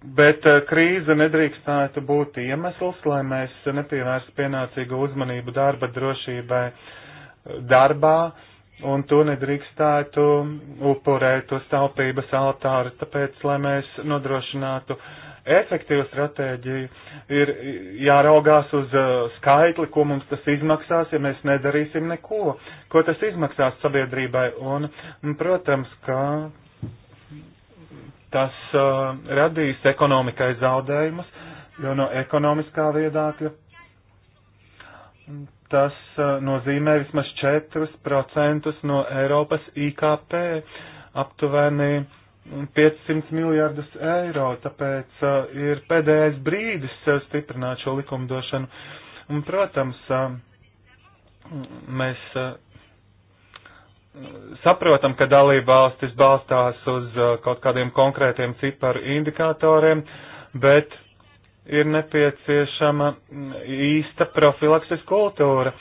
Bet eh, krīze nedrīkstētu būt iemesls, lai mēs nepievērstu pienācīgu uzmanību darba drošībai eh, darbā, un to nedrīkstētu upurēt uz taupības altāru. Tāpēc, lai mēs nodrošinātu efektīvu stratēģiju, ir jāraugās uz eh, skaitli, ko mums tas izmaksās, ja mēs nedarīsim neko, ko tas izmaksās sabiedrībai. Un, protams, ka Tas uh, radīs ekonomikai zaudējumus, jo no ekonomiskā viedākļa tas uh, nozīmē vismaz 4% no Eiropas IKP, aptuveni 500 miljardus eiro, tāpēc uh, ir pēdējais brīdis uh, stiprināt šo likumdošanu. Un, protams, uh, mēs. Uh, saprotam, ka dalībvalstis balstās uz uh, kaut kādiem konkrētiem ciparu indikatoriem, bet ir nepieciešama mm, īsta profilakses kultūra.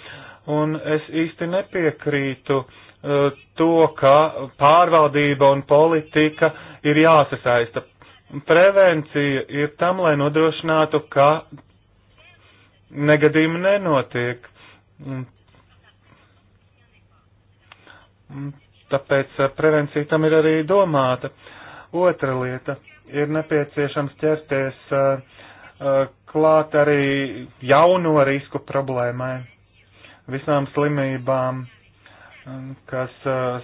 Un es īsti nepiekrītu uh, to, ka pārvaldība un politika ir jāsasaista. Prevencija ir tam, lai nodrošinātu, ka negadījumi nenotiek. Mm, tāpēc eh, prevencija tam ir arī domāta. Otra lieta - ir nepieciešams ķerties eh, eh, klāt arī jauno risku problēmai, visām slimībām, mm, kas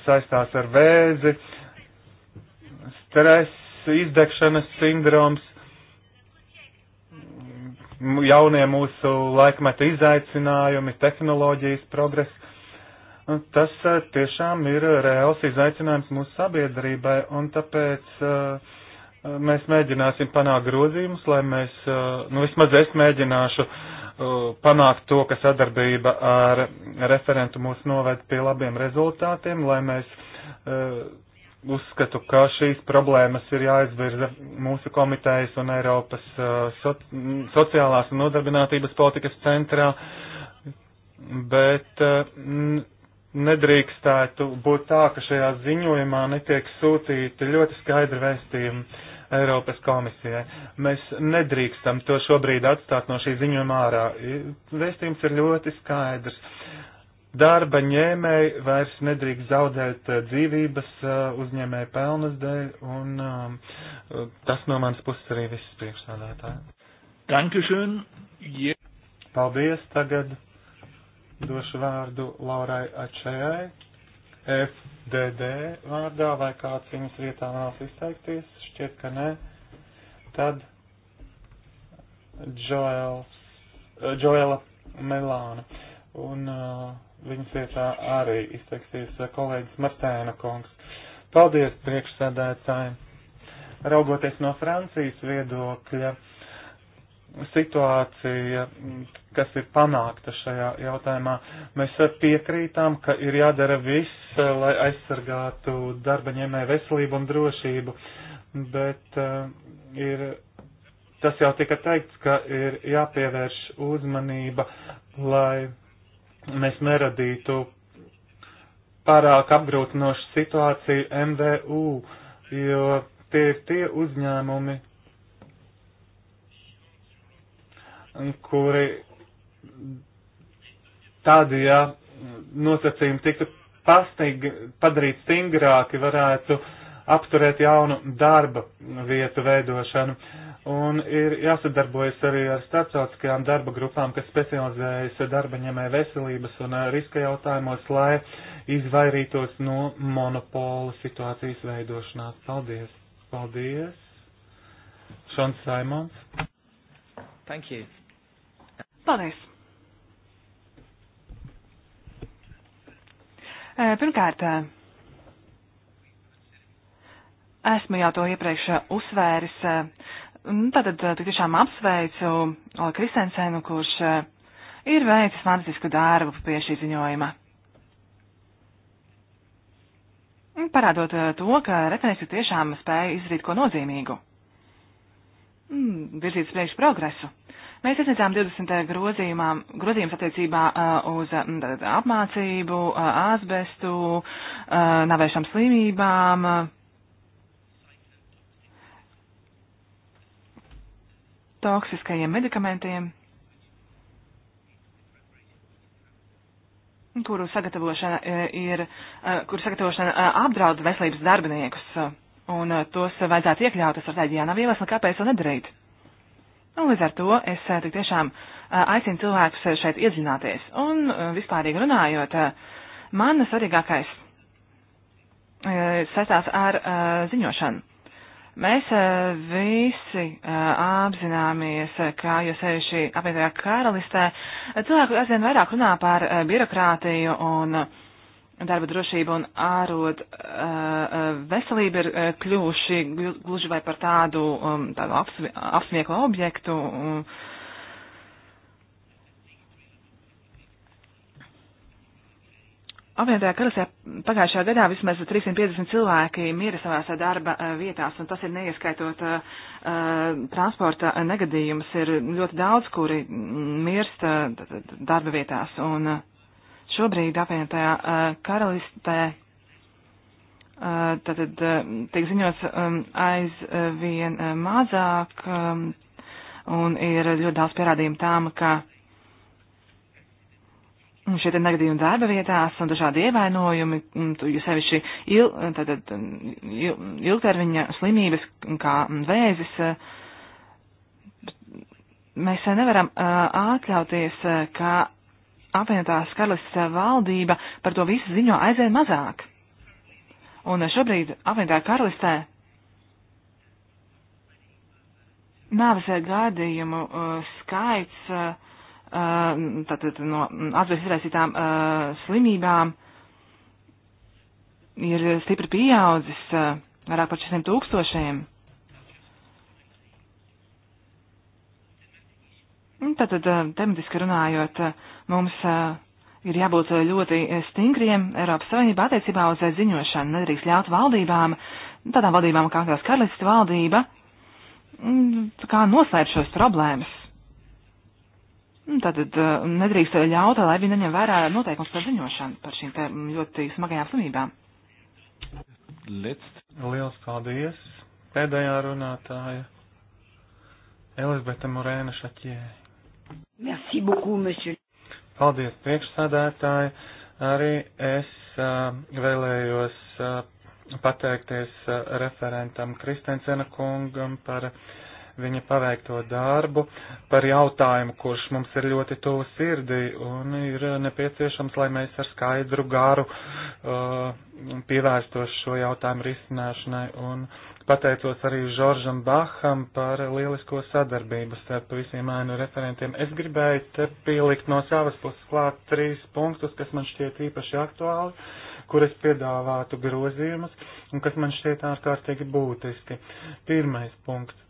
saistās ar vēzi, stress, izdegšanas sindroms, mm, jaunie mūsu laikmeta izaicinājumi, tehnoloģijas progress Tas tiešām ir reāls izaicinājums mūsu sabiedrībai, un tāpēc mēs mēģināsim panākt grozījumus, lai mēs, nu vismaz es mēģināšu panākt to, ka sadarbība ar referentu mūs noved pie labiem rezultātiem, lai mēs uzskatu, ka šīs problēmas ir jāizvirza mūsu komitejas un Eiropas sociālās un nodarbinātības politikas centrā, bet nedrīkstētu būt tā, ka šajā ziņojumā netiek sūtīti ļoti skaidri vēstījumi Eiropas komisijai. Mēs nedrīkstam to šobrīd atstāt no šī ziņojuma ārā. Vēstījums ir ļoti skaidrs. Darba ņēmēji vairs nedrīkst zaudēt eh, dzīvības eh, uzņēmēju pelnas dēļ, un um, tas no manas puses arī viss priekšsādātāji. Dankeschön. Yeah. Paldies tagad. Došu vārdu Laurai Ačējai, FDD vārdā, vai kāds viņas vietā vēlas izteikties? Šķiet, ka nē. Tad Džoels, Džoela Melāna. Un uh, viņas vietā arī izteiksies uh, kolēģis Martēna Kongs. Paldies priekšsēdētājiem! Raugoties no Francijas viedokļa. Uh, situācija, kas ir panākta šajā jautājumā. Mēs piekrītām, ka ir jādara viss, lai aizsargātu darba ņēmēju veselību un drošību, bet uh, ir, tas jau tika teikts, ka ir jāpievērš uzmanība, lai mēs neradītu pārāk apgrūtinošu situāciju MVU, jo tie ir tie uzņēmumi, kuri tādi, ja nosacījumi tiktu pastīgi, padarīt stingrāki, varētu apturēt jaunu darba vietu veidošanu. Un ir jāsadarbojas arī ar starptautiskajām darba grupām, kas specializējas darbaņemē veselības un eh, riska jautājumos, lai izvairītos no monopola situācijas veidošanās. Paldies! Paldies! Šons Saimons. Thank you. Paldies! Eh, pirmkārt, eh, esmu jau to iepriekš eh, uzsvēris. Tātad tiešām apsveicu Ola Kristensenu, kurš ir veicis fantastisku darbu pie šī ziņojuma. Parādot to, ka referenci tiešām spēja izdarīt ko nozīmīgu. Mm, virzīt uz priekšu progresu. Mēs iesniedzām 20 eh, grozījumus attiecībā eh, uz mm, apmācību, eh, asbestu, navēšam slimībām. toksiskajiem medikamentiem, kuru sagatavošana ir, kuru sagatavošana apdraud veselības darbiniekus, un tos vajadzētu iekļaut, tas ar tādījā nav iemesla, kāpēc to nedarīt. Un līdz ar to es eh, tik tiešām eh, aicinu cilvēkus eh, šeit iedzināties. Un vispārīgi runājot, man svarīgākais saistās ar ziņošanu. Mēs visi apzināmies, kā jo sevišķi apvienotajā karalistē cilvēku aizvien vairāk runā par birokrātiju un uh, darba drošība un ārod eh, eh, veselība ir eh, kļuvuši gluži vai par tādu, um, tādu apsmieklu objektu. Um. Apvienotajā karalistē pagājušajā gadā vismaz 350 cilvēki mira savās darba vietās, un tas ir neieskaitot uh, transporta negadījumus. Ir ļoti daudz, kuri mirst uh, darba vietās. Un, uh, Šobrīd apvienotajā eh, karalistē eh, tātad eh, tiek ziņots um, aizvien mazāk um, un ir ļoti daudz pierādījumu tām, ka šie te negadījumi darba vietās un dažādi ievainojumi, mm, jo sevišķi il, tātad, mm, il, ilgtermiņa slimības, mm, kā vēzis, mēs nevaram atļauties, ka apvienotās karalistas eh, valdība par to visu ziņo aizvien mazāk. Un eh, šobrīd apvienotā karalistē nāves eh, gadījumu skaits tātad no azbēs izraisītām slimībām ir stipri pieaudzis vairāk par 400 tūkstošiem. Tātad, nu, eh, tematiski runājot, eh, mums eh, ir jābūt ļoti stingriem Eiropas Savienībā attiecībā uz ziņošanu. Nedrīkst ļaut valdībām, nu, tādām valdībām kā Angļu karalistu valdība, mm, kā noslēp šos problēmas. Tātad nu, nedrīkst ļaut, lai viņi neņem vērā noteikums par ziņošanu par šīm ļoti smagajām slimībām. Let's... Liels paldies! Pēdējā runātāja Elizabete Morēna Šaķēja. Merci beaucoup, monsieur. Paldies, priekšsādātāji. Arī es uh, vēlējos uh, pateikties uh, referentam Kristensena kungam par viņa paveikto darbu, par jautājumu, kurš mums ir ļoti tuvu sirdī un ir nepieciešams, lai mēs ar skaidru garu uh, pievērstos šo jautājumu risināšanai un uh, Pateicos arī Žoržam Baham par lielisko sadarbību starp visiem ēnu referentiem. Es gribēju te pielikt no savas puses klāt trīs punktus, kas man šķiet īpaši aktuāli, kur es piedāvātu grozījumus un kas man šķiet ārkārtīgi būtiski. Pirmais punkts.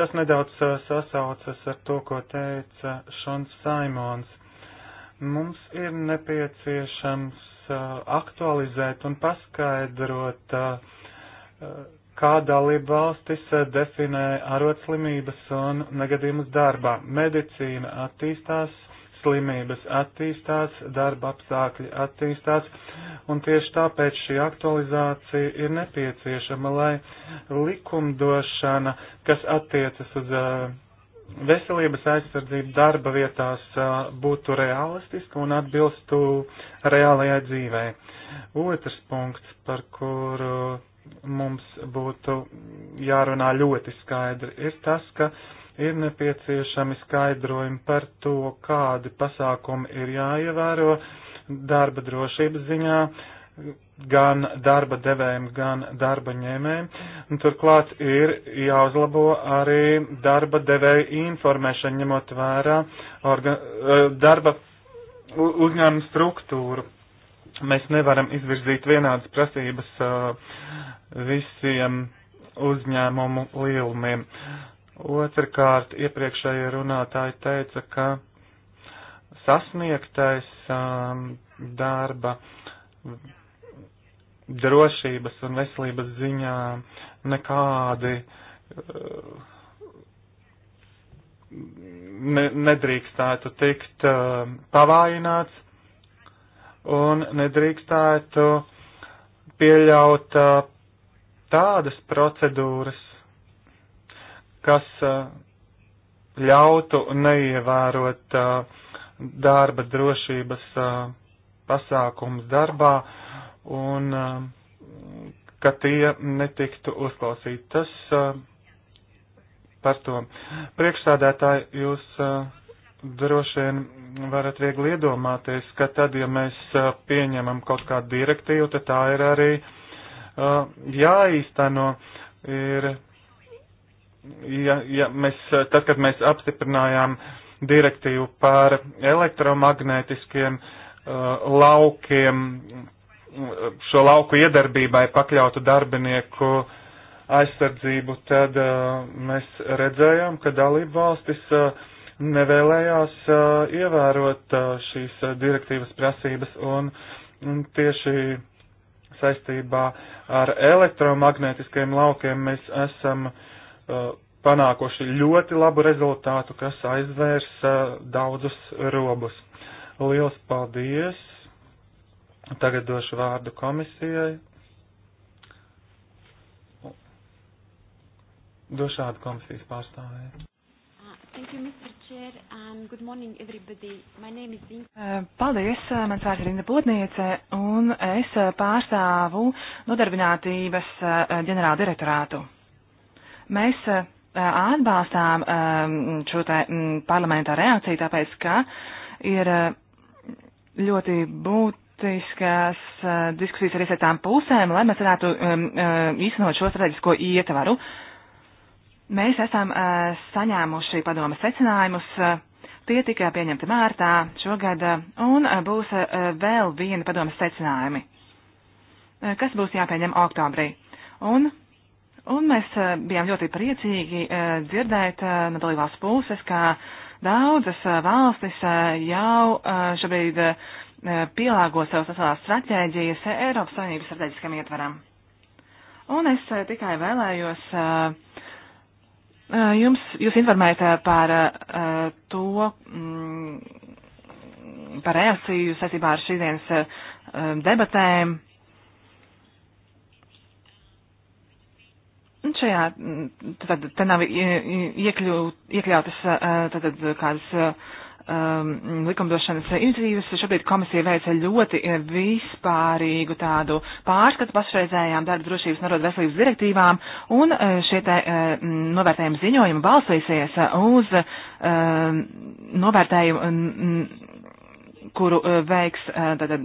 Tas nedaudz uh, sasaucas ar to, ko teica Šons Saimons. Mums ir nepieciešams uh, aktualizēt un paskaidrot uh, kā dalība valstis definē arotslimības un negadījumus darbā. Medicīna attīstās, slimības attīstās, darba apstākļi attīstās, un tieši tāpēc šī aktualizācija ir nepieciešama, lai likumdošana, kas attiecas uz veselības aizsardzību darba vietās, būtu realistiska un atbilstu reālajai dzīvē. Otrs punkts, par kuru mums būtu jārunā ļoti skaidri, ir tas, ka ir nepieciešami skaidrojumi par to, kādi pasākumi ir jāievēro darba drošības ziņā gan darba devējiem, gan darba ņēmējiem. Turklāt ir jāuzlabo arī darba devēja informēšana, ņemot vērā orga, eh, darba uzņēmuma struktūru. Mēs nevaram izvirzīt vienādas prasības uh, visiem uzņēmumu lielumiem. Otrakārt, iepriekšējie runātāji teica, ka sasniegtais um, darba drošības un veselības ziņā nekādi uh, ne, nedrīkstētu tikt uh, pavājināts, un nedrīkstētu pieļaut tādas procedūras, kas ļautu neievērot darba drošības pasākums darbā un ka tie netiktu uzklausīti. Tas par to. Priekšsādētāji, jūs uh, droši vien varat viegli iedomāties, ka tad, ja mēs pieņemam kaut kādu direktīvu, tad tā ir arī uh, jāīsteno. Ir, ja, ja mēs, tad, kad mēs apstiprinājām direktīvu par elektromagnētiskiem uh, laukiem, šo lauku iedarbībai pakļautu darbinieku aizsardzību, tad uh, mēs redzējām, ka dalību valstis uh, nevēlējās ievērot šīs direktīvas prasības un tieši saistībā ar elektromagnētiskiem laukiem mēs esam panākoši ļoti labu rezultātu, kas aizvērs daudzus robus. Liels paldies! Tagad došu vārdu komisijai. Došādu komisijas pārstāvēju. Thank you, Mr. Chair, and good morning, everybody. My name is Inga. Uh, paldies, uh, mans vārds ir Inga Plotniece, un es uh, pārstāvu nodarbinātības ģenerāla direktorātu. Mēs atbalstām um, šo te mm, parlamentā reakciju, tāpēc, ka ir ļoti būtiskas diskusijas arī ar tām pusēm, lai mēs varētu um, īstenot šo strateģisko ietvaru. Mēs esam uh, saņēmuši padomas secinājumus. Uh, tie tika pieņemti mārtā šogad, uh, un uh, būs uh, vēl viena padomas secinājumi, uh, kas būs jāpieņem oktobrī. Un, un mēs uh, bijām ļoti priecīgi uh, dzirdēt uh, no dalībās puses, ka daudzas uh, valstis uh, jau uh, šobrīd uh, pielāgo savas savās stratēģijas Eiropas Savienības strateģiskam ietvaram. Un es uh, tikai vēlējos uh, Eh, jums, jūs informējat eh, par eh, to, mm, par reakciju saistībā ar šīdienas debatēm. Šajā, mm, tad, te nav iekļūt, iekļautas tad, kādas um, likumdošanas iniciatīvas. Šobrīd komisija veica ļoti eh, vispārīgu tādu pārskatu pašreizējām darba drošības un arodu veselības direktīvām, un eh, šie te uh, eh, novērtējumi ziņojumi balstīsies uz uh, novērtējumu kuru eh, veiks eh, tātad,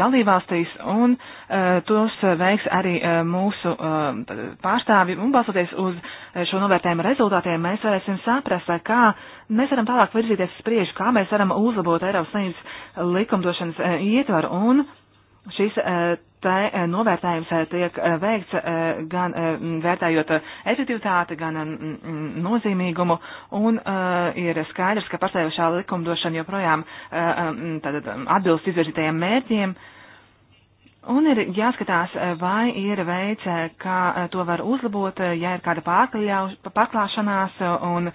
dalībvalstīs, un eh, tos veiks arī mūsu tātad, pārstāvi. Un balstoties uz šo novērtējumu rezultātiem, mēs varēsim saprast, kā mēs varam tālāk virzīties uz priekšu, kā mēs varam uzlabot Eiropas Savienības likumdošanas ietvaru. Un Šis eh, te eh, novērtējums eh, tiek veikts gan vērtējot efektivitāti, gan nozīmīgumu, un ir skaidrs, ka pastāvošā likumdošana joprojām tātad, atbilst izvirzītajiem mērķiem. Un ir jāskatās, vai ir veids, kā to var uzlabot, ja ir kāda pārklāšanās, un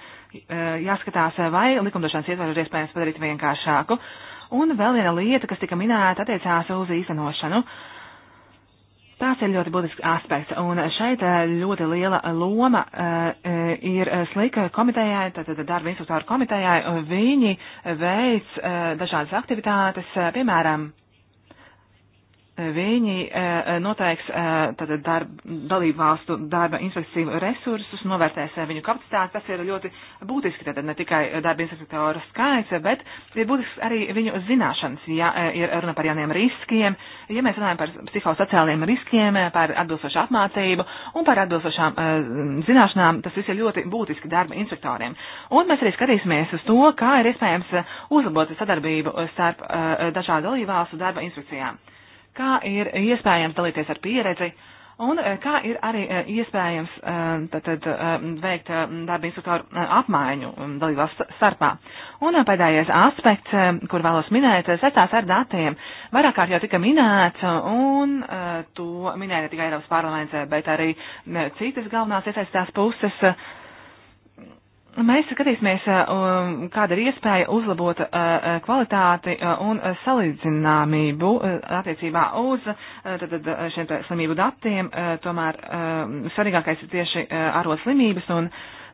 jāskatās, vai likumdošanas ietvaru ir iespējams padarīt vienkāršāku. Uh, Un vēl viena lieta, kas tika minēta, attiecās uz īstenošanu. Tās ir ļoti būtisks aspekts, un šeit eh, ļoti liela loma uh, ir eh, slika komitejai, tātad darba instruktoru komitejai. Viņi veic uh, dažādas aktivitātes, piemēram, Viņi eh, noteiks eh, tātad darb, dalību valstu darba inspekciju resursus, novērtēs eh, viņu kapacitāti. Tas ir ļoti būtiski, tātad ne tikai darba inspektora skaits, bet ir būtisks arī viņu zināšanas, ja ir runa par jauniem riskiem, ja mēs runājam par psihosociāliem riskiem, par atbilstošu apmācību un par atbilstošām zināšanām. Tas viss ir ļoti būtiski darba inspektoriem. Un mēs arī skatīsimies uz to, kā ir iespējams uzlabot sadarbību starp dažādu dalību valstu darba inspekcijām kā ir iespējams dalīties ar pieredzi un eh, kā ir arī eh, iespējams tātad, eh, veikt darba instruktoru apmaiņu mm, dalībās starpā. Un pēdējais aspekts, kur vēlos minēt, saistās ar datiem. Vairāk kārt jau tika minēts, un to minēja ne tikai Eiropas parlaments, bet arī citas galvenās iesaistās puses Mēs skatīsimies, eh, um, kāda ir iespēja uzlabot eh, eh, kvalitāti un salīdzināmību attiecībā uz tad, šiem slimību datiem. Tomēr svarīgākais ir tieši arotslimības un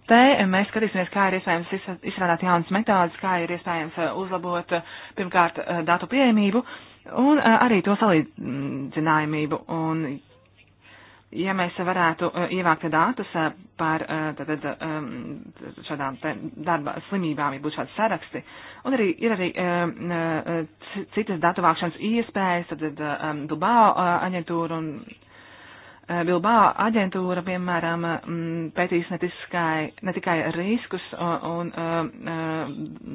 te mēs skatīsimies, kā ir iespējams izstrādāt jaunas metodas, kā ir iespējams uzlabot pirmkārt datu pieejamību un arī to salīdzinājumību. Un Ja mēs varētu eh, ievākt datus eh, par eh, tātad, ehm, šādām darba slimībām, ja būtu šādi saraksti, un arī ir arī ehm, citas datu vākšanas iespējas, tad ehm, Bilbao aģentūra un Bilbao aģentūra, piemēram, mm, pētīs ne tikai, ne tikai riskus un, un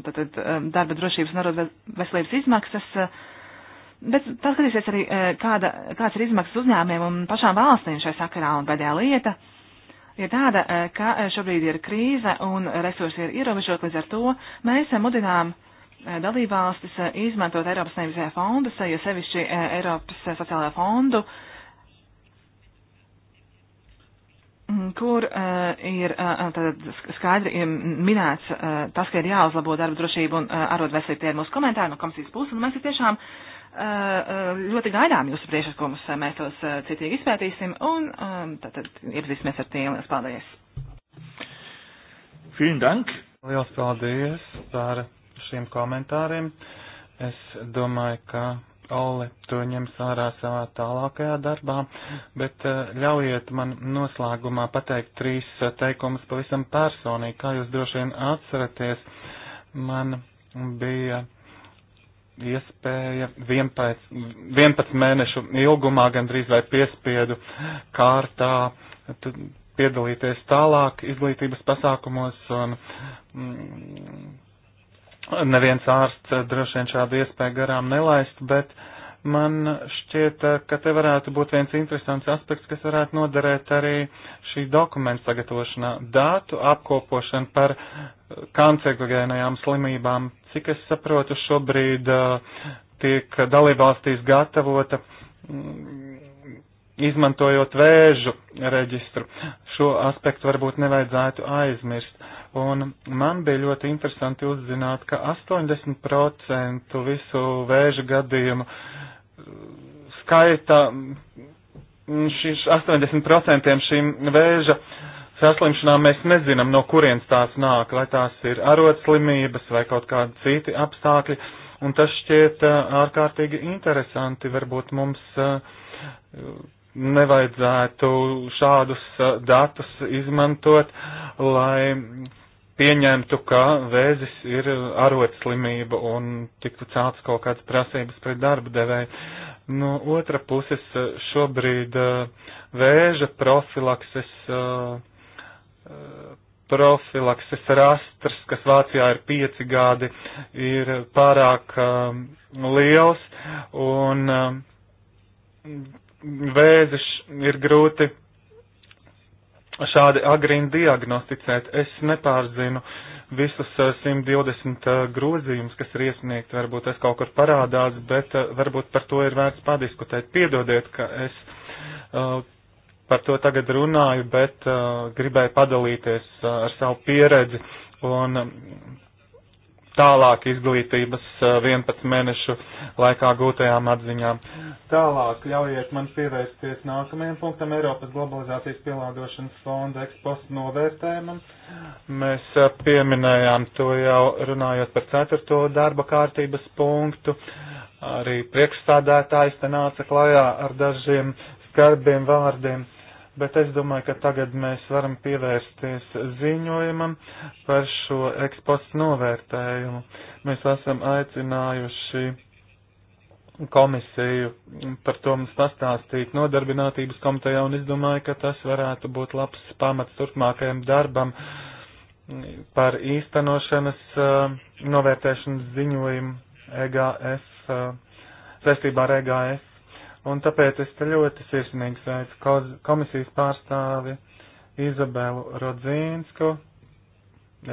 tātad, darba drošības un veselības izmaksas, Bet paskatīsies arī, eh, kāda, kāds ir izmaksas uzņēmiem un pašām valstīm šai sakarā. Un pēdējā lieta ir tāda, eh, ka eh, šobrīd ir krīze un resursi ir ierobežot, līdz ar to mēs mudinām dalībvalstis izmantot Eiropas Savienības fondus, jo sevišķi Eiropas sociālajā fondu, mm, kur ir skaidri mm, minēts tas, ka ir jāuzlabo darba drošība un arodveselība. Tie ir mūsu komentāri no komisijas puses, un mēs tiešām Eh, eh, ļoti gaidām jūsu priekšlikumus, eh, mēs tos citīgi izpētīsim un um, tātad iepazīsimies ar tiem. Lielas paldies! Vielen Dank! Lielas paldies par šiem komentāriem. Es domāju, ka Oli to ņems ārā savā tālākajā darbā, bet ļaujiet man noslēgumā pateikt trīs teikumus pavisam personīgi. Kā jūs droši vien atceraties, man bija iespēja 11, 11 mēnešu ilgumā gandrīz vai piespiedu kārtā piedalīties tālāk izglītības pasākumos un mm, neviens ārsts droši vien šādu iespēju garām nelaist, bet uh, Man šķiet, eh, ka te varētu būt viens interesants aspekts, kas varētu noderēt arī šī dokumenta sagatavošanā, dātu apkopošana par eh, kancerogēnajām slimībām. Cik es saprotu, šobrīd eh, tiek dalībvalstīs gatavota mm, izmantojot vēžu reģistru. Šo aspektu varbūt nevajadzētu aizmirst. Un man bija ļoti interesanti uzzināt, ka 80% visu vēža gadījumu uh, skaita mm, šis 80% šīm vēža saslimšanām mēs nezinām, no kurienes tās nāk, vai tās ir arotslimības vai kaut kādi citi apstākļi, un tas šķiet uh, ārkārtīgi interesanti. Varbūt mums uh, nevajadzētu šādus uh, datus izmantot, lai pieņemtu, ka vēzis ir arotslimība un tiktu celtas kaut kādas prasības pret darba devēju. No nu, otra puses šobrīd uh, vēža profilakses, uh, uh, profilakses rastrs, kas Vācijā ir pieci gadi, ir pārāk liels un vēzis ir grūti šādi agrīni diagnosticēt. Es nepārzinu visus 120 eh, eh, grozījumus, kas ir iesniegti, varbūt es kaut kur parādās, bet eh, varbūt par to ir vērts padiskutēt. Piedodiet, ka es par to tagad runāju, bet gribēju padalīties ar savu pieredzi un tālāk izglītības 11 eh, mēnešu laikā gūtajām atziņām. Tālāk ļaujiet man pievērsties nākamajam punktam Eiropas globalizācijas pielāgošanas fonda ekspostu novērtējumam. Mēs eh, pieminējām to jau runājot par ceturto darba kārtības punktu. Arī priekšstādētājs te nāca klajā ar dažiem skarbiem vārdiem bet es domāju, ka tagad mēs varam pievērsties ziņojumam par šo ekspostu novērtējumu. Mēs esam aicinājuši komisiju par to mums pastāstīt nodarbinātības komitejā, un es domāju, ka tas varētu būt labs pamats turpmākajam darbam par īstenošanas uh, novērtēšanas ziņojumu EGF, uh, eh, saistībā ar EGF Un tāpēc es te ļoti sirsnīgi sveicu komisijas pārstāvi Izabelu Rodzīnsku.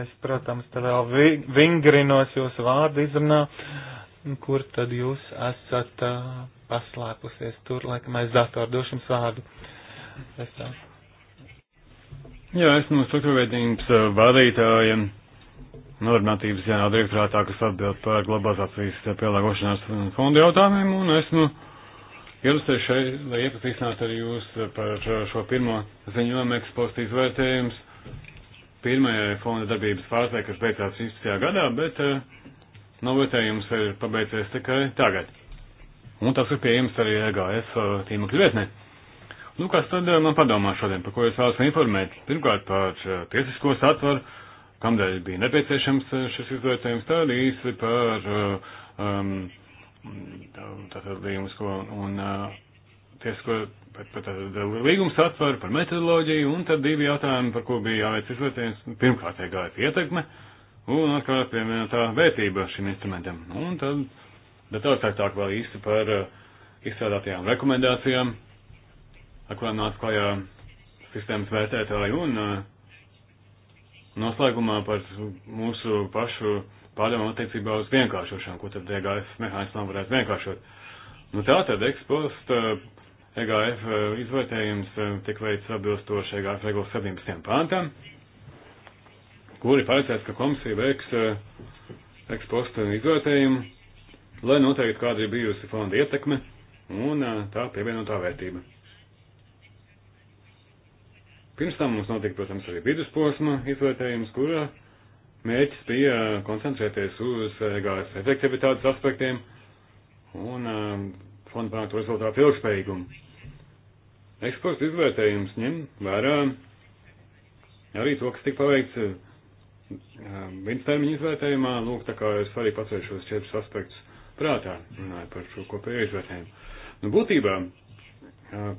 Es, protams, te vēl vi vingrinos jūsu vārdu izrunā, kur tad jūs esat uh, paslēpusies tur, laikam aiz datoru došu jums vārdu. Es tā. Jā, esmu struktūrveidības vadītājiem. Ja Nodarbinātības jānā direktorātā, kas atbild par globalizācijas pielāgošanās fondu jautājumiem, un esmu nu, Jums ir šeit, lai iepazīstinātu ar jūs par šo pirmo ziņojumu ekspozīcijas vērtējums pirmajai fonda darbības fāzē, kas beidzās 16. gadā, bet eh, novērtējums ir pabeidzies tikai tagad. Un tas ir pieejams arī EGS eh, tīmekļu vietnē. Nu, kas tad eh, man padomā šodien, par ko es vēlos informēt? Pirmkārt, par tiesisko satvaru, kamdēļ bija nepieciešams šis izvērtējums, tad īsi par um, tātad līgumisko un tiesko, tātad līgums atver par metodoloģiju, un tad divi jautājumi, par ko bija jāveic izvērtējums. Pirmkārt, iegāja ietekme, un atkal pievienotā vērtība šim instrumentam. Un tad detalizētāk vēl īsti par izstrādātajām rekomendācijām, ar kurām nāca klajā sistēmas vērtētāji, un noslēgumā par mūsu pašu pārdomām attiecībā uz vienkāršošanu, ko tad EGF mehānismā varētu vienkāršot. Nu tā tad ekspost EGF eh, e eh, izvērtējums eh, tiek veids atbilstoši EGF regulas 17. pāntam, kuri paredzēts, ka komisija veiks ekspost izvērtējumu, lai noteikti kāda ir bijusi fonda ietekme un tā pievienotā vērtība. Pirms tam mums notika, protams, arī vidusposma izvērtējums, kurā Mērķis bija eh, koncentrēties uz eh, gāzes efektivitātes aspektiem un eh, fonda panāktu rezultātu ilgspējīgumu. Eksporta izvērtējums ņem vērā arī to, kas tika paveikts vidustermiņa izvērtējumā. Lūk, tā kā es arī pacēju šos četrus aspektus prātā, runāju par šo kopējo izvērtējumu. Nu, būtībā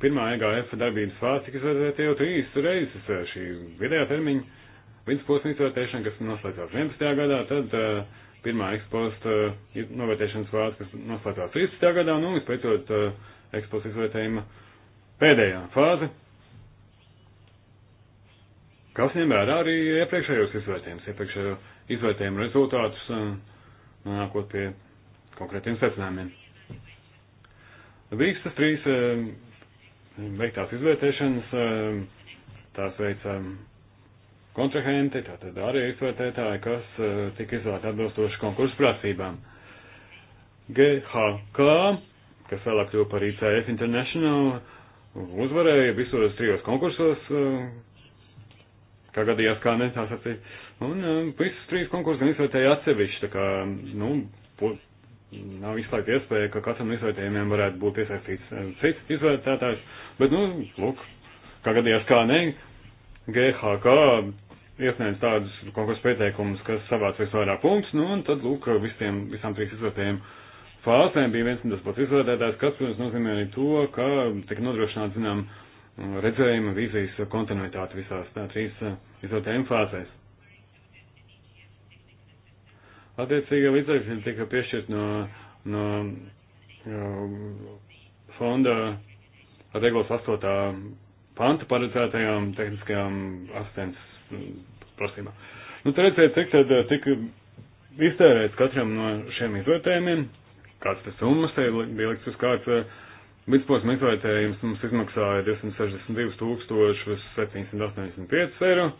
pirmā EGF darbības fāze tika izvērtēta jau trīs reizes šī vidējā termiņa vidusposma izvērtēšana, kas noslēdzās 11. gadā, tad uh, pirmā eksposta uh, eh, novērtēšanas vārds, kas noslēdzās 13. gadā, nu, izpētot uh, eh, eksposta izvērtējuma pēdējā fāze, kas ņem vērā arī iepriekšējos izvērtējumus, iepriekšējo izvērtējumu rezultātus, nonākot pie konkrētiem secinājumiem. Visas trīs veiktās izvērtēšanas, tās veica kontrahenti, tātad arī eksploatētāji, kas e, tika izvēlēti atbilstoši konkursu prasībām. GHK, kas vēlāk kļuva par ICF International, uzvarēja visos trijos konkursos, e, kā gadījās, kā ne, tā sacīja. Un e, visus trīs konkursus gan izvērtēja atsevišķi, tā kā, nu, nav izslēgta iespēja, ka katram no izvērtējumiem varētu būt iesaistīts cits izvērtētājs, bet, nu, lūk, kā gadījās, kā ne, GHK iesniedz tādus konkursu pieteikumus, kas savāc visvairāk punktus, nu, un tad, lūk, visiem, visām trīs izvērtējumu fāzēm bija viens un tas pats izvērtētājs, kas, protams, nozīmē arī to, ka tika nodrošināta, zinām, redzējuma vīzijas kontinuitāte visās tā trīs eh, izvērtējuma fāzēs. Attiecīgie līdzekļi tika piešķirt no, no fonda regulas 8. panta paredzētajām tehniskajām asistents prasībā. Nu, te redzēt, cik tad tika iztērēts katram no šiem izvērtējumiem, kāds tas summas te bija likts uz kārtas. Eh, vidusposma izvērtējums mums izmaksāja 262 785 eiro.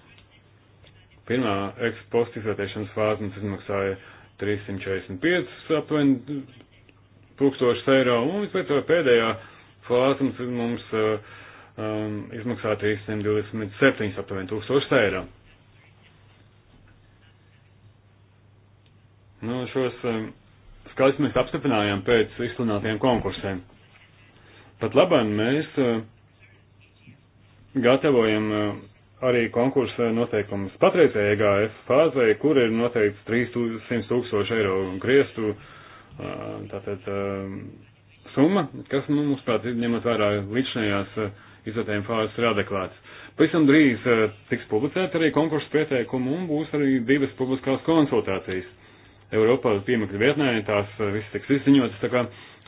Pirmā ekspostu izvērtēšanas fāze mums izmaksāja 345 aptuveni tūkstošus eiro, un vispēc pēdējā fāze mums, mums eh, um, izmaksāja 327 aptuveni tūkstošus eiro. Nu, šos um, skaidrs mēs apstiprinājām pēc izsludinātiem konkursiem. Pat labāk mēs uh, gatavojam uh, arī konkursa noteikumus patreizējā EGF fāzē, kur ir noteikts 300 tūkstoši eiro griestu uh, tātad, um, summa, kas, nu, mums prāt, ņemot vērā līdzinējās izvērtējuma fāzes ir adekvāts. Pavisam drīz tiks publicēta arī konkursa pieteikuma un būs arī divas publiskās konsultācijas Eiropā uz piemekļa vietnē, tās eh, visas tiks izziņotas. Tā kā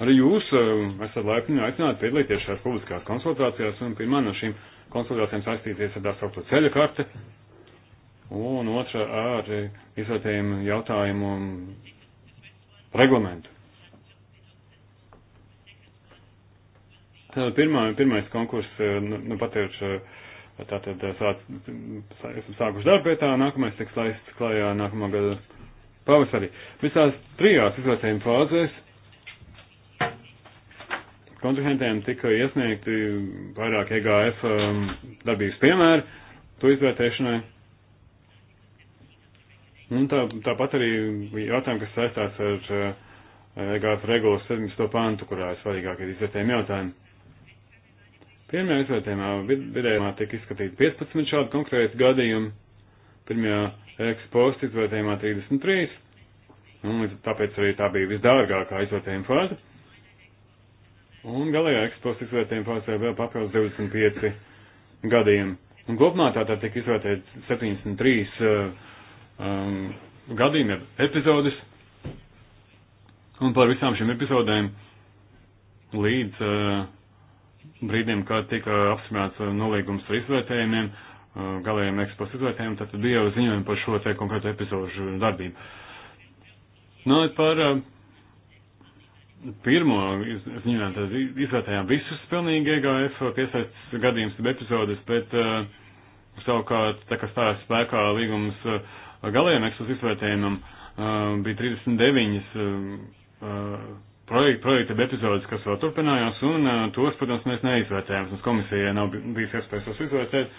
arī jūs eh, esat laipni aicināti piedalīties šajās publiskās konsultācijās, un pirmā no šīm konsultācijām saistīties ar tā saucamo ceļa karti, un otra ar izvērtējumu jautājumu reglamentu. Tātad pirmā, pirmais konkurss, eh, nu, nu pat ir tātad sāc, esam sākuši darbu pie tā, nākamais tiks laists klājā nākamā gada pavasarī. Visās trijās izvērtējuma fāzēs kontrahentiem tika iesniegti vairāk EGF um, darbības piemēri to izvērtēšanai. Un tā, tāpat arī jautājumi, kas saistās ar uh, EGF regulas 17. pantu, kurā ir svarīgākie izvērtējumi jautājumi. Pirmajā izvērtējumā vid vidējumā tika izskatīti 15 šādu konkrētu gadījumu. Pirmajā ekspostu izvērtējumā 33, un tāpēc arī tā bija visdārgākā izvērtējuma fāze. Un galējā ekspostu izvērtējuma fāzē vēl papildus 25 gadiem. Un kopumā tā tā tika izvērtēta 73 uh, um, gadījumi, epizodes. Un par visām šīm epizodēm līdz uh, brīdim, kad tika apspriests eh, nolīgums ar izvērtējumiem, Uh, galējiem ekspozitoriem, tad bija jau ziņojumi par šo te konkrētu epizodu darbību. Nu, par uh, pirmo ziņojumu, tad izvērtējām visus pilnīgi EGF piesaistas gadījumus epizodes, bet uh, savukārt, tā kā stājas spēkā līgums galējiem ekspozitoriem izvērtējumam, bija 39 projekta, projekta epizodes, kas vēl turpinājās, un uh, tos, protams, mēs neizvērtējām, mums komisijai nav bijis iespējas tos izvērtēt,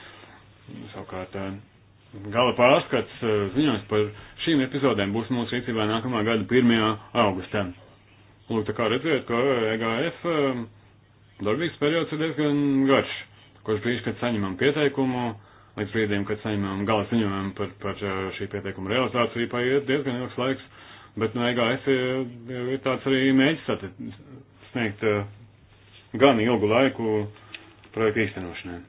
Savukārt, eh, gala pārskats eh, ziņojums par šīm epizodēm būs mūsu rīcībā nākamā gada 1. augustā. Lūk, tā kā redzēt, ka EGF eh, e darbības periods ir diezgan garš, kurš brīdis, kad saņemam pieteikumu, līdz brīdim, kad saņemam gala ziņojumu par, par šī pieteikuma realizāciju, paiet diezgan ilgs laiks, bet no nu, EGF ir, ir tāds arī mēģis sniegt gan ilgu laiku projektu īstenošanai.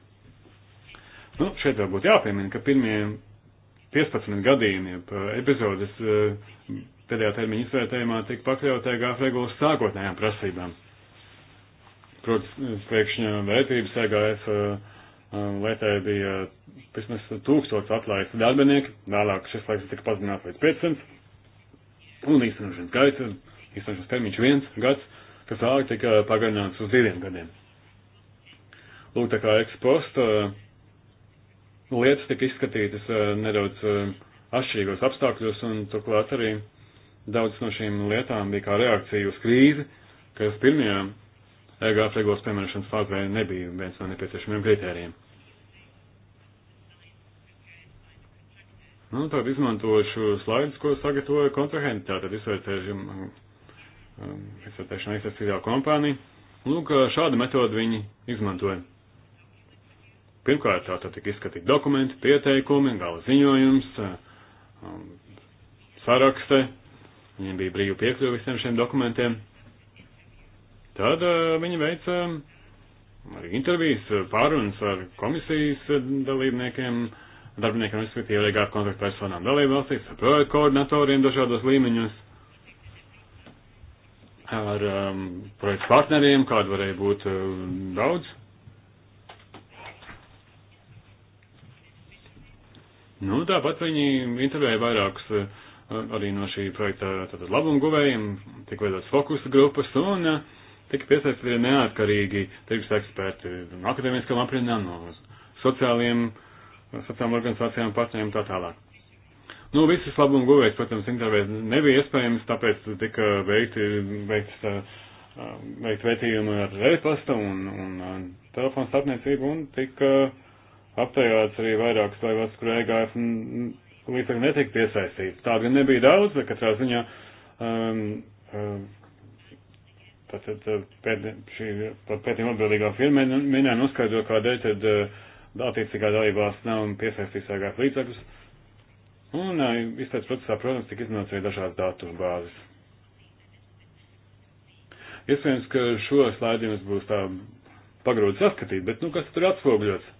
Nu, šeit vēl būtu jāpiemina, ka pirmie 15 gadījumi eh, epizodes eh, pēdējā termiņa izvērtējumā tika pakļautai GAF regulas sākotnējām prasībām. Protams, eh, pēkšņa vērtības EGF lietē bija vismaz tūkstots atlaists darbinieki, vēlāk šis laiks tika pazināts līdz 500, un īstenošanas gaits, īstenošanas termiņš viens gads, kas vēlāk tika pagarināts uz diviem gadiem. Lūk, tā kā eksposta lietas tika izskatītas eh, nedaudz eh, atšķirīgos apstākļos, un turklāt arī daudz no šīm lietām bija kā reakcija uz krīzi, kas pirmajā EGF regulas piemērošanas fāzē nebija viens no nepieciešamiem kritērijiem. Nu, tad izmantošu slaidus, ko sagatavoja kontrahenti, tātad um, izvērtēšana, izvērtēšana izvērtēšana kompānija. Lūk, šādu metodu viņi izmantoja. Pirmkārt, tā tad tika izskatīti dokumenti, pieteikumi, gala ziņojums, um, sarakste, viņiem bija brīva piekļuva visiem šiem dokumentiem. Tad uh, viņi veica um, arī intervijas, uh, pārunas ar komisijas uh, dalībniekiem, darbiniekiem, respektīvi legātu kontaktu personām dalībvalstīs, ar projektu koordinatoriem dažādos līmeņos, ar um, projektu partneriem, kādu varēja būt um, daudz. Nu, tāpat viņi intervēja vairākus eh, arī no šī projekta labumu guvējiem, tika veidotas fokusa grupas un eh, tika piesaistīti neatkarīgi tirgus eksperti no akadēmiskām aprindām, no sociāliem, sociālām organizācijām, partneriem tā tālāk. Nu, visas labumu guvējas, protams, intervēt nebija iespējams, tāpēc tika veikti, veikts, eh, veikt vētījumi ar e-pasta un, un telefonu starpniecību un tika uh, aptajāts arī vairākas laivas, kur EGF līdzekļi netika piesaistīti. Tāda gan nebija daudz, bet katrā ziņā um, um, tātad uh, pēd, šī pētījuma atbildīgā firma mēģināja noskaidrot, kādēļ tad uh, attiecīgā dalībās nav piesaistīts ārkārtas e līdzekļus. Un uh, izpētes procesā, protams, tika izmantots arī dažādas datu bāzes. Iespējams, ka šo slaidu jums būs tā pagrūti saskatīt, bet, nu, kas tur atspoguļots?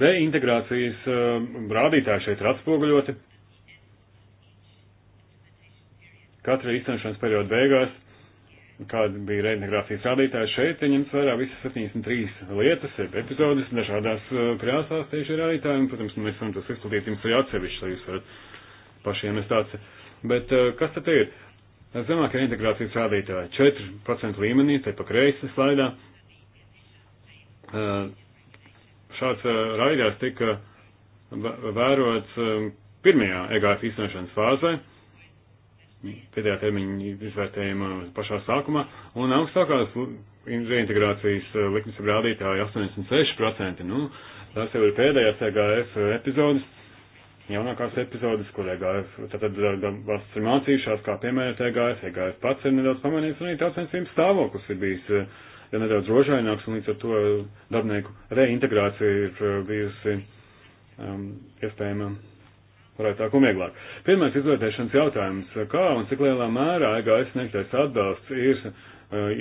Reintegrācijas um, rādītāji šeit ir atspoguļoti. Katra izcenšanas perioda beigās, kāda bija reintegrācijas rādītāja, šeit ņemts vērā visas 73 lietas, epizodes, dažādās uh, krāsās tieši rādītāji, un, protams, mēs varam tos izplatīt jums arī atsevišķi, lai jūs varat pašiem iestāt. Bet uh, kas tad ir? zemākie integrācijas rādītāji - 4% līmenī, te pa kreisi slaidā. Uh, Šāds raidījās tika vērots pirmajā EGF izsniegšanas fāzē, pēdējā termiņa izvērtējuma pašā sākumā, un augstākās reintegrācijas likmes rādītāji 86%. Nu, tās jau ir pēdējās EGF epizodes, jaunākās epizodes, kur EGF, tātad valsts ir mācījušās, kā piemērot EGF, EGF pats ir nedaudz pamanījis, un arī tāds sensības stāvoklis ir bijis ir nedaudz rožaināks, un līdz ar to darbinieku reintegrācija ir uh, bijusi um, iespējama varētāk un vieglāk. Pirmais izvērtēšanas jautājums - kā un cik lielā mērā EGS sniegtais atbalsts ir uh,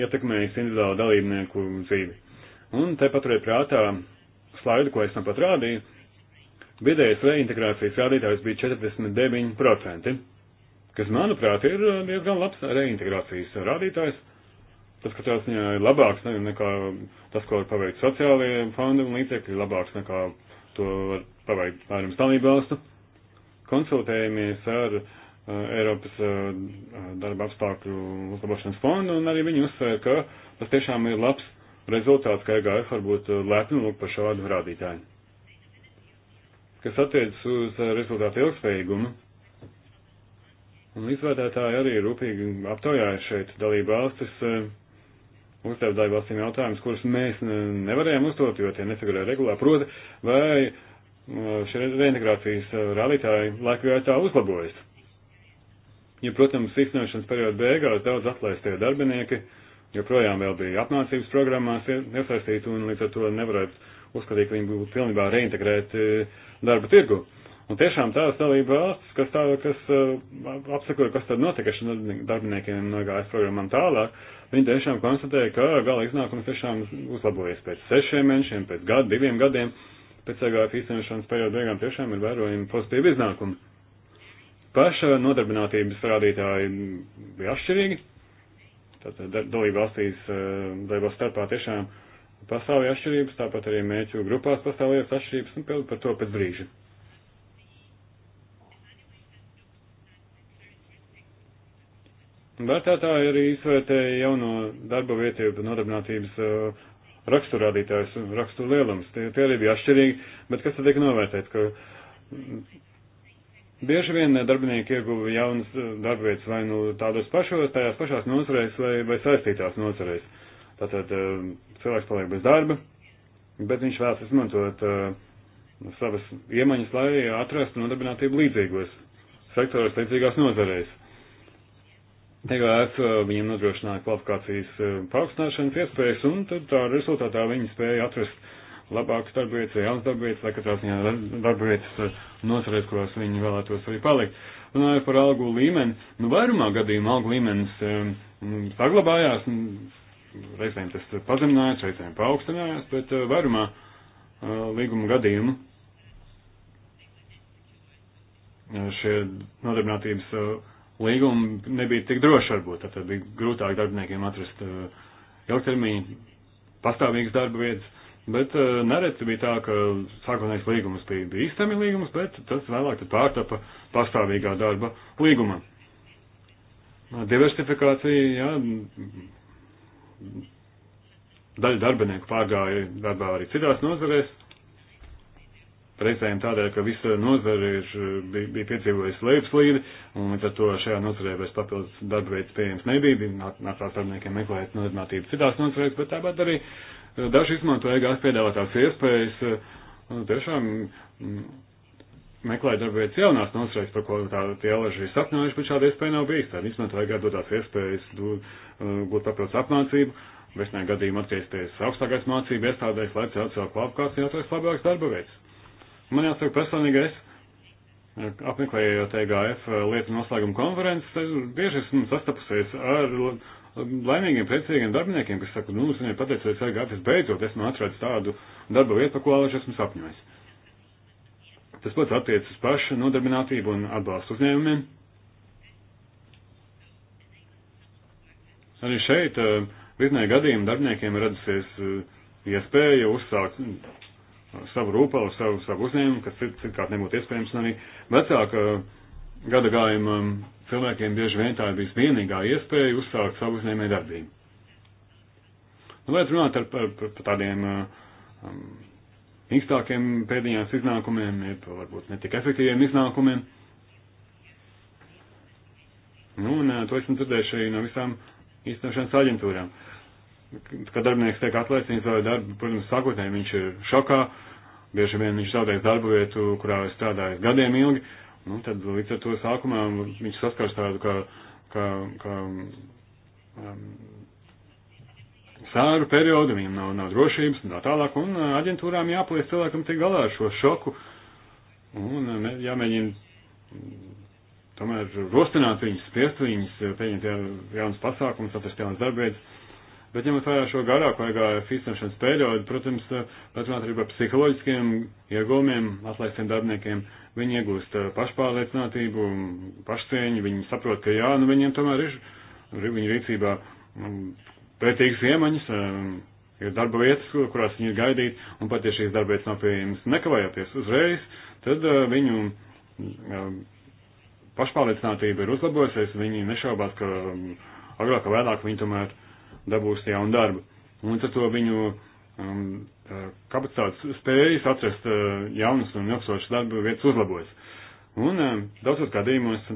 ietekmējis individuālu dalībnieku dzīvi? Un te paturēt prātā slaidu, ko es man pat rādīju, vidējais reintegrācijas rādītājs bija 49%, kas, manuprāt, ir uh, diezgan labs reintegrācijas rādītājs. Tas, ka tās ziņā ir labāks ne, nekā tas, ko var paveikt sociālajie fondi un līdzekļi, ir labāks nekā to var paveikt vairums dalību valstu. Konsultējamies ar uh, Eiropas uh, darba apstākļu uzlabošanas fondu un arī viņi uzsver, ka tas tiešām ir labs rezultāts, ka EGF varbūt eh, lepni lūk par šādu rādītāju. Kas attiecas uz rezultātu ilgspējīgumu, un izvērtētāji arī rūpīgi aptaujāja šeit dalību valstis. Uh, uzdev dalībvalstīm jautājumus, kurus mēs nevarējām uzdot, jo tie nefigurē regulā. Proti, vai uh, šie reintegrācijas uh, rādītāji laika gaitā uzlabojas? Ja, protams, izsniegšanas perioda beigās daudz atlaistie darbinieki joprojām vēl bija apmācības programmās iesaistīti un līdz ar to nevarētu uzskatīt, ka viņi būtu pilnībā reintegrēti uh, darba tirgu. Un tiešām tās dalība valsts, kas, tā, kas apsakoja, kas tad notika šiem darbiniekiem no gājas programmām tālāk, uh, Viņi tiešām konstatēja, ka gala iznākums tiešām uzlabojas pēc sešiem mēnešiem, pēc gada, diviem gadiem, pēc CGF īstenošanas perioda beigām tiešām ir vērojami pozitīvi iznākumi. Paša nodarbinātības rādītāji bija atšķirīgi, tātad dalību valstīs, eh, dalību starpā tiešām pastāvīja atšķirības, tāpat arī mēķu grupās pastāvīja atšķirības, un par to pēc brīža. Vērtētāji arī izvērtēja jauno darba vietību nodarbinātības uh, raksturādītājs un uh, raksturu lielums. Tie, tie arī bija atšķirīgi, bet kas tad tiek novērtēts, ka bieži vien darbinieki ieguva jaunas uh, darbvietas vai nu tādos pašos, tajās pašās nozarēs vai, vai saistītās nozarēs. Tātad uh, cilvēks paliek bez darba, bet viņš vēlas izmantot uh, savas iemaņas, lai atrastu nodarbinātību līdzīgos sektoros, līdzīgās nozarēs. TGF eh, viņiem nodrošināja kvalifikācijas eh, paaugstināšanas iespējas, un tad tā rezultātā viņi spēja atrast labākas darbvietas vai jaunas darbvietas, vai katrā ziņā darbvietas eh, nozarēs, kurās viņi vēlētos arī palikt. Runājot par algu līmeni, nu vairumā gadījumā algu līmenis nu, saglabājās, nu, reizēm tas pazeminājās, reizēm paaugstinājās, bet vairumā līguma gadījumu šie nodarbinātības līgumi nebija tik droši varbūt, tad bija grūtāk darbiniekiem atrast eh, ilgtermiņa pastāvīgas darba vietas, bet eh, nereti bija tā, ka sākotnējais līgums bija, bija īstami līgums, bet tas vēlāk tad pārtapa pastāvīgā darba līguma. Diversifikācija, jā, daļa darbinieku pārgāja darbā arī citās nozarēs, reizēm tādēļ, ka visa nozara ir, bija, bija piedzīvojusi lejupslīdi, un līdz ar to šajā nozarē vairs papildus darba veids pieejams nebija, nācās darbiniekiem meklēt nodarbinātību citās nozarēs, bet tāpat arī eh, daži izmantoja gāzes piedāvātās iespējas, eh, tiešām mm, meklēt darba veids jaunās nozarēs, par ko tā tie alaži ir sapņojuši, bet šāda iespēja nav bijis, tad izmantoja gādotās iespējas eh, gūt papildus apmācību. Vairs negadījumā atgriezties augstākais mācību iestādēs, lai celtu savu kvalifikāciju, atrast labāks darba veids. Man jāsaka personīgais, eh, apmeklējot EGF eh, lietu noslēguma konferences, bieži esmu sastapusies ar laimīgiem, priecīgiem darbiniekiem, kas saka, nu, es viņai pateicos EGF, es beidzot esmu atradis tādu darba vietu, par ko alaži esmu sapņojis. Tas pats attiecas uz pašu nodarbinātību un atbalstu uzņēmumiem. Arī šeit eh, virknē gadījumu darbiniekiem radusies iespēja uzsākt savu rūpalu, savu, savu uzņēmumu, kas citkārt nebūtu iespējams, un arī vecāka gada gājuma cilvēkiem bieži vien tā ir bijis vienīgā iespēja uzsākt savu uzņēmēju darbību. Nu, vajadzētu runāt ar, par, par, par tādiem um, mīkstākiem pēdējās iznākumiem, ja varbūt netik efektīviem iznākumiem. Nu, un uh, to esmu dzirdējuši arī no visām īstenošanas aģentūrām. Uh, kad darbinieks tiek atlaists, viņš zaudē darbu, protams, sākotnē viņš ir šokā, bieži vien viņš zaudē darbu vietu, kurā ir strādājis gadiem ilgi, nu, tad līdz ar to sākumā viņš saskars tādu kā, kā, kā um, sāru periodu, viņam nav, nav drošības un tā tālāk, un uh, aģentūrām jāpaliek cilvēkam tik galā ar šo šoku, un uh, jāmēģina mm, tomēr rostināt viņus, spiest viņus, uh, pieņemt jaunas pasākumus, atrast jaunas darbības, Bet ņemot vērā šo garāko finansēšanas periodu, protams, patrunāt arī par psiholoģiskiem iegūmiem, atlaistiem darbiniekiem, viņi iegūst eh, pašpārliecinātību, pašcieņu, viņi saprot, ka jā, nu viņiem tomēr ir viņu rīcībā mm, pētīgas iemaņas, eh, ir darba vietas, kurās viņi ir gaidīti, un pat ja šīs darba vietas nav pieejamas nekavējoties uzreiz, tad eh, viņu mm, pašpārliecinātība ir uzlabojusies, viņi nešaubās, ka mm, agrāk vai vēlāk viņi tomēr dabūs jaunu darbu. Un tad to viņu um, kapacitātes spējas atrast uh, jaunas un ilgstošas darba vietas uzlabojas. Un uh, daudzos gadījumos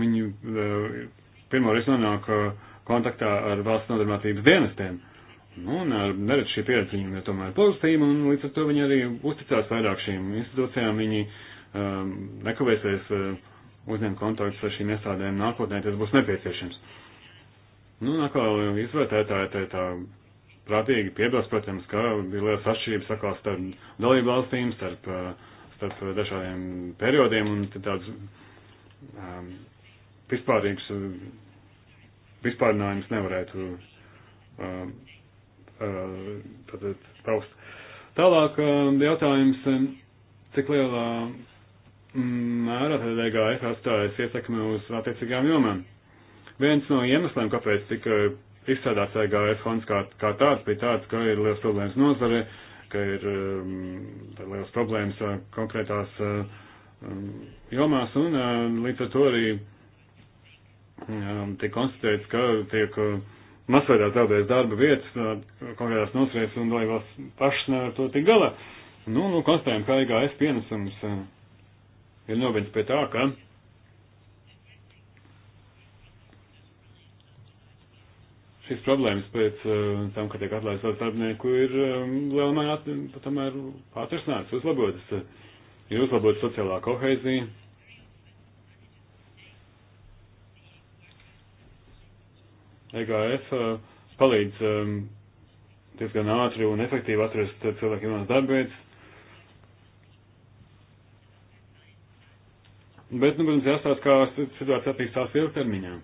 viņi uh, pirmoreiz nonāk uh, kontaktā ar valsts nodarbinātības dienestiem. Nu, un ar uh, neredz šī pieredze viņam ir tomēr pozitīva, un līdz ar to viņi arī uzticās vairāk šīm institūcijām, viņi um, nekavēsies uh, uzņemt kontaktus ar šīm iestādēm nākotnē, tas būs nepieciešams. Uh, Nu, atkal izvērtētāji te tā prātīgi piebilst, protams, ka ir liels atšķirības atkal starp dalību valstīm, starp, eh, starp dažādiem periodiem un tāds um, vispārīgs vispārinājums nevarētu um, ehm, uh, eh, tātad paust. Tālāk um, jautājums, cik lielā mm, mērā tad EGF atstājas ietekmi uz attiecīgām jomām? Viens no iemesliem, kāpēc tika izstrādāts EGF e fonds kā, kā tāds, bija tāds, ka ir liels problēmas nozare, ka ir um, liels problēmas uh, konkrētās uh, um, jomās, un uh, līdz ar to arī um, tiek konstatēts, ka tiek uh, masveidā zaudēts darba vietas uh, konkrētās nozarēs, un lai valsts pašas nevar to tik galā. Nu, nu, konstatējam, ka EGF e pienesums uh, ir novedis pie tā, ka. Uh, šīs problēmas pēc eh, tam, kad tiek atlaists savu darbinieku, ir eh, lielā mērā eh, tomēr atrisināts, uzlabotas. Ir uzlabota sociālā kohēzija. EGF palīdz diezgan ātri un efektīvi atrast cilvēku jaunas darbvietas. Bet, nu, protams, jāstāsta, kā situācija attīstās ilgtermiņā.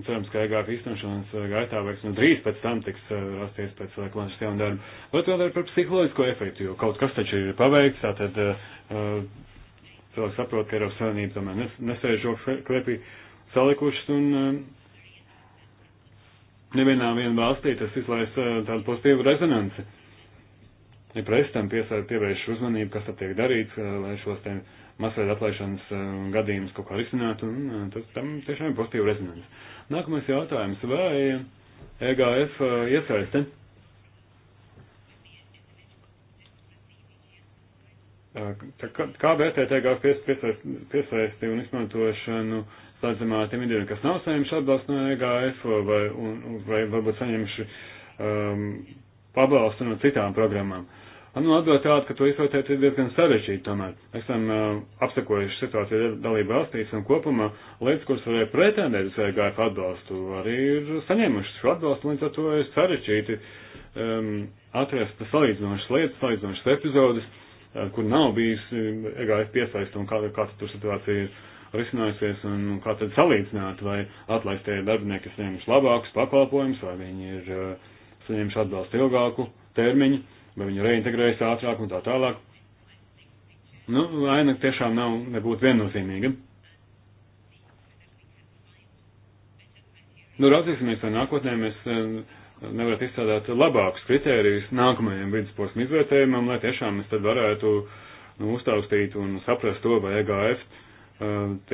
Un cerams, ka EGF izstumšanas eh, gaitā vairs nu drīz pēc tam tiks eh, rasties pēc eh, klāšanas jaunu darbu. Bet vēl arī par psiholoģisko efektu, jo kaut kas taču ir paveikts, tātad cilvēks saprot, ka Eiropas Savienība tomēr nesēž šo klepī salikušas un nevienā viena valstī tas izlaist tādu pozitīvu rezonanci. Ja presi tam pievērš uzmanību, kas tad tiek darīts, lai šos te masveida atlaišanas eh, gadījumus kaut kā risināt, un eh, tas tam tiešām ir pozitīva rezonance. Nākamais jautājums, vai EGF eh, iesaiste? Kā, kā vērtēt EGF piesaisti un izmantošanu sadzemā tiem individiem, kas nav saņemši atbalstu no EGF vai, un, vai varbūt saņemši um, pabalstu no citām programmām? Uh, Nu, atbild tāda, ka to izvērtēt ir diezgan sarežģīti tomēr. Esam uh, apsekojuši situāciju dalību valstīs un kopumā lietas, kuras varēja pretendēt uz EGF atbalstu, arī ir saņēmušas šo atbalstu, līdz ar to ir sarežģīti um, atrast salīdzinošas lietas, salīdzinošas epizodes, uh, kur nav bijis EGF piesaista un kā, kā tur situācija ir risinājusies un kā tad salīdzināt, vai atlaistie darbinieki saņēmuši labākus pakalpojumus, vai viņi ir uh, saņēmuši atbalstu ilgāku termiņu vai viņi reintegrējas ātrāk un tā tālāk. Nu, aina tiešām nav nebūtu viennozīmīga. Nu, raudzīsimies, vai nākotnē mēs eh, nevarat izstrādāt labākus kritērijus nākamajam vidusposmu izvērtējumam, lai tiešām mēs tad varētu nu, uztaustīt un saprast to, vai EGF eh,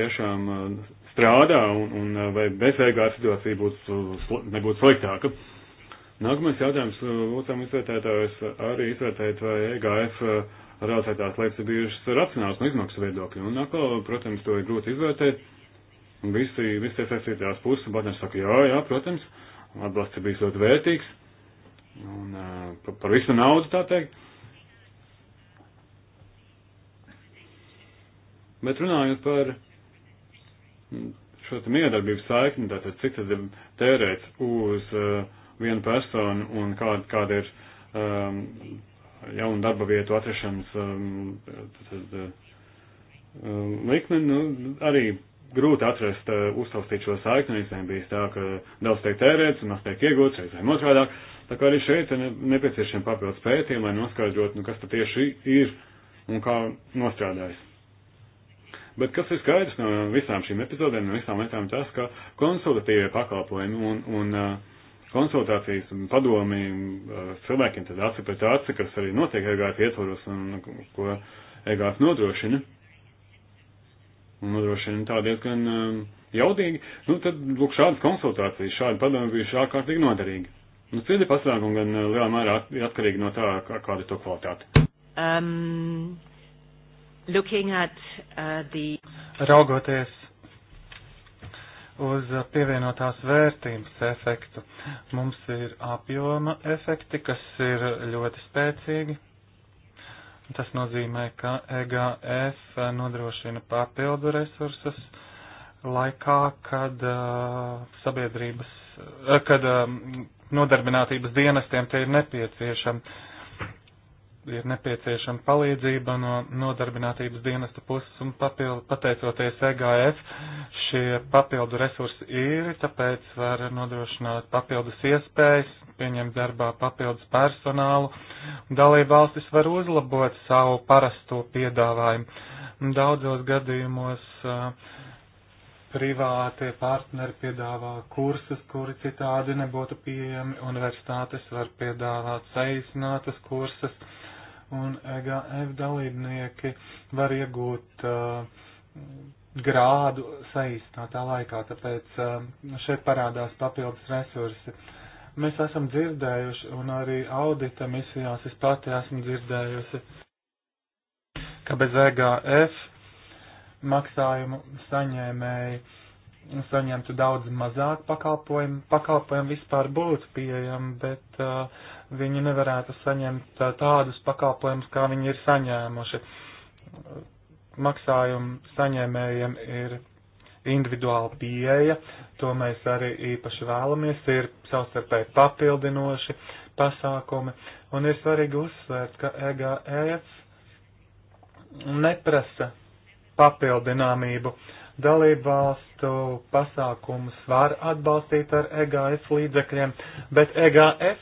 tiešām eh, strādā un, un vai bez EGF situācija būtu, nebūtu sliktāka. Nākamais jautājums lūdzām uh, izvērtētājus arī izvērtēt, vai EGF uh, realizētās lietas ir bijušas racionāls no izmaksu viedokļa. Un atkal, protams, to ir grūti izvērtēt. Un visi, visi iesaistītās puses, partneri saka, jā, jā, protams, atbalsts ir bijis ļoti vērtīgs. Un uh, par, par visu naudu, tā teikt. Bet runājot par šo te miedarbības saikni, tātad cik tad ir tērēts uz uh, vienu personu un kāda, kāda ir um, jaunu darba vietu atrašanas um, tad, uh, um, likme, nu, arī grūti atrast, uh, uztaustīt šo saikni, visiem bija tā, ka daudz tiek tērēts un maz tiek iegūts, reizēm otrādāk. Tā kā arī šeit ir nepieciešami papildus pētījumi, lai noskaidrotu, nu, kas tad tieši ir un kā nostrādājas. Bet kas ir skaidrs no visām šīm epizodēm, no visām lietām, tas, ka konsultatīvie pakalpojumi un, un uh, konsultācijas un padomi cilvēkiem tad aci pēc aci, kas arī notiek EGF ietvaros un ko EGF nodrošina. Un nodrošina tā diezgan jaudīgi. Nu, tad, lūk, šādas konsultācijas, šādi padomi bija ārkārtīgi noderīgi. Nu, citi pasākumi gan lielā mērā atkarīgi no tā, kāda ir to kvalitāte. Um, looking at uh, the... Raugoties uz pievienotās vērtības efektu. Mums ir apjoma efekti, kas ir ļoti spēcīgi. Tas nozīmē, ka EGF nodrošina papildu resursus laikā, kad uh, sabiedrības, uh, kad uh, nodarbinātības dienestiem tie ir nepieciešami ir nepieciešama palīdzība no nodarbinātības dienesta puses un papildu, pateicoties EGF, šie papildu resursi ir, tāpēc var nodrošināt papildus iespējas, pieņemt darbā papildus personālu. Dalība valstis var uzlabot savu parasto piedāvājumu. Daudzos gadījumos uh, privātie partneri piedāvā kursus, kuri citādi nebūtu pieejami, universitātes var piedāvāt saīsinātas kursus, un EGF dalībnieki var iegūt uh, grādu saīsinātā laikā, tāpēc uh, šeit parādās papildus resursi. Mēs esam dzirdējuši, un arī audita misijās es pati esmu dzirdējusi, ka bez EGF maksājumu saņēmēji saņemtu daudz mazāk pakalpojumu, pakalpojumu vispār būtu pieejami, bet uh, viņi nevarētu saņemt uh, tādus pakalpojumus, kā viņi ir saņēmuši. Maksājumu saņēmējiem ir individuāla pieeja, to mēs arī īpaši vēlamies, ir savstarpēji papildinoši pasākumi, un ir svarīgi uzsvērt, ka EGF e neprasa papildināmību. Dalībvalstu pasākumus var atbalstīt ar EGF e līdzekļiem, bet EGF e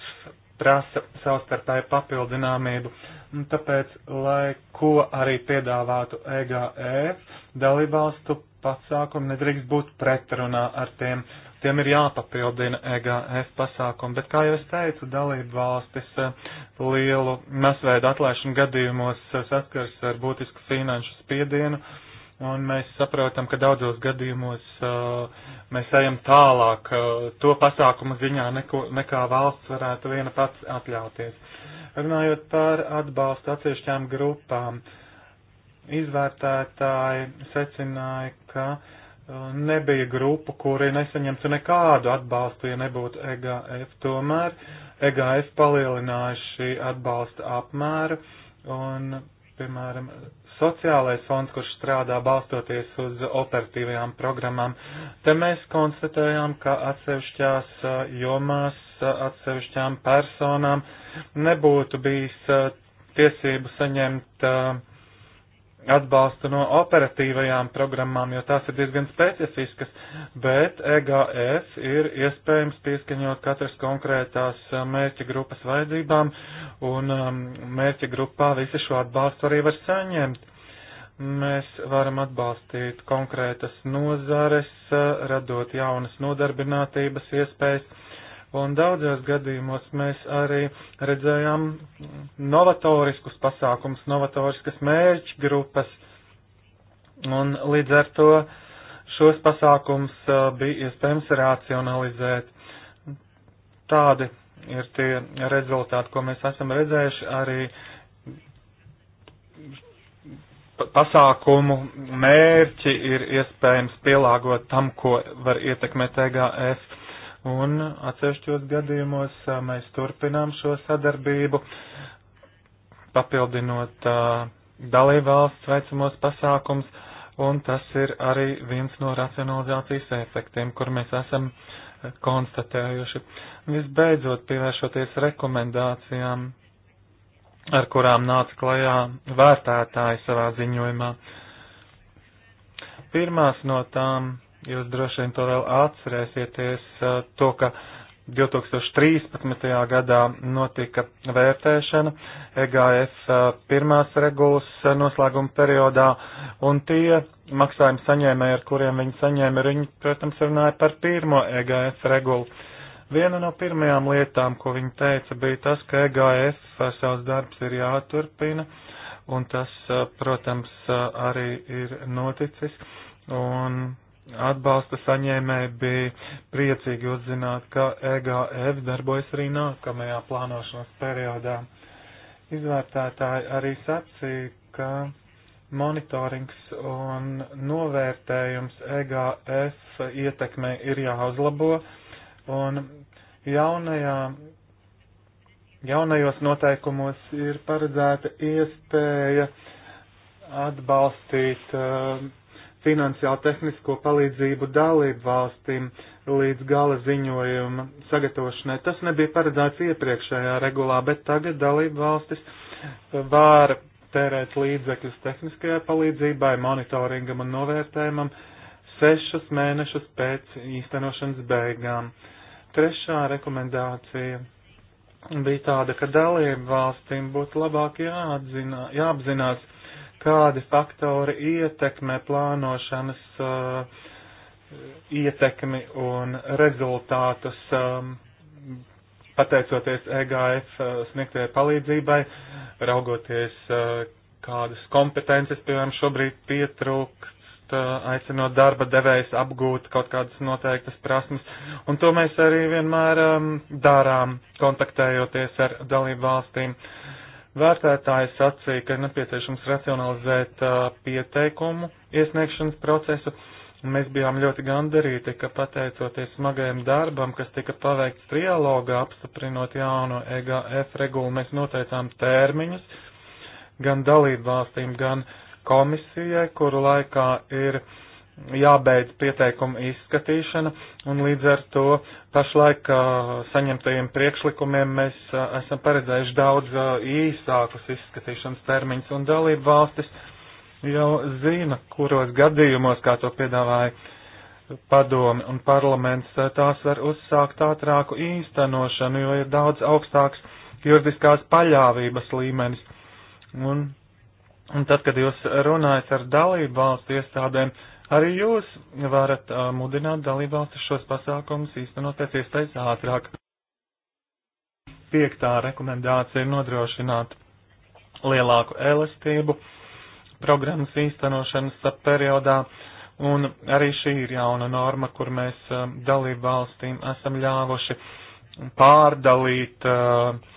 prasa savstarpēju papildināmību. Un tāpēc, lai ko arī piedāvātu EGE, e, dalībvalstu pasākumi nedrīkst būt pretrunā ar tiem. Tiem ir jāpapildina EGF e pasākumi, bet, kā jau es teicu, dalību valstis eh, lielu masveidu atlaišanu gadījumos eh, saskars ar būtisku finanšu spiedienu. Uh, un mēs saprotam, ka daudzos gadījumos uh, mēs ejam tālāk uh, to pasākumu ziņā, neko, nekā valsts varētu viena pats atļauties. Runājot par atbalstu atsevišķām grupām, izvērtētāji secināja, ka uh, nebija grupu, kuri nesaņemtu nekādu atbalstu, ja nebūtu EGF. Tomēr EGF palielināja šī atbalsta apmēru un, piemēram, sociālais fonds, kurš strādā balstoties uz operatīvajām programmām. Te mēs konstatējām, ka atsevišķās jomās, atsevišķām personām nebūtu bijis tiesību saņemt uh, atbalstu no operatīvajām programmām, jo tās ir diezgan specifiskas, bet EGF ir iespējams pieskaņot katras konkrētās mērķa grupas vajadzībām, un mērķa grupā visu šo atbalstu arī var saņemt. Mēs varam atbalstīt konkrētas nozares, radot jaunas nodarbinātības iespējas un daudzos gadījumos mēs arī redzējām novatoriskus pasākums, novatoriskas mērķi grupas, un līdz ar to šos pasākums uh, bija iespējams racionalizēt. Tādi ir tie rezultāti, ko mēs esam redzējuši arī pasākumu mērķi ir iespējams pielāgot tam, ko var ietekmēt EGF un atsevišķos gadījumos mēs turpinām šo sadarbību, papildinot dalībvalsts veicamos pasākums, un tas ir arī viens no racionalizācijas efektiem, kur mēs esam konstatējuši. Visbeidzot, pievēršoties rekomendācijām, ar kurām nāca klajā vērtētāji savā ziņojumā. Pirmās no tām Jūs droši vien to vēl atcerēsieties, to, ka 2013. gadā notika vērtēšana EGF pirmās regulas noslēguma periodā, un tie maksājumi saņēmēji, ar kuriem viņi saņēma, viņi, protams, runāja par pirmo EGF regulu. Viena no pirmajām lietām, ko viņi teica, bija tas, ka EGF savs darbs ir jāturpina, un tas, protams, arī ir noticis. Un atbalsta saņēmēji bija priecīgi uzzināt, ka EGF darbojas arī nākamajā plānošanas periodā. Izvērtētāji arī sacīja, ka monitorings un novērtējums EGF ietekmē ir jāuzlabo, un jaunajā, jaunajos noteikumos ir paredzēta iespēja atbalstīt uh, finansiālu tehnisko palīdzību dalību valstīm līdz gala ziņojuma sagatavošanai. Tas nebija paredzēts iepriekšējā regulā, bet tagad dalību valstis var tērēt līdzekļus tehniskajai palīdzībai, monitoringam un novērtējumam sešus mēnešus pēc īstenošanas beigām. Trešā rekomendācija bija tāda, ka dalību valstīm būtu labāk jāatzina, jāapzinās, kādi faktori ietekmē plānošanas uh, ietekmi un rezultātus, um, pateicoties EGF uh, sniegtajai palīdzībai, raugoties, uh, kādas kompetences, piemēram, šobrīd pietrūkst, uh, aicinot darba devējs apgūt kaut kādas noteiktas prasmes. Un to mēs arī vienmēr um, darām, kontaktējoties ar dalību valstīm. Uh, Vērtētāji sacīja, ka ir nepieciešams racionalizēt uh, pieteikumu iesniegšanas procesu. Mēs bijām ļoti gandarīti, ka pateicoties smagajam darbam, kas tika paveikts trialogā, apstiprinot jauno EGF regulu, mēs noteicām termiņus gan dalībvalstīm, gan komisijai, kuru laikā ir uh, jābeidz pieteikuma izskatīšana, un līdz ar to pašlaik saņemtajiem priekšlikumiem mēs esam paredzējuši daudz īsākus izskatīšanas termiņus, un dalību valstis jau zina, kuros gadījumos, kā to piedāvāja padomi un parlaments, tās var uzsākt ātrāku īstenošanu, jo ir daudz augstāks juridiskās paļāvības līmenis. Un, un tad, kad jūs runājat ar dalību valstu iestādēm, uh, Arī jūs varat uh, mudināt dalībvalstis šos pasākumus īstenot pēc iespējas ātrāk. Piektā rekomendācija ir nodrošināt lielāku elastību programmas īstenošanas periodā, un arī šī ir jauna norma, kur mēs uh, dalībvalstīm esam ļāvuši pārdalīt uh,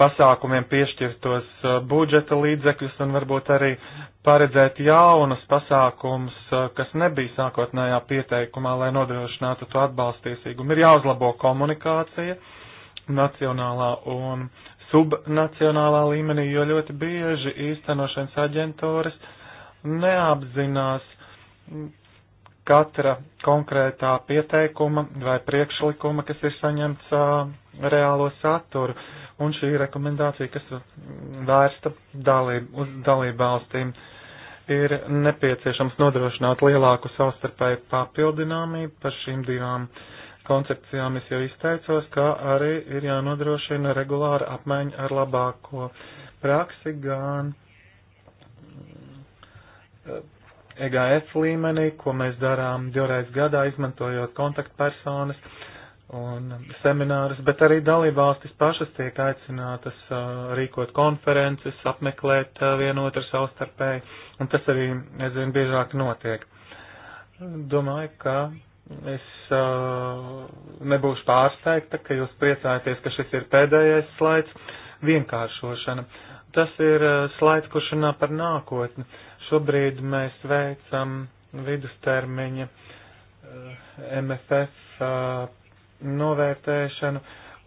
pasākumiem piešķirtos uh, budžeta līdzekļus un varbūt arī paredzēt jaunus pasākumus, uh, kas nebija sākotnējā pieteikumā, lai nodrošinātu to atbalstiesīgumu. Ir jāuzlabo komunikācija nacionālā un subnacionālā līmenī, jo ļoti bieži īstenošanas aģentūras neapzinās katra konkrētā pieteikuma vai priekšlikuma, kas ir saņemts uh, reālo saturu un šī rekomendācija, kas vērsta dalību, uz dalību valstīm, ir nepieciešams nodrošināt lielāku savstarpēju papildināmību par šīm divām koncepcijām. Es jau izteicos, kā arī ir jānodrošina regulāra apmaiņa ar labāko praksi gan EGF eh, e līmenī, ko mēs darām divreiz gadā, izmantojot kontaktpersonas un seminārus, bet arī dalībvalstis pašas tiek aicinātas uh, rīkot konferences, apmeklēt uh, vienotru savstarpēji, un tas arī, es zinu, biežāk notiek. Domāju, ka es uh, nebūšu pārsteigta, ka jūs priecājaties, ka šis ir pēdējais slaids - vienkāršošana. Tas ir uh, slaids, kurš runā par nākotni. Šobrīd mēs veicam vidustermiņa uh, MFF uh, novērtēšanu,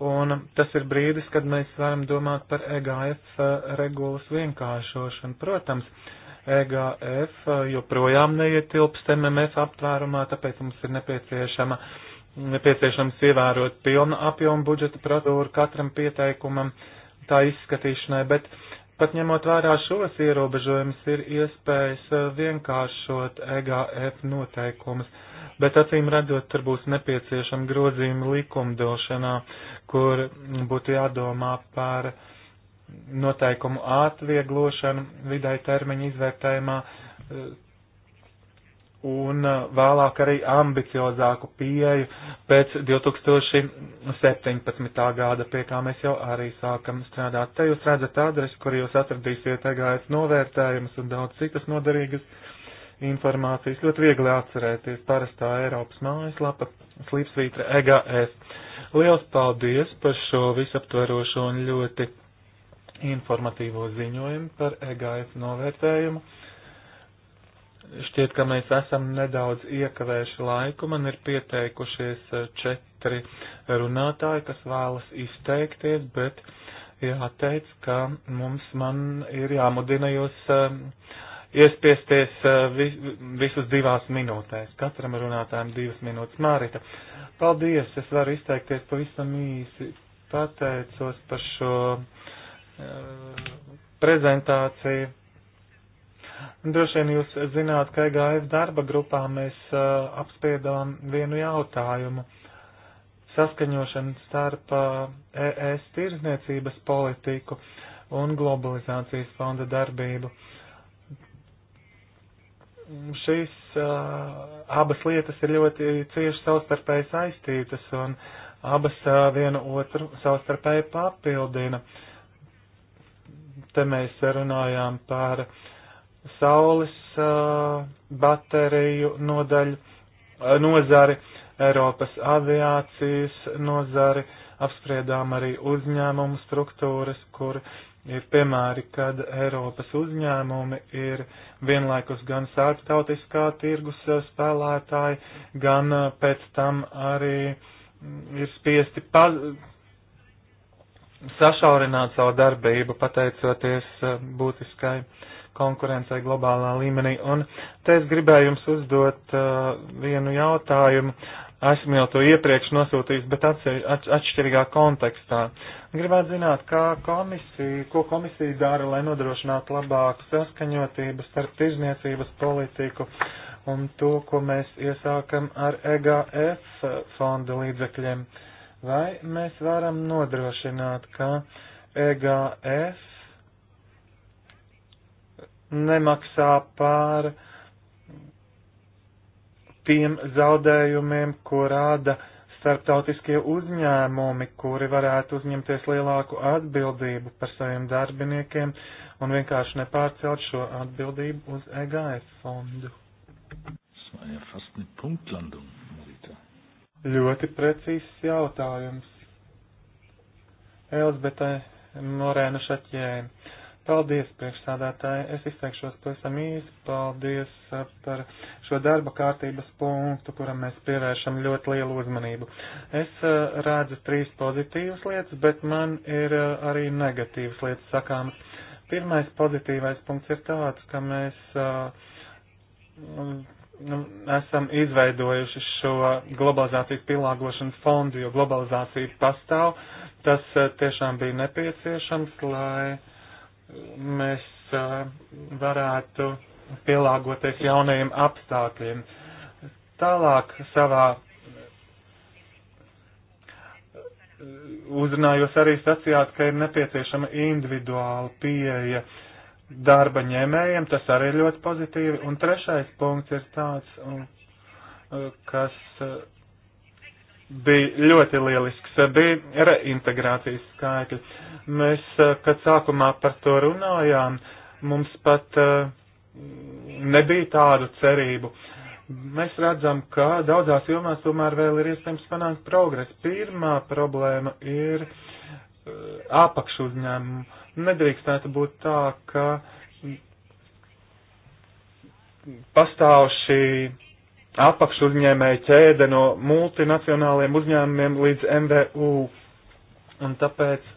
un tas ir brīdis, kad mēs varam domāt par EGF uh, regulas vienkāršošanu. Protams, EGF uh, joprojām neietilpst MMF aptvērumā, tāpēc mums ir nepieciešama, nepieciešams ievērot pilnu apjomu budžeta procedūru katram pieteikumam tā izskatīšanai, bet pat ņemot vērā šos ierobežojumus ir iespējas uh, vienkāršot EGF noteikumus bet acīm redzot, tur būs nepieciešama grozījuma likumdošanā, kur būtu jādomā par noteikumu atvieglošanu vidai termiņa izvērtējumā eh, un eh, vēlāk arī ambiciozāku pieeju pēc 2017. gada, pie kā mēs jau arī sākam strādāt. Te jūs redzat adresi, kur jūs atradīsiet EGS novērtējumus un daudz citas noderīgas informācijas ļoti viegli atcerēties. Parastā Eiropas mājaslapa slīpsvītra EGF. E Liels paldies par šo visaptverošo un ļoti informatīvo ziņojumu par EGF e novērtējumu. Šķiet, ka mēs esam nedaudz iekavējuši laiku. Man ir pieteikušies eh, četri runātāji, kas vēlas izteikties, bet jāteic, ka mums man ir jāmudina jūs. Uh, iespiesties eh, vis, visus divās minūtēs. Katram runātājam divas minūtes. Mārita, paldies, es varu izteikties pavisam īsi. Pateicos par šo uh, prezentāciju. Droši vien jūs zināt, ka EGF darba grupā mēs uh, eh, apspriedām vienu jautājumu saskaņošanu starp uh, ES tirzniecības politiku un globalizācijas fonda darbību. Uh, šīs uh, abas lietas ir ļoti cieši savstarpēji saistītas un abas uh, vienu otru savstarpēji papildina. Te mēs runājām par saules uh, bateriju nodaļu, uh, nozari, Eiropas aviācijas nozari, apspriedām arī uzņēmumu struktūras, kur uh, ir piemēri, kad Eiropas uzņēmumi ir vienlaikus gan sārtautiskā tirgus spēlētāji, gan uh, pēc tam arī mm, ir spiesti paz sašaurināt savu darbību, pateicoties uh, būtiskai konkurencei globālā līmenī. Un te es gribēju jums uzdot uh, vienu jautājumu esmu jau to iepriekš nosūtījis, bet atšķirīgā kontekstā. Gribētu zināt, kā komisija, ko komisija dara, lai nodrošinātu labāku saskaņotību starp tirzniecības politiku un to, ko mēs iesākam ar EGF fonda līdzekļiem. Vai mēs varam nodrošināt, ka EGF nemaksā pār uh, tiem zaudējumiem, ko rāda starptautiskie uzņēmumi, kuri varētu uzņemties lielāku atbildību par saviem darbiniekiem un vienkārši nepārcelt šo atbildību uz EGF fondu. Ļoti precīzs jautājums. Elzbetai Morēna Šaķēna. Paldies, priekšsādātāji. Es izteikšos pavisam īsi. Paldies uh, par šo darba kārtības punktu, kuram mēs pievēršam ļoti lielu uzmanību. Es uh, redzu trīs pozitīvas lietas, bet man ir uh, arī negatīvas lietas sakāmas. Pirmais pozitīvais punkts ir tāds, ka mēs nu, esam izveidojuši šo globalizācijas pielāgošanas fondu, jo globalizācija pastāv. Tas tiešām bija nepieciešams, lai mēs eh, varētu pielāgoties jaunajiem apstākļiem. Tālāk savā uzrunājos arī sacījāt, ka ir nepieciešama individuāla pieeja darba ņēmējiem, tas arī ir ļoti pozitīvi. Un trešais punkts ir tāds, eh, kas eh, bija ļoti lielisks, bija reintegrācijas skaitļi. Mēs, eh, kad sākumā par to runājām, mums pat eh, nebija tādu cerību. Mēs redzam, ka daudzās jomās tomēr vēl ir iespējams panākt progresu. Pirmā problēma ir eh, apakšu uzņēmumu. Nedrīkstētu būt tā, ka pastāv šī apakšu uzņēmēja ķēde no multinacionāliem uzņēmumiem līdz MVU. Un tāpēc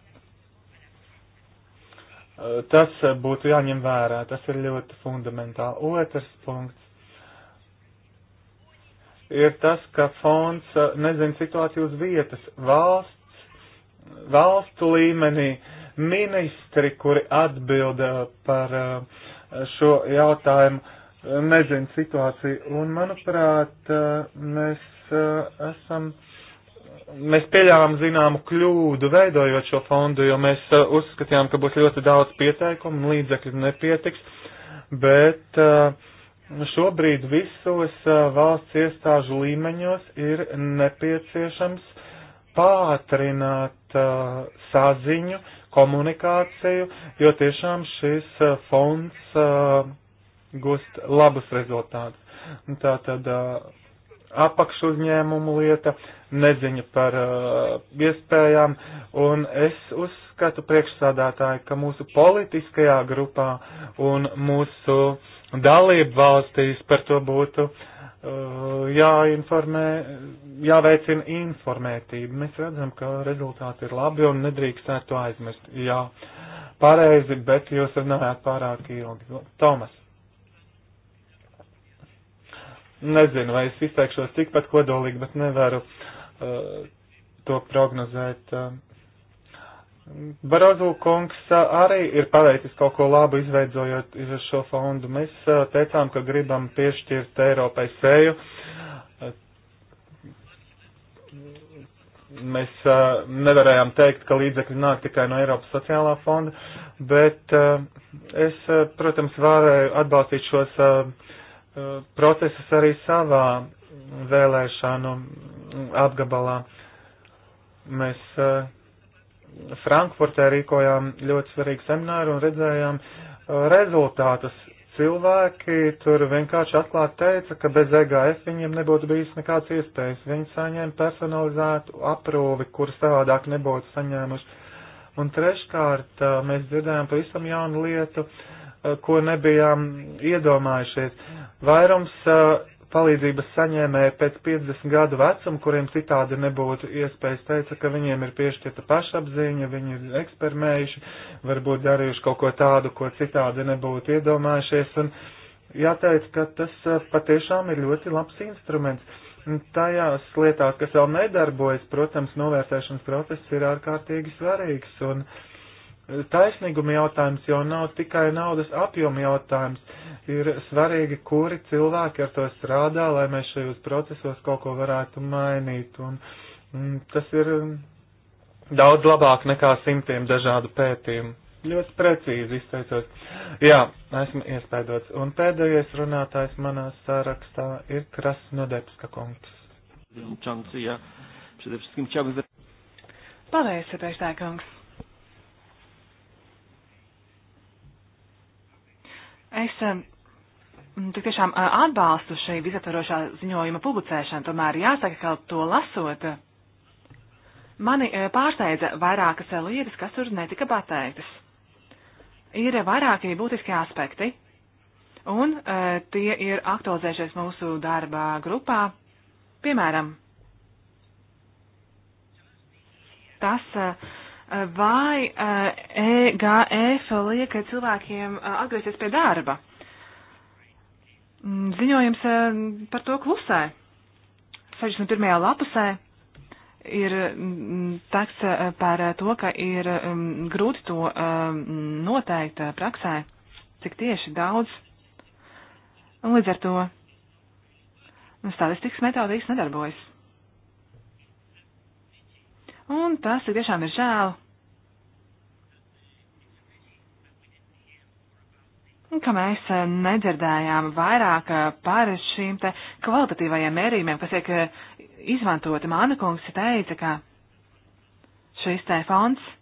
Eh, tas eh, būtu jāņem vērā, tas ir ļoti fundamentāli. Otrs punkts ir tas, ka fonds eh, nezina situāciju uz vietas. Valsts, valstu līmenī ministri, kuri atbilda par šo jautājumu, nezina situāciju. Un, manuprāt, mēs esam mēs pieļāvām zināmu kļūdu veidojot šo fondu, jo mēs uh, uzskatījām, ka būs ļoti daudz pieteikumu, līdzekļu nepietiks, bet uh, šobrīd visos uh, valsts iestāžu līmeņos ir nepieciešams pātrināt uh, saziņu, komunikāciju, jo tiešām šis uh, fonds uh, gūst labus rezultātus. Tātad uh, apakšu uzņēmumu lieta, neziņa par uh, iespējām, un es uzskatu priekšsādātāju, ka mūsu politiskajā grupā un mūsu dalību valstīs par to būtu uh, jāinformē, jāveicina informētība. Mēs redzam, ka rezultāti ir labi un nedrīkstētu aizmirst. Jā, pareizi, bet jūs runājāt pārāk ilgi. Tomas. Nezinu, vai es izteikšos tikpat kodolīgi, bet nevaru uh, to prognozēt. Uh. Barozu kungs uh, arī ir paveicis kaut ko labu, izveidojot šo fondu. Mēs uh, teicām, ka gribam piešķirt Eiropai seju. Mēs nevarējām teikt, ka līdzekļi nāk tikai no Eiropas sociālā fonda, bet es, protams, varēju atbalstīt šos uh, procesus arī savā vēlēšanu apgabalā. Mēs eh, Frankfurtē rīkojām ļoti svarīgu semināru un redzējām eh, rezultātus. Cilvēki tur vienkārši atklāti teica, ka bez EGF viņiem nebūtu bijis nekāds iespējas. Viņi saņēma personalizētu aprūvi, kur savādāk nebūtu saņēmuši. Un treškārt eh, mēs dzirdējām pavisam jaunu lietu, ko nebijām iedomājušies Vairums uh, palīdzības saņēmēji pēc 50 gadu vecuma, kuriem citādi nebūtu iespējas, teica, ka viņiem ir piešķirta pašapziņa, viņi ir ekspermējuši, varbūt darījuši kaut ko tādu, ko citādi nebūtu iedomājušies. Un jāteic, ka tas uh, patiešām ir ļoti labs instruments. Tajās lietās, kas vēl nedarbojas, protams, novērtēšanas process ir ārkārtīgi svarīgs. Un, uh, Eh, taisnīguma jautājums jau nav tikai naudas apjoma jautājums. Ir svarīgi, kuri cilvēki ar to strādā, lai mēs šajos procesos kaut ko varētu mainīt. Un, un mm, tas ir daudz labāk nekā simtiem dažādu pētījumu. Ļoti precīzi izteicos. Jā, esmu iespaidots. Un pēdējais runātājs manā sārakstā ir Krasnodebska kungs. Paldies, priekšstākungs. Es tik tiešām atbalstu šī visaptvarošā ziņojuma publicēšanu, tomēr jāsaka, ka to lasot, mani e, pārsteidza vairākas e, lietas, kas tur netika pateiktas. Ir vairākie būtiski aspekti, un e, tie ir aktualizējušies mūsu darbā grupā. Piemēram, tas, vai EGF eh, e liek cilvēkiem eh, atgriezties pie darba. Mm, ziņojums eh, par to klusē. 61. lapusē ir mm, teksts par to, ka ir mm, grūti to noteikt praksē, cik tieši daudz. Un līdz ar to nu, statistikas metode īsti nedarbojas. Un tas tik tiešām ir žēl. Un ka mēs eh, nedzirdējām vairāk eh, par šīm te kvalitatīvajiem mērījumiem, kas tiek eh, izmantoti. Māna kungs teica, ka šis te fonds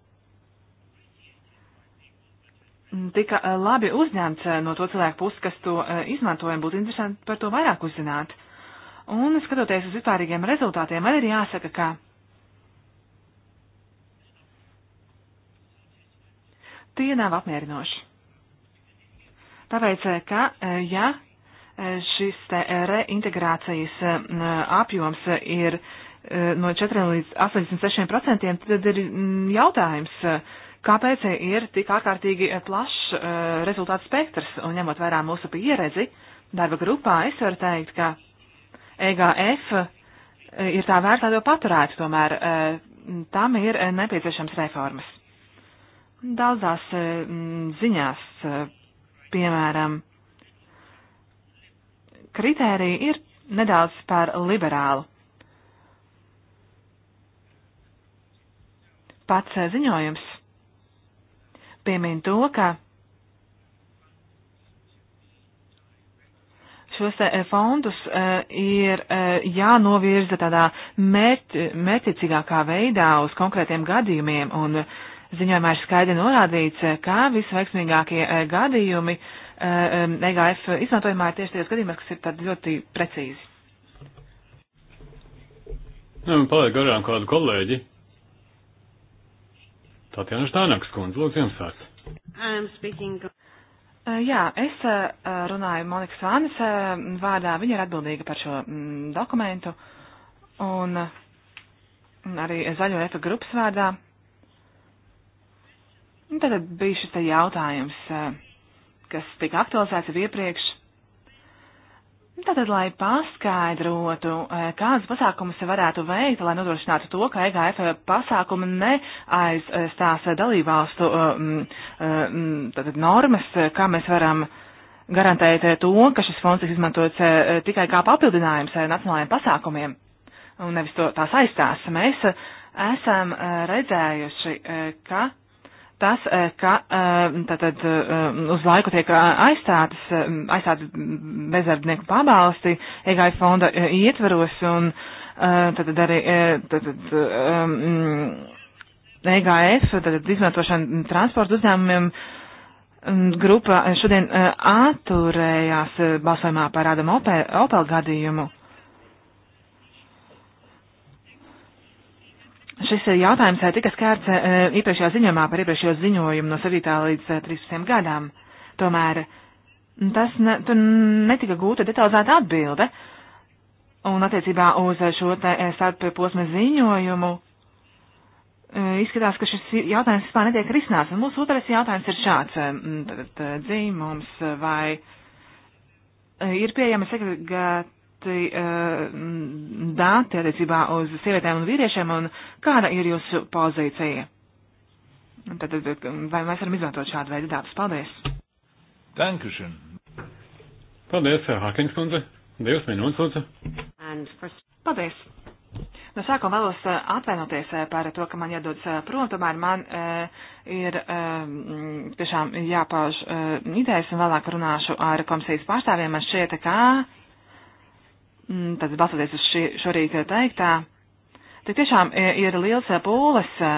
tika labi uzņemts no to cilvēku puses, kas to izmantoja, būtu interesanti par to vairāk uzzināt. Un skatoties uz vispārīgiem rezultātiem, man ir jāsaka, ka tie nav apmierinoši. Tāpēc, ka, e, ja e, šis e, reintegrācijas apjoms ir no 4 līdz 86%, tad ir jautājums, kāpēc ir tik ārkārtīgi plašs rezultātu spektrs, un ņemot vērā mūsu pieredzi darba grupā, es varu teikt, ka EGF ir tā vērtā to paturēt, tomēr tam ir nepieciešams reformas daudzās eh, ziņās, eh, piemēram, kritērija ir nedaudz par liberālu. Pats eh, ziņojums piemin to, ka šos fondus ir jānovirza tādā mērķ, mērķicīgākā veidā uz konkrētiem gadījumiem un uh, Ziņojumā ir skaidri norādīts, eh, kā visveiksmīgākie eh, gadījumi EGF eh, e izmantojumā ir tieši tajos gadījumos, kas ir tādi ļoti precīzi. Jā, nu, man palaid garām kādu kolēģi. Tatjana Štānaks, kundze, lūdzu jums sāc. Jā, es runāju Monikas Vānes vārdā, viņa ir atbildīga par šo mm, dokumentu, un mm, arī zaļo efa grupas vārdā. Un nu, tad bija šis te jautājums, eh, kas tika aktualizēts jau iepriekš. Tātad, lai paskaidrotu, eh, kādas pasākumas varētu veikt, lai nodrošinātu to, ka EGF pasākumi neaizstās dalībvalstu eh, tātad, normas, kā mēs varam garantēt to, ka šis fonds tiks izmantots tikai kā papildinājums nacionālajiem pasākumiem un nevis to tās aizstās. Mēs esam redzējuši, ka tas, eh, ka eh, tātad eh, uz laiku tiek aizstātas, aizstātas bezdarbnieku pabalsti EGAI fonda ietvaros un tātad arī tātad, mm, EGF, tātad izmantošana transporta uzņēmumiem. Mm, grupa šodien atturējās balsojumā par Adamu Opel gadījumu. Šis jautājums eh, tika skārts eh, iepriekšējā ziņojumā par iepriekšējo ziņojumu no 7. līdz 13. Eh, gadam. Tomēr mm, tas ne, tur netika gūta detalizēta atbilde. Un attiecībā uz šo te starp posma ziņojumu izskatās, ka šis jautājums vispār netiek risināts. Un mūsu otrais jautājums ir šāds. Mm, tad dzīvums vai ir pieejama segregāta iegūti uh, dati attiecībā uz sievietēm un vīriešiem, un kāda ir jūsu pozīcija? Tad, vai mēs varam izmantot šādu veidu datus? Paldies! Dankušan! Paldies, Hakings kundze! Divas minūtes, lūdzu! First... Paldies! No sākuma vēlos eh, atvainoties eh, par to, ka man jādodas prom, tomēr man ir tiešām jāpauž idejas un vēlāk runāšu ar komisijas pārstāvjiem. Man šķiet, ka Mm, tad balstoties uz šī, šorīt teiktā, tik tiešām e, ir liels e, pūles e,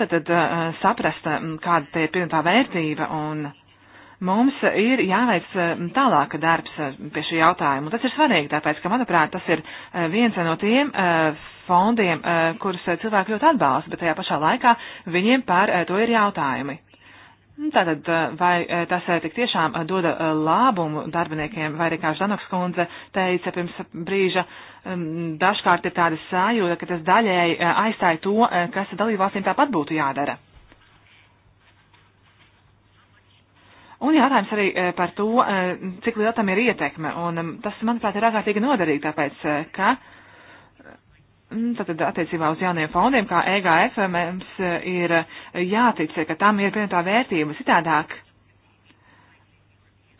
tad, tad saprast, kāda te ir pirmā vērtība un mums ir jāveic tālāka darbs pie šī jautājuma. Un tas ir svarīgi, tāpēc, ka, manuprāt, tas ir viens no tiem fondiem, kurus cilvēki ļoti atbalsta, bet tajā pašā laikā viņiem par to ir jautājumi. Nu, tātad, eh, vai eh, tas eh, tik tiešām doda labumu darbiniekiem, vai arī kā Žanoks kundze teica pirms brīža, mm, dažkārt ir tāda sajūta, ka tas daļēji aizstāja to, kas dalībvalstīm tāpat būtu jādara. Un jautājums arī par to, cik liela tam ir ietekme, un mm, tas, manuprāt, ir ārkārtīgi noderīgi, tāpēc, ka uh, Mm, tātad attiecībā uz jauniem fondiem, kā EGF, mums e, ir e, jātic, ka tam ir pievienotā vērtība citādāk.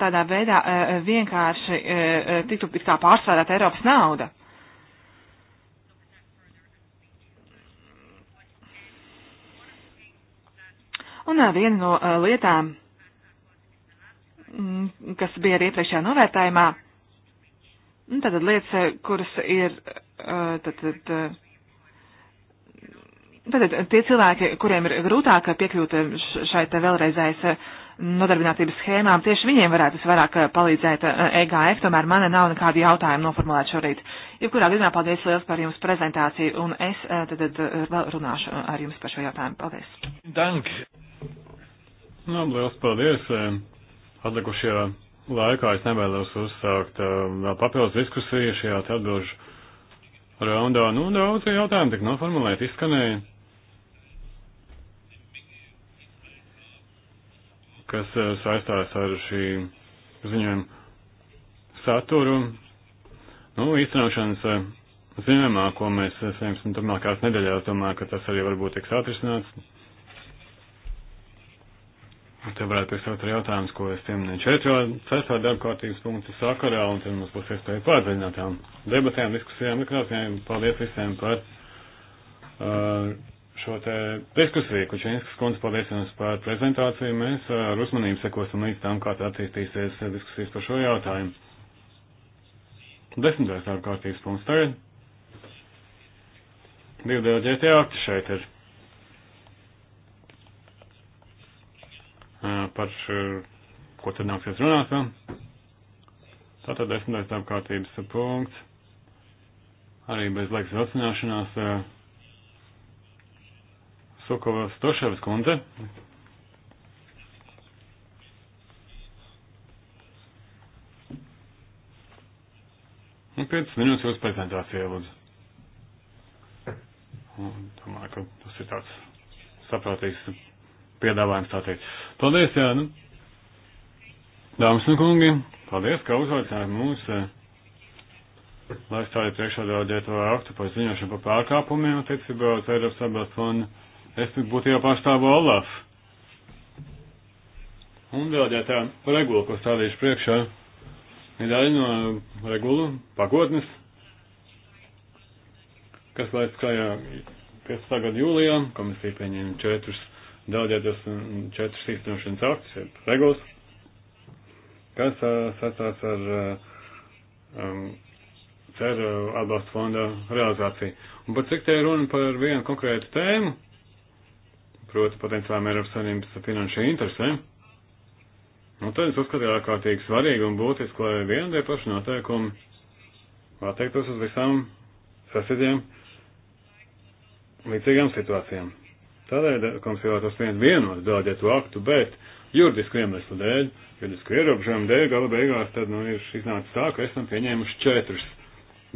Tādā veidā e, vienkārši tiktu it kā pārsvērāt Eiropas nauda. Un viena no lietām, mm, kas bija arī iepriekšējā novērtējumā, mm, tātad lietas, kuras ir tad, tad, tad tie cilvēki, kuriem ir grūtāk piekļūt šai te vēlreizējas nodarbinātības schēmām, tieši viņiem varētu vairāk palīdzēt EGF, tomēr man nav nekādu jautājumu noformulēt šorīt. Jebkurā gadījumā paldies liels par jums prezentāciju, un es tad, tad vēl runāšu ar jums par šo jautājumu. Paldies! Dank! Nu, liels paldies! Atlikušajā laikā es nevēlos uzsākt vēl papildus diskusiju šajā atbildžu raundā. Nu, daudz jautājumu tik noformulēt izskanēja. kas eh, saistās ar šī ziņojuma saturu. Nu, īstenošanas eh, ziņojumā, ko mēs eh, saņemsim turpmākās nedēļās, domāju, ka tas arī varbūt tiks atrisināts. Un te varētu izsaukt arī jautājumus, ko es pieminēju četrā, sestā darba kārtības punktu sakarā, un tad mums būs iespēja pārdziļinātām debatēm, diskusijām, dekrācijām. Paldies visiem par uh, šo te diskusiju. Kučinskas kundze, paldies jums par prezentāciju. Mēs uh, ar uzmanību sekosim līdz tam, kā tā attīstīsies diskusijas par šo jautājumu. Desmitais darba kārtības punkts tagad. Divi dēļ ģētie akti šeit ir. par ko tad nāksies runāt vēl. Tātad desmitais darba kārtības punkts. Arī bez laikas vilcināšanās. Sokovas Toševas kundze. Un nu, 5 minūtes jūsu prezentācija, lūdzu. Un domāju, ka tas ir tāds saprātīgs piedāvājums tā teikt. Paldies, jā, nu. Dāmas un kungi, paldies, ka uzveicinājāt mūs, eh, lai stādītu priekšā dēļģēto aktu par ziņošanu par pārkāpumiem, attiecībā uz Eiropas atbalstu fondu. Es būtu jau pārstāvu Olaf. Un dēļģētā regula, ko stādīšu priekšā, ir daļa no regulu pakotnes, kas laist kā jau 15. gada jūlijā, komisija pieņēma četrus daudzietas un četras īstenošanas akts, regulas, kas uh, sasās ar uh, um, ceru atbalsta fonda realizāciju. Un par cik te ir runa par vienu konkrētu tēmu, proti potenciālām Eiropas Savienības finanšu interesēm, nu tad es uzskatīju ārkārtīgi svarīgi un būtiski, lai viena tie paši noteikumi attiektos uz visām sasidiem līdzīgām situācijām. Tādēļ komisija vēlētos vien vienot dēļģētu aktu, bet juridisku iemeslu dēļ, juridisku ierobežojumu dēļ, gala beigās tad nu, ir iznācis tā, ka esam pieņēmuši četrus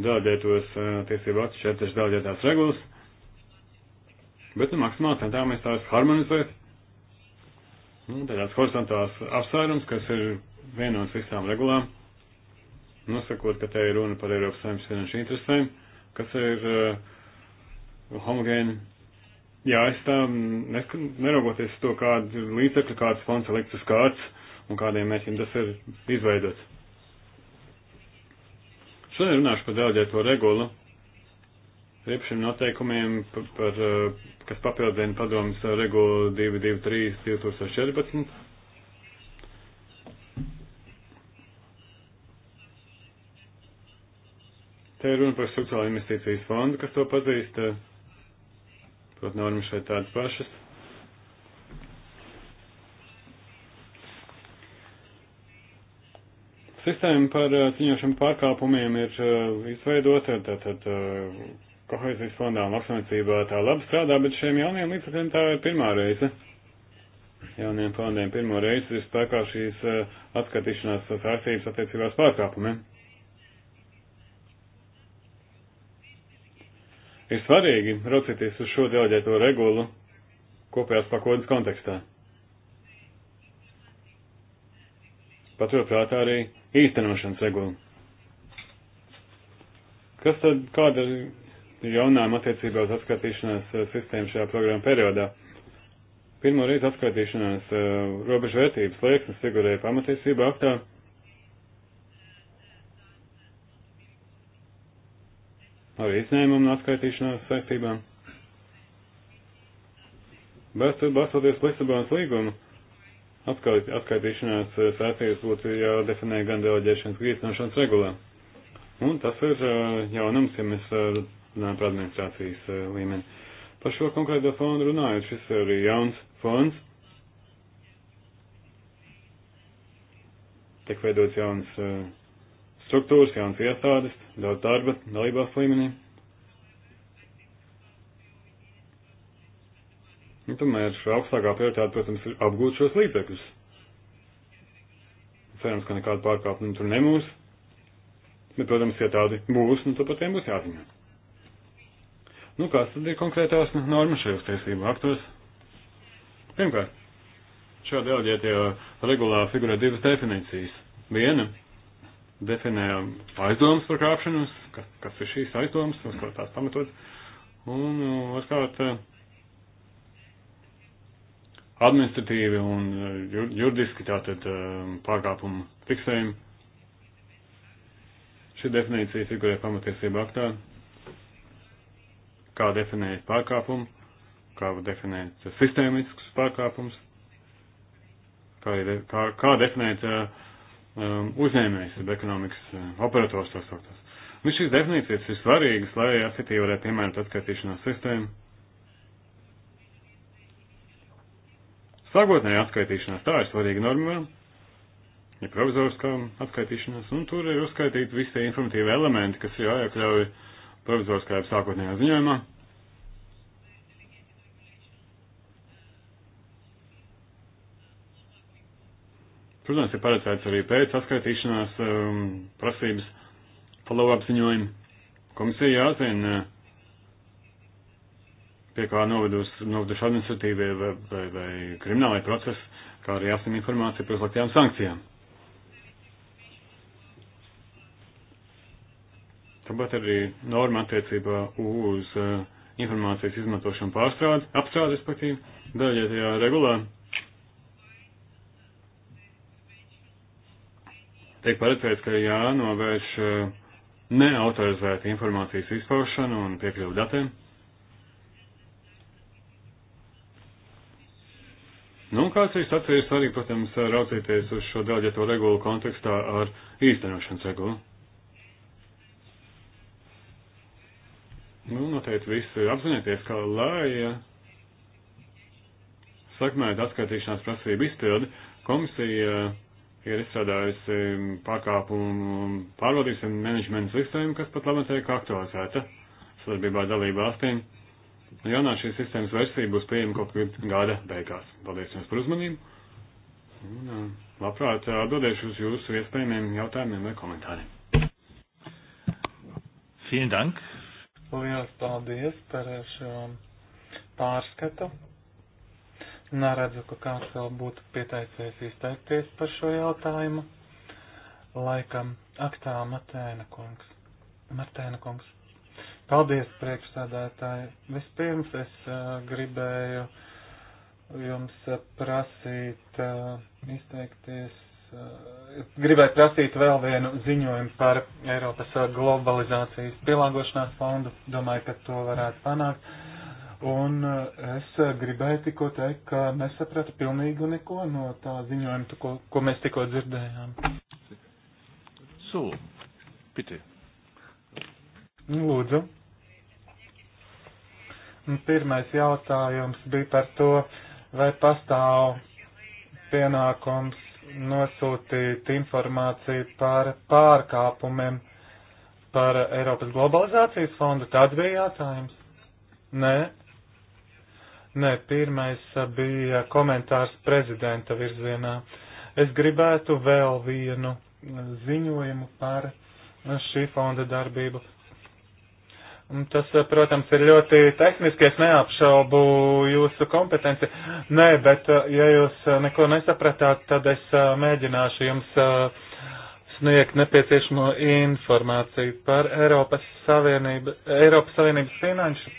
dēļģētos eh, tiesību aktus, četras dēļģētās regulas, bet nu, maksimāli centāmies tās harmonizēt. Nu, tādās horizontālās apsvērums, kas ir vienots visām regulām, nosakot, ka te ir runa par Eiropas saimnes finanšu interesēm, kas ir uh, homogēni jāizstāv, neraugoties to, kāda līdzekļa, kāds fonds ir likts uz kārts un kādiem mērķiem tas ir izveidots. Šodien runāšu par dēļģēto regulu, riepšiem noteikumiem, par, par, eh, kas papildina padomas regulu 223 2014. Te ir runa par struktūrālu investīcijas fondu, kas to pazīst. Uh, Kaut normas šeit tādas pašas. Sistēma par eh, ciņošanu pārkāpumiem ir eh, izveidota, tātad eh, kohēzijas fondā maksāniecībā tā labi strādā, bet šiem jauniem līdzekļiem tā ir pirmā reize. Jauniem fondiem pirmo reizi ir spēkā šīs atskatīšanās saistības attiecībās pārkāpumiem. ir svarīgi raucīties uz šo delegēto regulu kopējās pakodas kontekstā. Paturot prātā arī īstenošanas regulu. Kas tad, kāda ir jaunām attiecībā uz atskaitīšanās eh, sistēmu šajā programmu periodā? Pirmo reizi atskaitīšanās eh, robežvērtības liekas figurēja pamatiesība aktā. arī izņēmumu atskaitīšanās saistībām. Balstoties Lisabonas līgumu, atskait, atskaitīšanās saistības būtu jādefinē gan deleģēšanas grīzināšanas regulā. Un tas ir eh, jaunums, ja mēs eh, runājam par administrācijas eh, līmeni. Par šo konkrēto fondu runājot, šis ir arī jauns fonds. Tiek veidots jauns uh, struktūras, jaunas iestādes, daudz darba, dalībās līmenī. Un nu, tomēr augstākā prioritāte, protams, ir apgūt šos līdzekļus. Cerams, ka nekāda pārkāpuma tur nebūs. Bet, protams, ja tādi būs, nu, tad par tiem būs jāziņo. Nu, kāds tad ir konkrētās normas šajos tiesību aktos? Pirmkārt, šajā dēļ, ja tie regulā figurē divas definīcijas. Viena definējam aizdomas par krāpšanu, kas, kas ir šīs aizdomas, uz ko tās pamatot. Un nu, otrkārt, administratīvi un e, juridiski tātad e, pārkāpumu fiksējumi. Šī definīcija figurē pamatiesība aktā, kā definēt pārkāpumu, kā definēt sistēmiskus pārkāpumus, kā, kā, kā definēt uh, um, uzņēmējs, jeb ekonomikas uh, operators tā sauktās. Nu, šīs definīcijas ir svarīgas, lai ACT varētu piemērot atskaitīšanās sistēmu. Sākotnēji atskaitīšanās tā ir svarīga norma, ir ja provizoriskā atskaitīšanās, un tur ir uzskaitīti visi tie informatīvi elementi, kas ir jāiekļauj provizoriskajā sākotnējā ziņojumā. Protams, ir paredzēts arī pēc atskaitīšanās um, prasības follow-up ziņojumi. Komisija jāzina, pie kā novedus, noveduši administratīvie vai, vai, vai kriminālai procesi, kā arī jāsam informācija par uzliktajām sankcijām. Tāpat arī norma attiecībā uz uh, informācijas izmantošanu pārstrādi, apstrādi, respektīvi, daļai tajā regulā tiek paredzēts, ka jānovērš eh, neautorizēta informācijas izpaušana un piekļuva datiem. Nu, kāds ir sacījis arī, protams, raucīties uz šo delģēto regulu kontekstā ar īstenošanas regulu. Nu, noteikti visi apzināties, ka, lai sakmētu atskaitīšanās prasību izpildi, komisija ir izstrādājusi pārkāpumu pārvaldības un menedžmenta sistēmu, kas pat labi tiek aktualizēta sadarbībā ar dalību valstīm. Jaunā šīs sistēmas versija būs pieejama kaut kad gada beigās. Paldies jums par uzmanību. Un, labprāt, atbildēšu uz jūsu iespējamiem jautājumiem vai komentāriem. Vielen Dank. Lielas paldies par šo pārskatu neredzu, ka kāds vēl būtu pieteicies izteikties par šo jautājumu. Laikam aktā Matēna kungs. Matēna kungs. Paldies, priekšsādātāji. Vispirms es uh, gribēju jums prasīt uh, izteikties. Uh, gribēju prasīt vēl vienu ziņojumu par Eiropas globalizācijas pielāgošanās fondu. Domāju, ka to varētu panākt. Uh, Un eh, es eh, gribēju tikko teikt, ka nesapratu pilnīgi neko no tā ziņojuma, ko, ko mēs tikko dzirdējām. So, bitte. Nu, lūdzu. Pirmais jautājums bija par to, vai pastāv pienākums nosūtīt informāciju par pārkāpumiem par Eiropas globalizācijas fondu. Tāds bija jautājums. Nē. Nē, pirmais eh, bija komentārs prezidenta virzienā. Es gribētu vēl vienu eh, ziņojumu par eh, šī fonda darbību. Tas, protams, ir ļoti tehniski, es neapšaubu jūsu kompetenci. Nē, bet ja jūs neko nesapratāt, tad es mēģināšu jums sniegt nepieciešamo informāciju par Eiropas, Savienība, Eiropas Savienības finanšu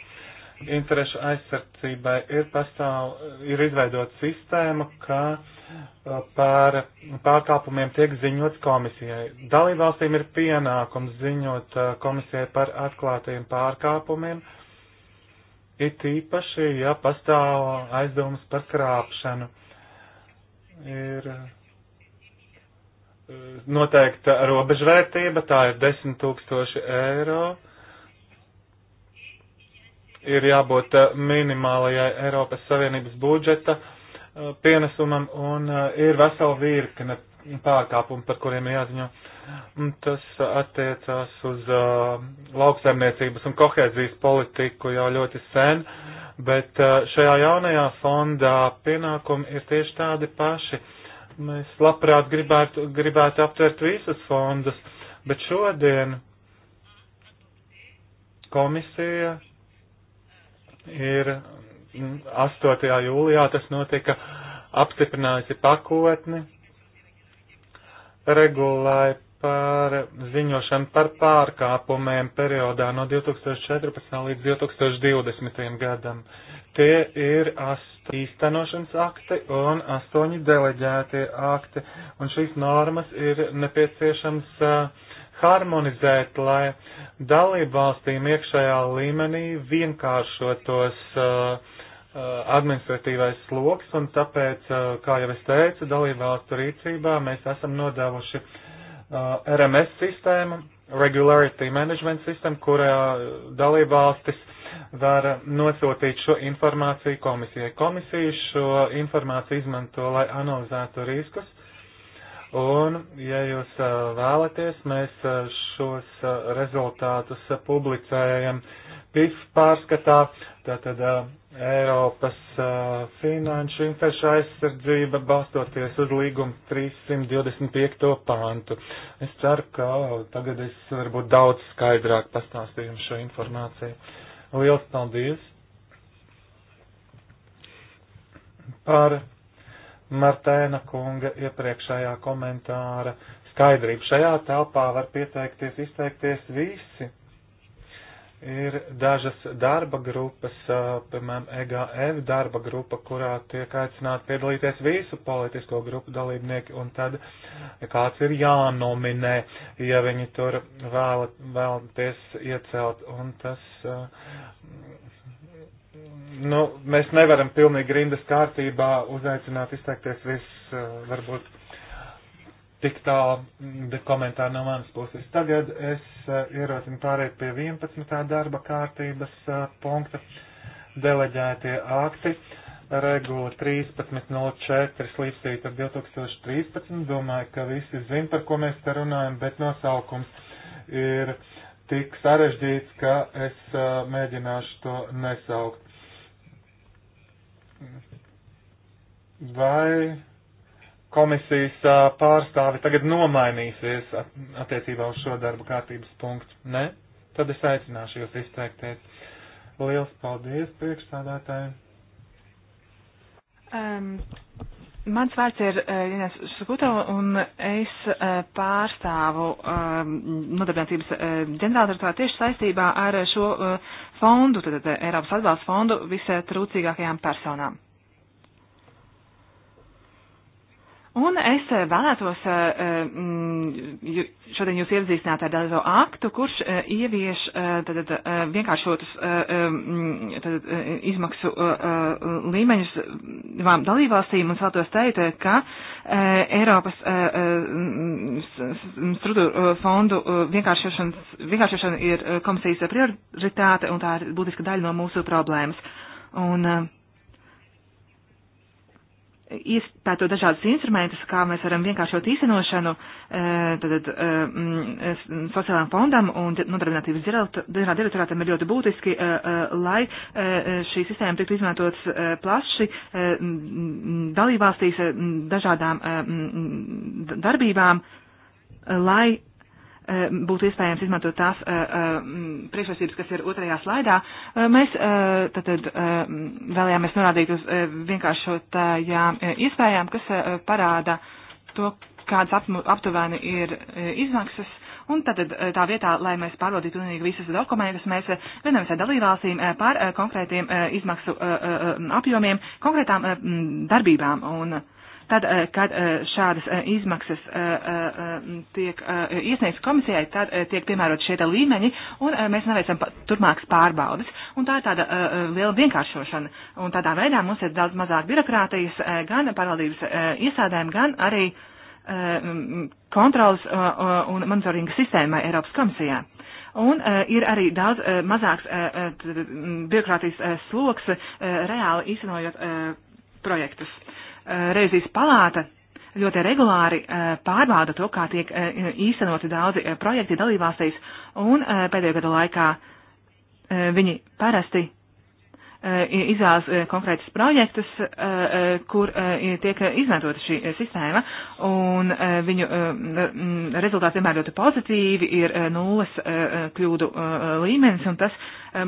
interešu aizsardzībai ir pastāv, ir izveidot sistēma, ka uh, par pārkāpumiem tiek ziņots komisijai. Dalībvalstīm ir pienākums ziņot uh, komisijai par atklātajiem pārkāpumiem, it īpaši, ja pastāv aizdomas par krāpšanu. Ir uh, noteikta robežvērtība, tā ir 10 tūkstoši eiro ir jābūt eh, minimālajai Eiropas Savienības budžeta eh, pienesumam un eh, ir vesela virkne pārkāpumu, par kuriem jāziņo. Tas attiecās uz lauksaimniecības un kohēzijas politiku jau ļoti sen, bet šajā jaunajā fondā pienākumi ir tieši tādi paši. Mēs labprāt gribētu, gribētu aptvert visus fondus, bet šodien komisija ir 8. Mm, jūlijā tas notika, apstiprinājusi pakotni, regulēja par ziņošanu par pārkāpumiem periodā no 2014. līdz 2020. gadam. Tie ir īstenošanas akti un astoņi deleģētie akti, un šīs normas ir nepieciešams uh, harmonizēt, lai dalībvalstīm iekšējā līmenī vienkāršotos uh, uh administratīvais sloks, un tāpēc, uh, kā jau es teicu, dalībvalstu rīcībā mēs esam nodevuši uh, RMS sistēmu, Regularity Management System, kurā dalībvalstis var nosūtīt šo informāciju komisijai. Komisija šo informāciju izmanto, lai analizētu riskus Un, ja jūs vēlaties, mēs šos rezultātus publicējam PIF pārskatā, tātad Eiropas finanšu interešu aizsardzība balstoties uz līgumu 325. pantu. Es ceru, ka tagad es varbūt daudz skaidrāk pastāstīju jums šo informāciju. Liels paldies! Par Martēna kunga iepriekšējā komentāra skaidrību. Šajā telpā var pieteikties, izteikties visi. Ir dažas darba grupas, piemēram, EGF darba grupa, kurā tiek aicināti piedalīties visu politisko grupu dalībnieki, un tad kāds ir jānominē, ja viņi tur vēl, vēlaties iecelt, un tas uh, nu, mēs nevaram pilnīgi rindas kārtībā uzaicināt izteikties viss, eh, varbūt tik tālu komentāru no manas puses. Tagad es eh, ierosinu pārēt pie 11. darba kārtības eh, punkta deleģētie akti. Regula 13.04 slīpstīta ar 2013. Domāju, ka visi zin, par ko mēs te runājam, bet nosaukums ir tik sarežģīts, ka es mēģināšu to nesaukt vai komisijas pārstāvi tagad nomainīsies attiecībā uz šo darbu kārtības punktu. Ne? Tad es aicināšu jūs izteikties. Liels paldies priekšstādātājiem. Um, mans vārds ir Jānis uh, Skuto, un es uh, pārstāvu uh, nodarbinātības uh, ģenerāldirektorā tieši saistībā ar šo uh, fondu, tātad Eiropas atbalsta fondu visai trūcīgākajām personām. Un es eh, vēlētos eh, eh, mm, šodien jūs iepazīstināt ar dažo aktu, kurš ievieš tad, vienkāršotus tad, izmaksu līmeņus divām dalībvalstīm un vēlētos teikt, ka Eiropas struktūra fondu vienkāršošana ir komisijas prioritāte un tā ir būtiska daļa no mūsu problēmas. Un, uh, izpētot dažādus instrumentus, kā mēs varam vienkāršot īstenošanu tātad, e, e, mm, sociālajām fondam un nodarbinātības direktorātam ir ļoti būtiski, e, lai šī sistēma tiktu izmantots plaši dalībvalstīs dažādām darbībām, lai Eh, būtu iespējams izmantot tās eh, eh, priekšrocības, kas ir otrajā slaidā, mēs tātad vēlējāmies norādīt uz vienkāršotajām iespējām, kas parāda to, kādas aptuveni ir izmaksas. Un tad tā vietā, lai mēs pārbaudītu pilnīgi visus dokumentus, mēs vienojamies ar dalībvalstīm par konkrētiem izmaksu apjomiem, konkrētām darbībām. Un, Tad, eh, kad eh, šādas eh, izmaksas tiek iesniegts komisijai, tad tiek piemērot šie līmeņi, un mēs neveicam turpmākas pārbaudas. Un tā ir tāda liela vienkāršošana. Un tādā veidā mums ir daudz mazāk birokrātijas gan pārvaldības iestādēm, gan arī kontrolas un monitoringa sistēmai Eiropas komisijā. Un uh, ir arī daudz uh, mazāks uh, birokrātijas uh, sloks uh, reāli īstenojot uh, projektus revizijas palāta ļoti regulāri e, pārbauda to, kā tiek e, īstenoti daudzi e, projekti dalībvalstīs, un pēdējo gadu laikā viņi parasti izvēlas e, konkrētus projektus, e, e, kur tiek izmantota šī sistēma, un viņu rezultāti vienmēr ļoti pozitīvi, ir nulles kļūdu līmenis, un tas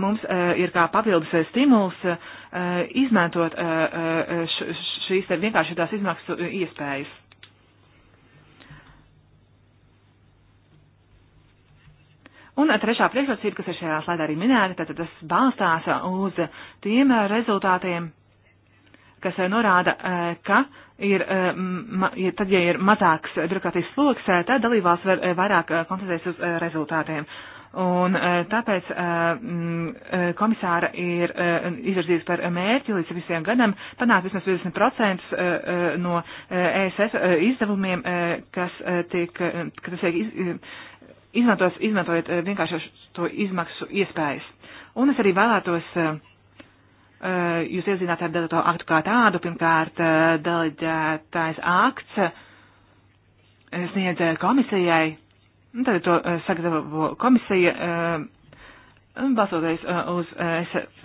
mums ir kā papildus stimuls izmantot šīs vienkārši tās izmaksu iespējas. Un trešā priekšrocība, kas ir šajā slaidā arī minēta, tad tas balstās uz tiem eh, rezultātiem, kas eh, norāda, eh, ka ir, ja tad, ja ir mazāks birokrātijas sloks, tad dalībās var vairāk koncentrēties uz rezultātiem. Un tāpēc komisāra ir izvirzījusi par mērķi līdz visiem gadam panākt vismaz 50% no ESF e izdevumiem, kas tiek, kas tiek iz, izmantos, izmantojot eh, vienkāršo izmaksu iespējas. Un es arī vēlētos eh, eh, jūs iezināt ar dato aktu kā tādu. Pirmkārt, deleģētājs akts sniedz komisijai, tad to sagatavo komisija. Balsoties uz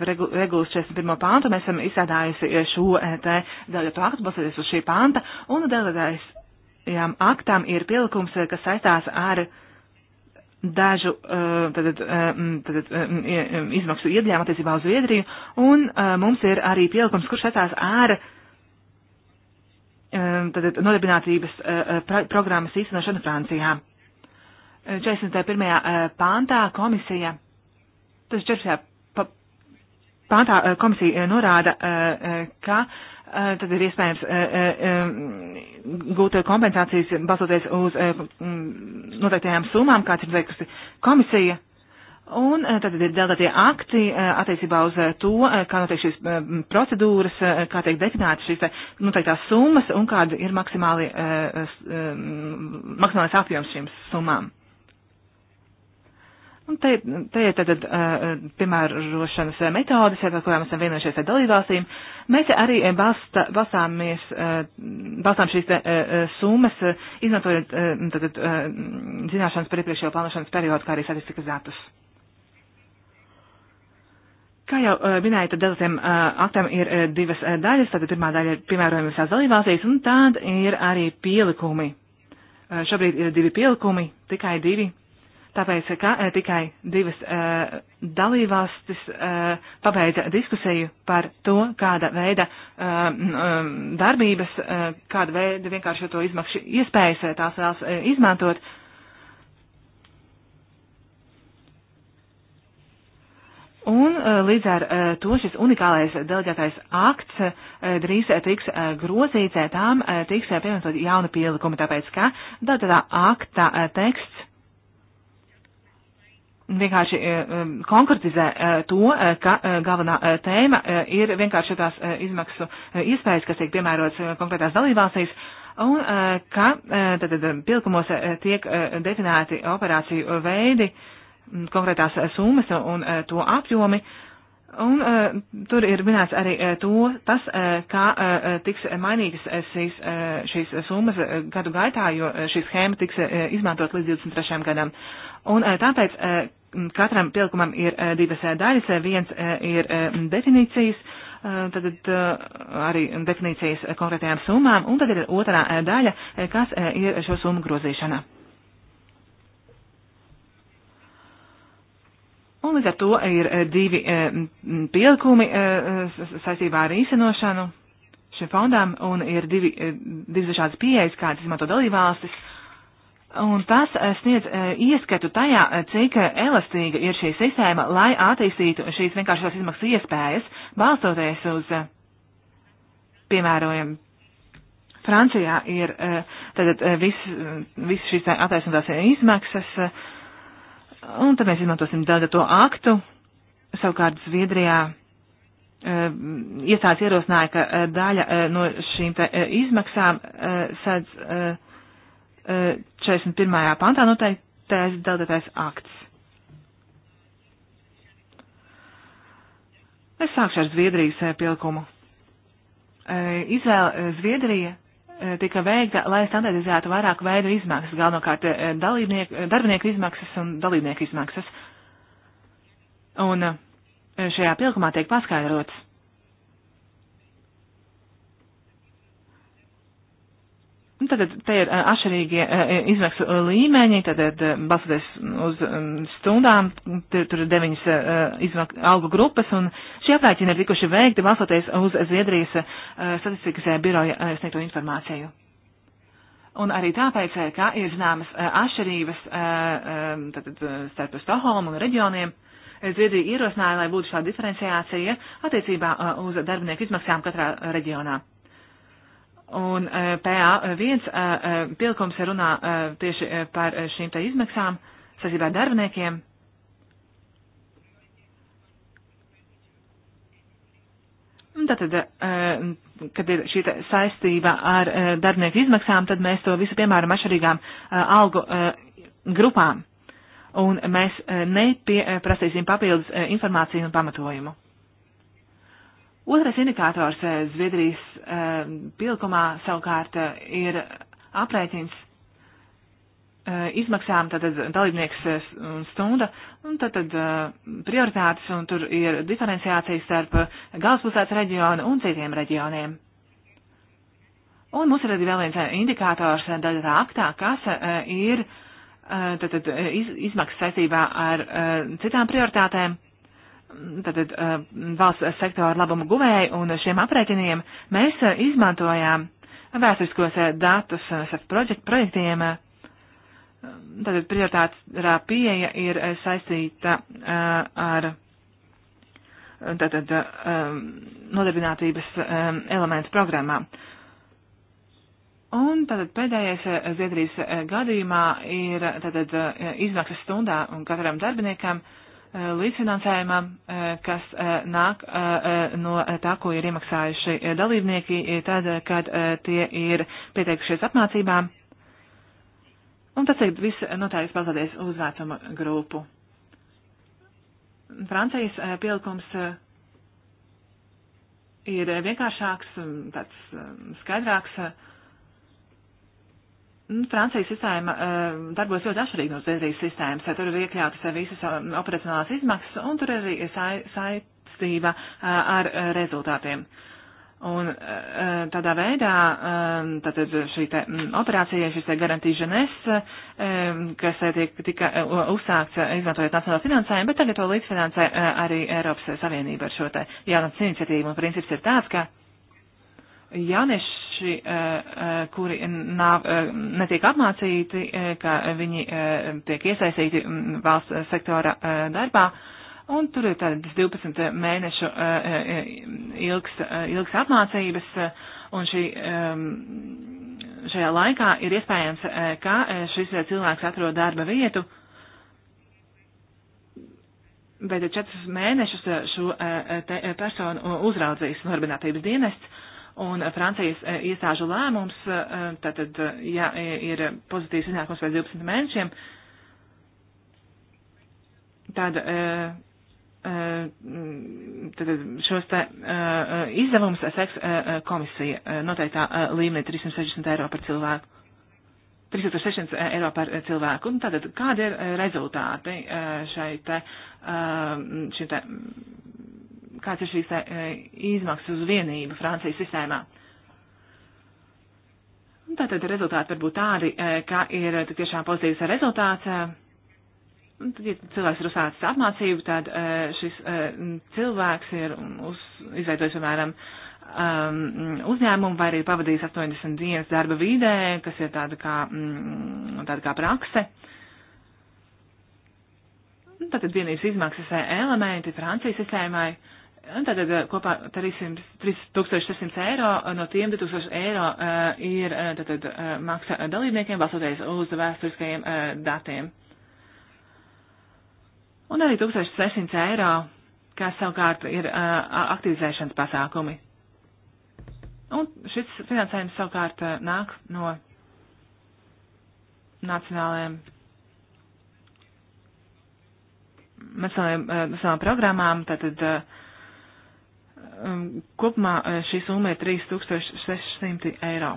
regulas 41. pāntu, mēs esam izstrādājusi šo te deleģēto aktu, balsoties uz šī pānta, un deleģētājs aktām ir pielikums, kas saistās ar uh, dažu tātad, tātad, izmaksu iedļām attiecībā uz Viedriju, un mums ir arī pielikums, kurš atstās ārā tātad, nodarbinātības programmas īstenošanu Francijā. 41. pāntā komisija, tas 4. pāntā komisija norāda, ka Eh, tad ir iespējams eh, eh, gūt kompensācijas balstoties uz noteiktajām summām, kāds ir veikusi komisija. Un tad ir delegētie akti attiecībā uz to, kā notiek šīs procedūras, kā tiek definētas šīs noteiktās summas un kāda ir maksimāli, maksimālais apjoms šīm summām. Un te, te ir tātad eh, piemērošanas metodas, par kurām esam vienojušies ar dalībvalstīm. Mēs arī eh, balsta, balstāmies, eh, balstām šīs te, summas, izmantojot tātad, nu, zināšanas par iepriekšējo plānošanas periodu, kā arī statistikas datus. Kā jau minēju, tad datiem aktam ir divas daļas. Tātad pirmā daļa ir piemērojama visās dalībvalstīs, un tāda ir arī pielikumi. Šobrīd ir divi pielikumi, tikai divi tāpēc, ka eh, tikai divas eh, dalībvalstis eh, pabeidza diskusiju par to, kāda veida darbības, kāda veida vienkārši to izmaksu iespējas tās vēlas izmantot. Un līdz ar to šis unikālais deleģētais akts drīz tiks grozīts, tām tiks pievienot jauna pielikuma, tāpēc ka datatā akta teksts vienkārši eh, eh, konkretizē eh, to, ka galvenā tēma ir vienkārši tās izmaksu iespējas, kas tiek piemērotas konkrētās dalībvalstīs, un ka tātad pilkumos tiek definēti operāciju veidi, mm, konkrētās summas un to apjomi. Un uh, tur ir minēts arī uh, to, tas, uh, kā uh, tiks mainītas šīs, uh, šīs summas uh, gadu gaitā, jo šī schēma tiks uh, izmantot līdz 23. gadam. Uh, Un eh, tāpēc eh, katram pielikumam ir eh, divas daļas. Viens ir definīcijas, tad arī definīcijas konkrētajām summām, un tad ir otrā daļa, kas ir šo summu grozīšana. Un līdz ar to ir divi pielikumi saistībā ar īstenošanu šiem fondām, un ir divi, divas dažādas pieejas, kādas izmanto dalībvalstis. Un tas eh, sniedz eh, ieskatu tajā, eh, cik elastīga ir šī sistēma, lai attīstītu šīs vienkāršās izmaksas iespējas, balstoties uz, piemēram, Francijā ir tātad viss vis šīs attaisnotās izmaksas, un tad mēs izmantosim daļu to aktu, savukārt Zviedrijā iestādes ierosināja, ka daļa no šīm izmaksām sēdz 41. pantā noteiktais delegētais akts. Es sākšu ar Zviedrijas eh, pielikumu. Eh, Izvēle eh, Zviedrija tika veikta, lai standartizētu vairāk veidu izmaksas, galvenokārt darbinieku izmaksas un dalībnieku izmaksas. Un šajā pielikumā tiek paskaidrots, Tātad nu, te ir eh, atšķirīgie eh, eh, izmaksu līmeņi, tātad balstoties uz mm, stundām, tur, tur ir deviņas izmak, algu grupas, un šie aprēķini ir tikuši veikti balstoties uz Zviedrijas statistikas biroja sniegto informāciju. Un arī tāpēc, ka ir zināmas atšķirības tātad, starp Stokholmu un reģioniem, Zviedrija ierosināja, lai būtu šāda diferenciācija attiecībā uz darbinieku izmaksām katrā reģionā. Un eh, PA1 eh, eh, pielikums runā tieši par šīm te izmaksām saistībā ar darbiniekiem. Tātad, kad ir šī saistība ar darbinieku izmaksām, tad mēs to visu piemēram atšķirīgām algu grupām. Un mēs neprasīsim papildus informāciju un pamatojumu. Otrais indikators eh, Zviedrijas eh, pilkumā savukārt eh, ir aprēķins izmaksām, tātad dalībnieks stunda, un tātad prioritātes, un tur ir diferenciācija starp galvaspilsētas reģionu un citiem reģioniem. Un mums ir arī vēl viens indikātors daļā aktā, kas ir tātad iz, izmaksas saistībā ar citām prioritātēm tātad, valsts sektora labumu guvēju un šiem aprēķiniem mēs izmantojām vēsturiskos datus starp projekt, projektiem. Tātad prioritārā pieeja ir saistīta ar tātad, nodarbinātības elementu programmā. Un tātad pēdējais Zviedrijas gadījumā ir tātad izmaksas stundā un katram darbiniekam uh, Eh, līdzfinansējumam, eh, kas eh, nāk no tā, ko ir iemaksājuši dalībnieki, tad, kad tie ir pieteikušies apmācībām. Un tas ir viss noteikti balstoties uz vecuma grupu. Francijas pielikums ir vienkāršāks, mm, tāds mm, skaidrāks Nu, Francijas sistēma uh, darbojas ļoti atšķirīgi no Zviedrijas sistēmas. Tur ir iekļautas eh, visas eh, operacionālās izmaksas, un tur ir arī sa saistība uh, ar rezultātiem. Un uh, tādā veidā um, tātad šī te mm, operācija, šis te garantija ženes, um, kas tiek tika uzsākts izmantojot nacionālo finansējumu, bet tagad to līdzfinansē uh, arī Eiropas Savienība ar šo te jaunas iniciatīvu. Un princips ir tāds, ka jaunieši vīrieši, eh, eh, kuri nav, eh, netiek apmācīti, ka viņi tiek iesaistīti mm, valsts sektora darbā. Un tur ir tādas 12 mēnešu ilgs, ilgs apmācības, un šī, šajā laikā ir iespējams, ka šis cilvēks atrod darba vietu, bet četrus mēnešus šo te personu uzraudzīs nodarbinātības dienests, Un Francijas eh, iestāžu lēmums, eh, tātad, ja eh, ir pozitīvs iznākums pēc 12 mēnešiem, tad, tad šos te izdevumus seks komisija noteiktā līmenī 360 eiro par cilvēku. 3600 eiro par cilvēku. Un tātad, kādi ir rezultāti šai te, šim te kāds ir šīs eh, izmaksas uz vienību Francijas sistēmā. Tātad rezultāti var būt tādi, eh, ka ir eh, tiešām pozitīvs rezultāts. Tad, ja cilvēks ir uzsācis apmācību, tad šis cilvēks ir uz, izveidojis, piemēram, um, uzņēmumu vai arī pavadījis 80 dienas darba vidē, kas ir tāda kā, mm, tāda kā prakse. Tātad vienības izmaksas elementi Francijas sistēmai Tātad eh, kopā 300, 3600 eiro, no tiem 2000 eiro uh, ir tātad, eh, maksa dalībniekiem, balstoties uz vēsturiskajiem uh, datiem. Un arī 1600 eiro, kas savukārt ir uh, aktivizēšanas pasākumi. Un šis finansējums savukārt uh, nāk no nacionālajiem nacionālajām, nacionālajām programmām, tātad uh, Um, kopumā eh, šī summa ir 3600 eiro.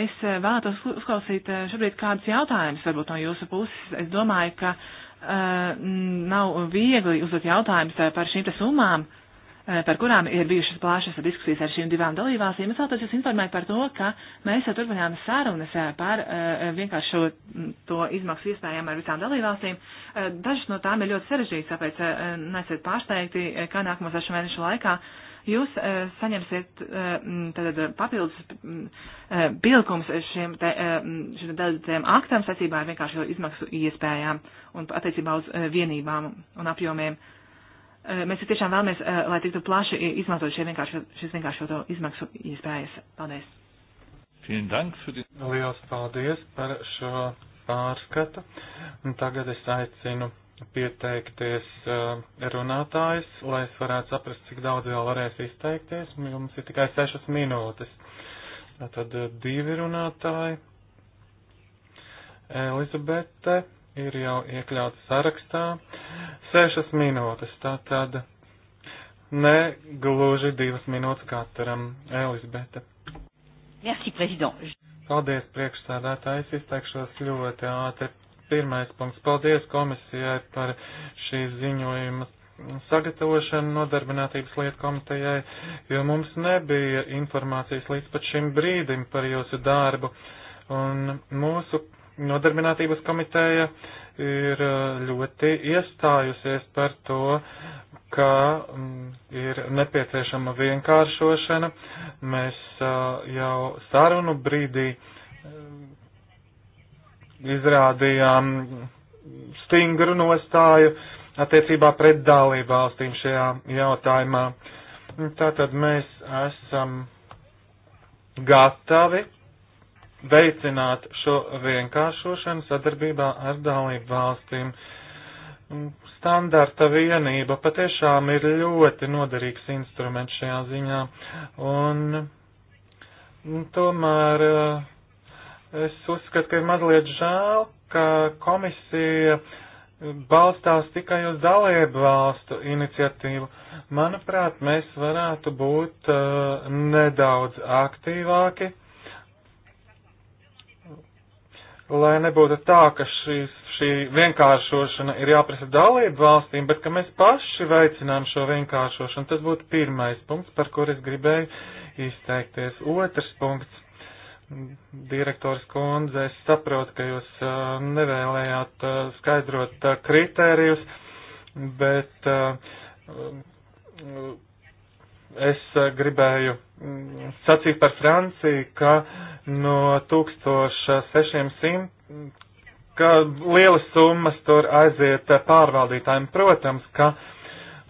Es eh, vēlētos uzklausīt eh, šobrīd kādus jautājumus, varbūt no jūsu puses. Es domāju, ka uh, nav viegli uzdot jautājumus par šīm te summām, uh, Eh, par kurām ir bijušas plašas diskusijas ar šīm divām dalībvalstīm. Es vēlētos jūs informēt par to, ka mēs turpinām sarunas eh, par eh, vienkāršo mm, to izmaksu iespējām ar visām dalībvalstīm. Dažas no tām ir ļoti sarežģītas, tāpēc nesiet pārsteigti, kā nākamos sešu mēnešu laikā jūs saņemsiet mm, tātad papildus mm, pilkums šiem, te, šiem daļiem aktam saistībā ar vienkāršo izmaksu iespējām un attiecībā uz vienībām un apjomiem. Eh, mēs tiešām vēlamies, eh, lai tiktu plaši izmantot vienkāršo, šis vienkāršo izmaksu iespējas. Paldies! Lielas paldies par šo pārskatu. Un tagad es aicinu pieteikties eh, runātājs, lai es varētu saprast, cik daudz vēl varēs izteikties. Mums ir tikai sešas minūtes. Tātad divi runātāji. Elizabete ir jau iekļauts sarakstā. Sešas minūtes, tātad ne gluži divas minūtes katram. Elizabete. Merci, prezident. Paldies, priekšsādātājs, izteikšos ļoti ātri. Pirmais punkts. Paldies komisijai par šīs ziņojumas sagatavošanu nodarbinātības lietu komitejai, jo mums nebija informācijas līdz pat šim brīdim par jūsu darbu. Un mūsu Nodarbinātības komiteja ir uh, ļoti iestājusies par to, ka mm, ir nepieciešama vienkāršošana. Mēs uh, jau sarunu brīdī um, izrādījām stingru nostāju attiecībā pret dalību valstīm šajā jautājumā. Tātad mēs esam gatavi veicināt šo vienkāršošanu sadarbībā ar dalību valstīm. Standarta vienība patiešām ir ļoti noderīgs instruments šajā ziņā, un tomēr eh, es uzskatu, ka ir mazliet žēl, ka komisija balstās tikai uz dalību valstu iniciatīvu. Manuprāt, mēs varētu būt uh, nedaudz aktīvāki. Uh, lai nebūtu tā, ka šis, šī vienkāršošana ir jāprasa dalību valstīm, bet ka mēs paši veicinām šo vienkāršošanu. Tas būtu pirmais punkts, par kur es gribēju izteikties. Otrs punkts. Direktors Kundze, es saprotu, ka jūs uh, nevēlējāt uh, skaidrot uh, kritērijus, bet uh, es eh, gribēju mm, sacīt par Franciju, ka no 1600, ka lielas summas tur aiziet eh, pārvaldītājiem. Protams, ka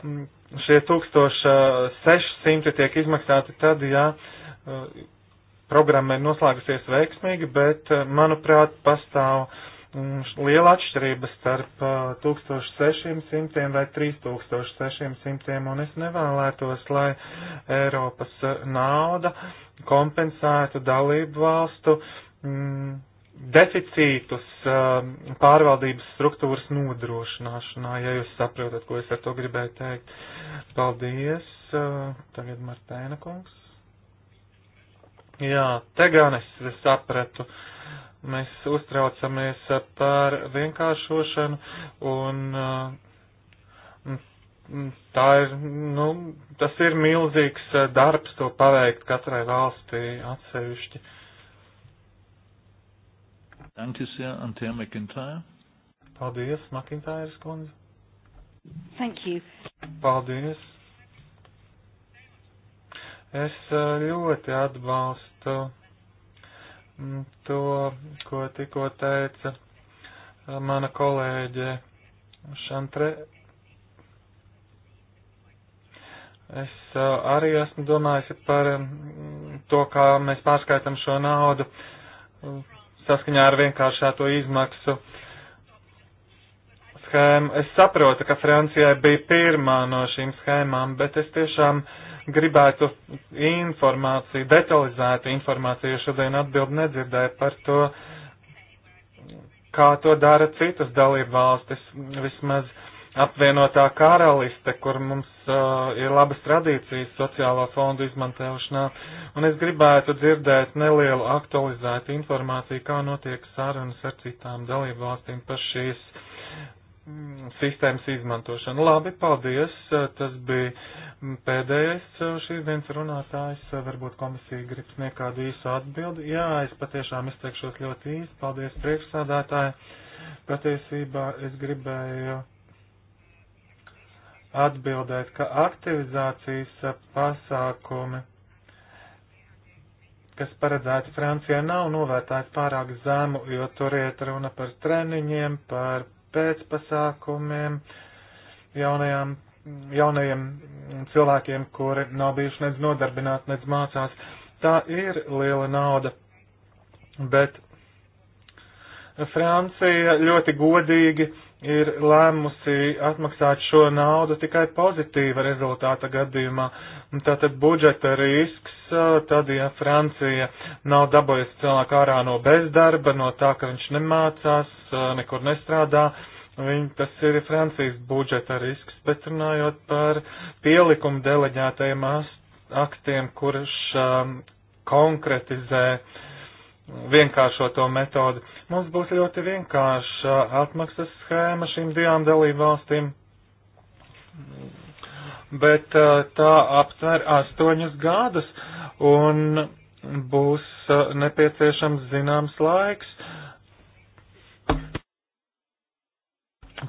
mm, šie 1600 tiek izmaksāti tad, ja eh, programma ir noslēgusies veiksmīgi, bet, manuprāt, pastāv Mm, liela atšķirība starp 1600 uh, vai 3600, un es nevēlētos, lai Eiropas uh, nauda kompensētu dalību valstu mm, deficītus um, pārvaldības struktūras nodrošināšanā, ja jūs saprotat, ko es ar to gribēju teikt. Paldies, uh, tagad Martēna kungs. Jā, te gan es sapratu. Uh, mēs uztraucamies par vienkāršošanu un uh, tā ir, nu, tas ir milzīgs uh, darbs to paveikt katrai valstī atsevišķi. Dankas, ja, Antija McIntyre. Paldies, McIntyre skundze. Thank you. Paldies. Es uh, ļoti atbalstu to, ko tikko teica uh, mana kolēģe Šantre. Es uh, arī esmu domājis par um, to, kā mēs pārskaitām šo naudu uh, saskaņā ar vienkāršāto izmaksu schēmu. Es saprotu, ka Francijai bija pirmā no šīm schēmām, bet es tiešām uh, gribētu informāciju, detalizētu informāciju, jo šodien atbildi nedzirdēju par to, kā to dara citas dalību valstis, vismaz apvienotā karaliste, kur mums uh, ir labas tradīcijas sociālā fonda izmantošanā, un es gribētu dzirdēt nelielu aktualizētu informāciju, kā notiek sarunas ar citām dalību valstīm par šīs uh, Mm, sistēmas izmantošanu. Labi, paldies. Eh, tas bija mm, pēdējais eh, šīs dienas runātājs. Eh, varbūt komisija grib sniegt kādu īsu atbildi. Jā, es patiešām izteikšos ļoti īsi. Paldies priekšsādātāji. Patiesībā es gribēju atbildēt, ka aktivizācijas pasākumi, kas paredzēti Francijai, nav novērtēti pārāk zemu, jo tur iet runa par treniņiem, par pēcpasākumiem jaunajām, jaunajiem cilvēkiem, kuri nav bijuši nedz nodarbināti, nedz mācās. Tā ir liela nauda, bet Francija ļoti godīgi ir lēmusi atmaksāt šo naudu tikai pozitīva rezultāta gadījumā. Tātad budžeta risks, tad, ja Francija nav dabūjusi cilvēku ārā no bezdarba, no tā, ka viņš nemācās, nekur nestrādā, Viņi, tas ir Francijas budžeta risks, bet runājot par pielikumu deleģētajiem aktiem, kurš um, konkretizē uh, vienkāršoto metodu. Mums būs ļoti vienkārša atmaksas schēma šīm divām dalībvalstīm, bet uh, tā aptver astoņus gadus un būs uh, nepieciešams zināms laiks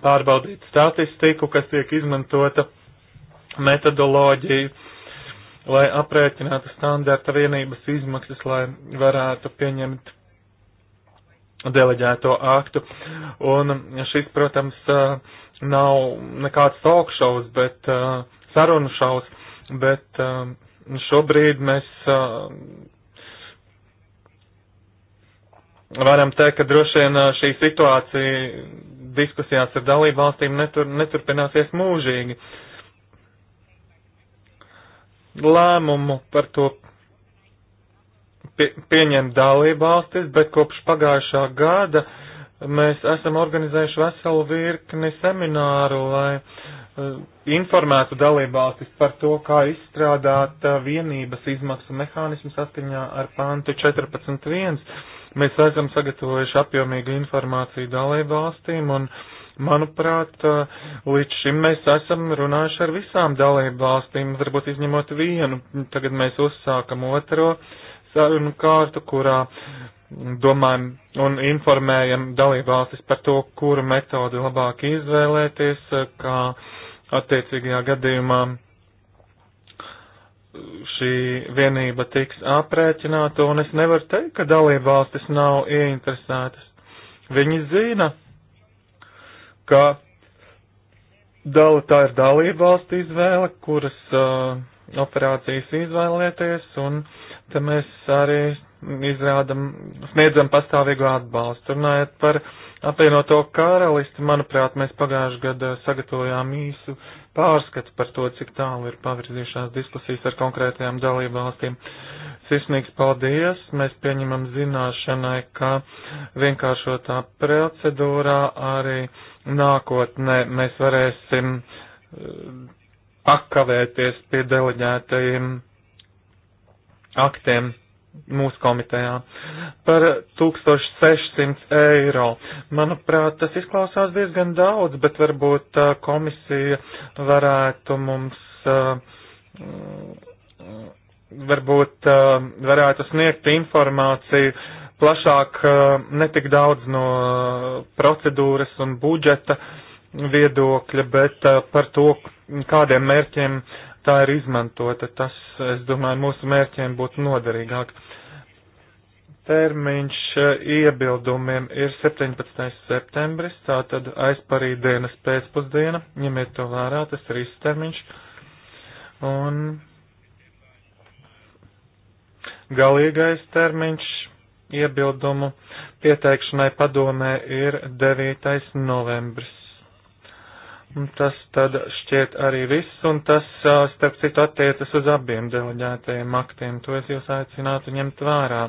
pārbaudīt statistiku, kas tiek izmantota metodoloģiju lai aprēķinātu standarta vienības izmaksas, lai varētu pieņemt deleģēto aktu. Un šis, protams, nav nekāds talkšaus, bet sarunu šaus, bet šobrīd mēs varam teikt, ka droši vien šī situācija diskusijās ar dalību valstīm netur, neturpināsies mūžīgi. Uh, lēmumu par to pie, pieņemt dalībvalstis, bet kopš pagājušā gada mēs esam organizējuši veselu virkni semināru, lai uh, informētu dalībvalstis par to, kā izstrādāt uh, vienības izmaksu mehānismu saskaņā ar pantu 14.1. Mēs esam sagatavojuši apjomīgu informāciju dalībvalstīm un uh, Manuprāt, līdz šim mēs esam runājuši ar visām dalību valstīm, varbūt izņemot vienu. Tagad mēs uzsākam otro sarunu kārtu, kurā domājam un informējam dalību valstis par to, kuru metodi labāk izvēlēties, kā attiecīgajā gadījumā šī vienība tiks aprēķināta, un es nevaru teikt, ka dalībvalstis nav ieinteresētas. Viņi zina, ka dala, tā ir dalība valsts izvēle, kuras uh, operācijas izvēlēties, un te mēs arī izrādam, sniedzam pastāvīgu atbalstu. Runājot par apvienoto karalisti, manuprāt, mēs pagājušajā gadā sagatavojām īsu pārskatu par to, cik tālu ir pavirzījušās diskusijas ar konkrētajām dalību valstīm. Sirsnīgs paldies! Mēs pieņemam zināšanai, ka vienkāršotā procedūrā arī nākotnē mēs varēsim eh, pakavēties pie deleģētajiem aktiem mūsu komitejā par 1600 eiro. Manuprāt, tas izklausās diezgan daudz, bet varbūt uh, komisija varētu mums, uh, varbūt uh, varētu sniegt informāciju plašāk, netik daudz no procedūras un budžeta viedokļa, bet par to, kādiem mērķiem uh, tā ir izmantota, tas, es domāju, mūsu mērķiem būtu noderīgāk. Termiņš eh, iebildumiem ir 17. septembris, tātad aizparīdienas pēcpusdiena, ņemiet to vērā, tas ir iztermiņš. Un galīgais termiņš iebildumu pieteikšanai padomē ir 9. novembris. Tas tad šķiet arī viss, un tas, starp citu, attiecas uz abiem deleģētajiem aktiem. To es jūs aicinātu ņemt vērā.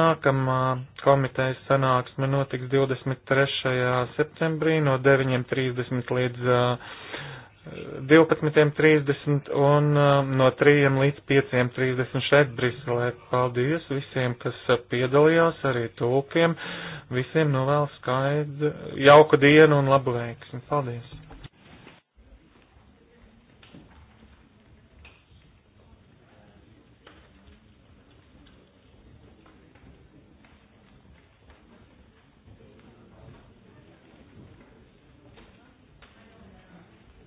Nākamā komitejas sanāksme notiks 23. septembrī no 9.30 līdz uh, 12.30 un uh, no 3 līdz 5.30 šeit Briselē. Paldies visiem, kas uh, piedalījās, arī tūkiem. Visiem novēlu skaidru, jauku dienu un labu veiksmi. Paldies!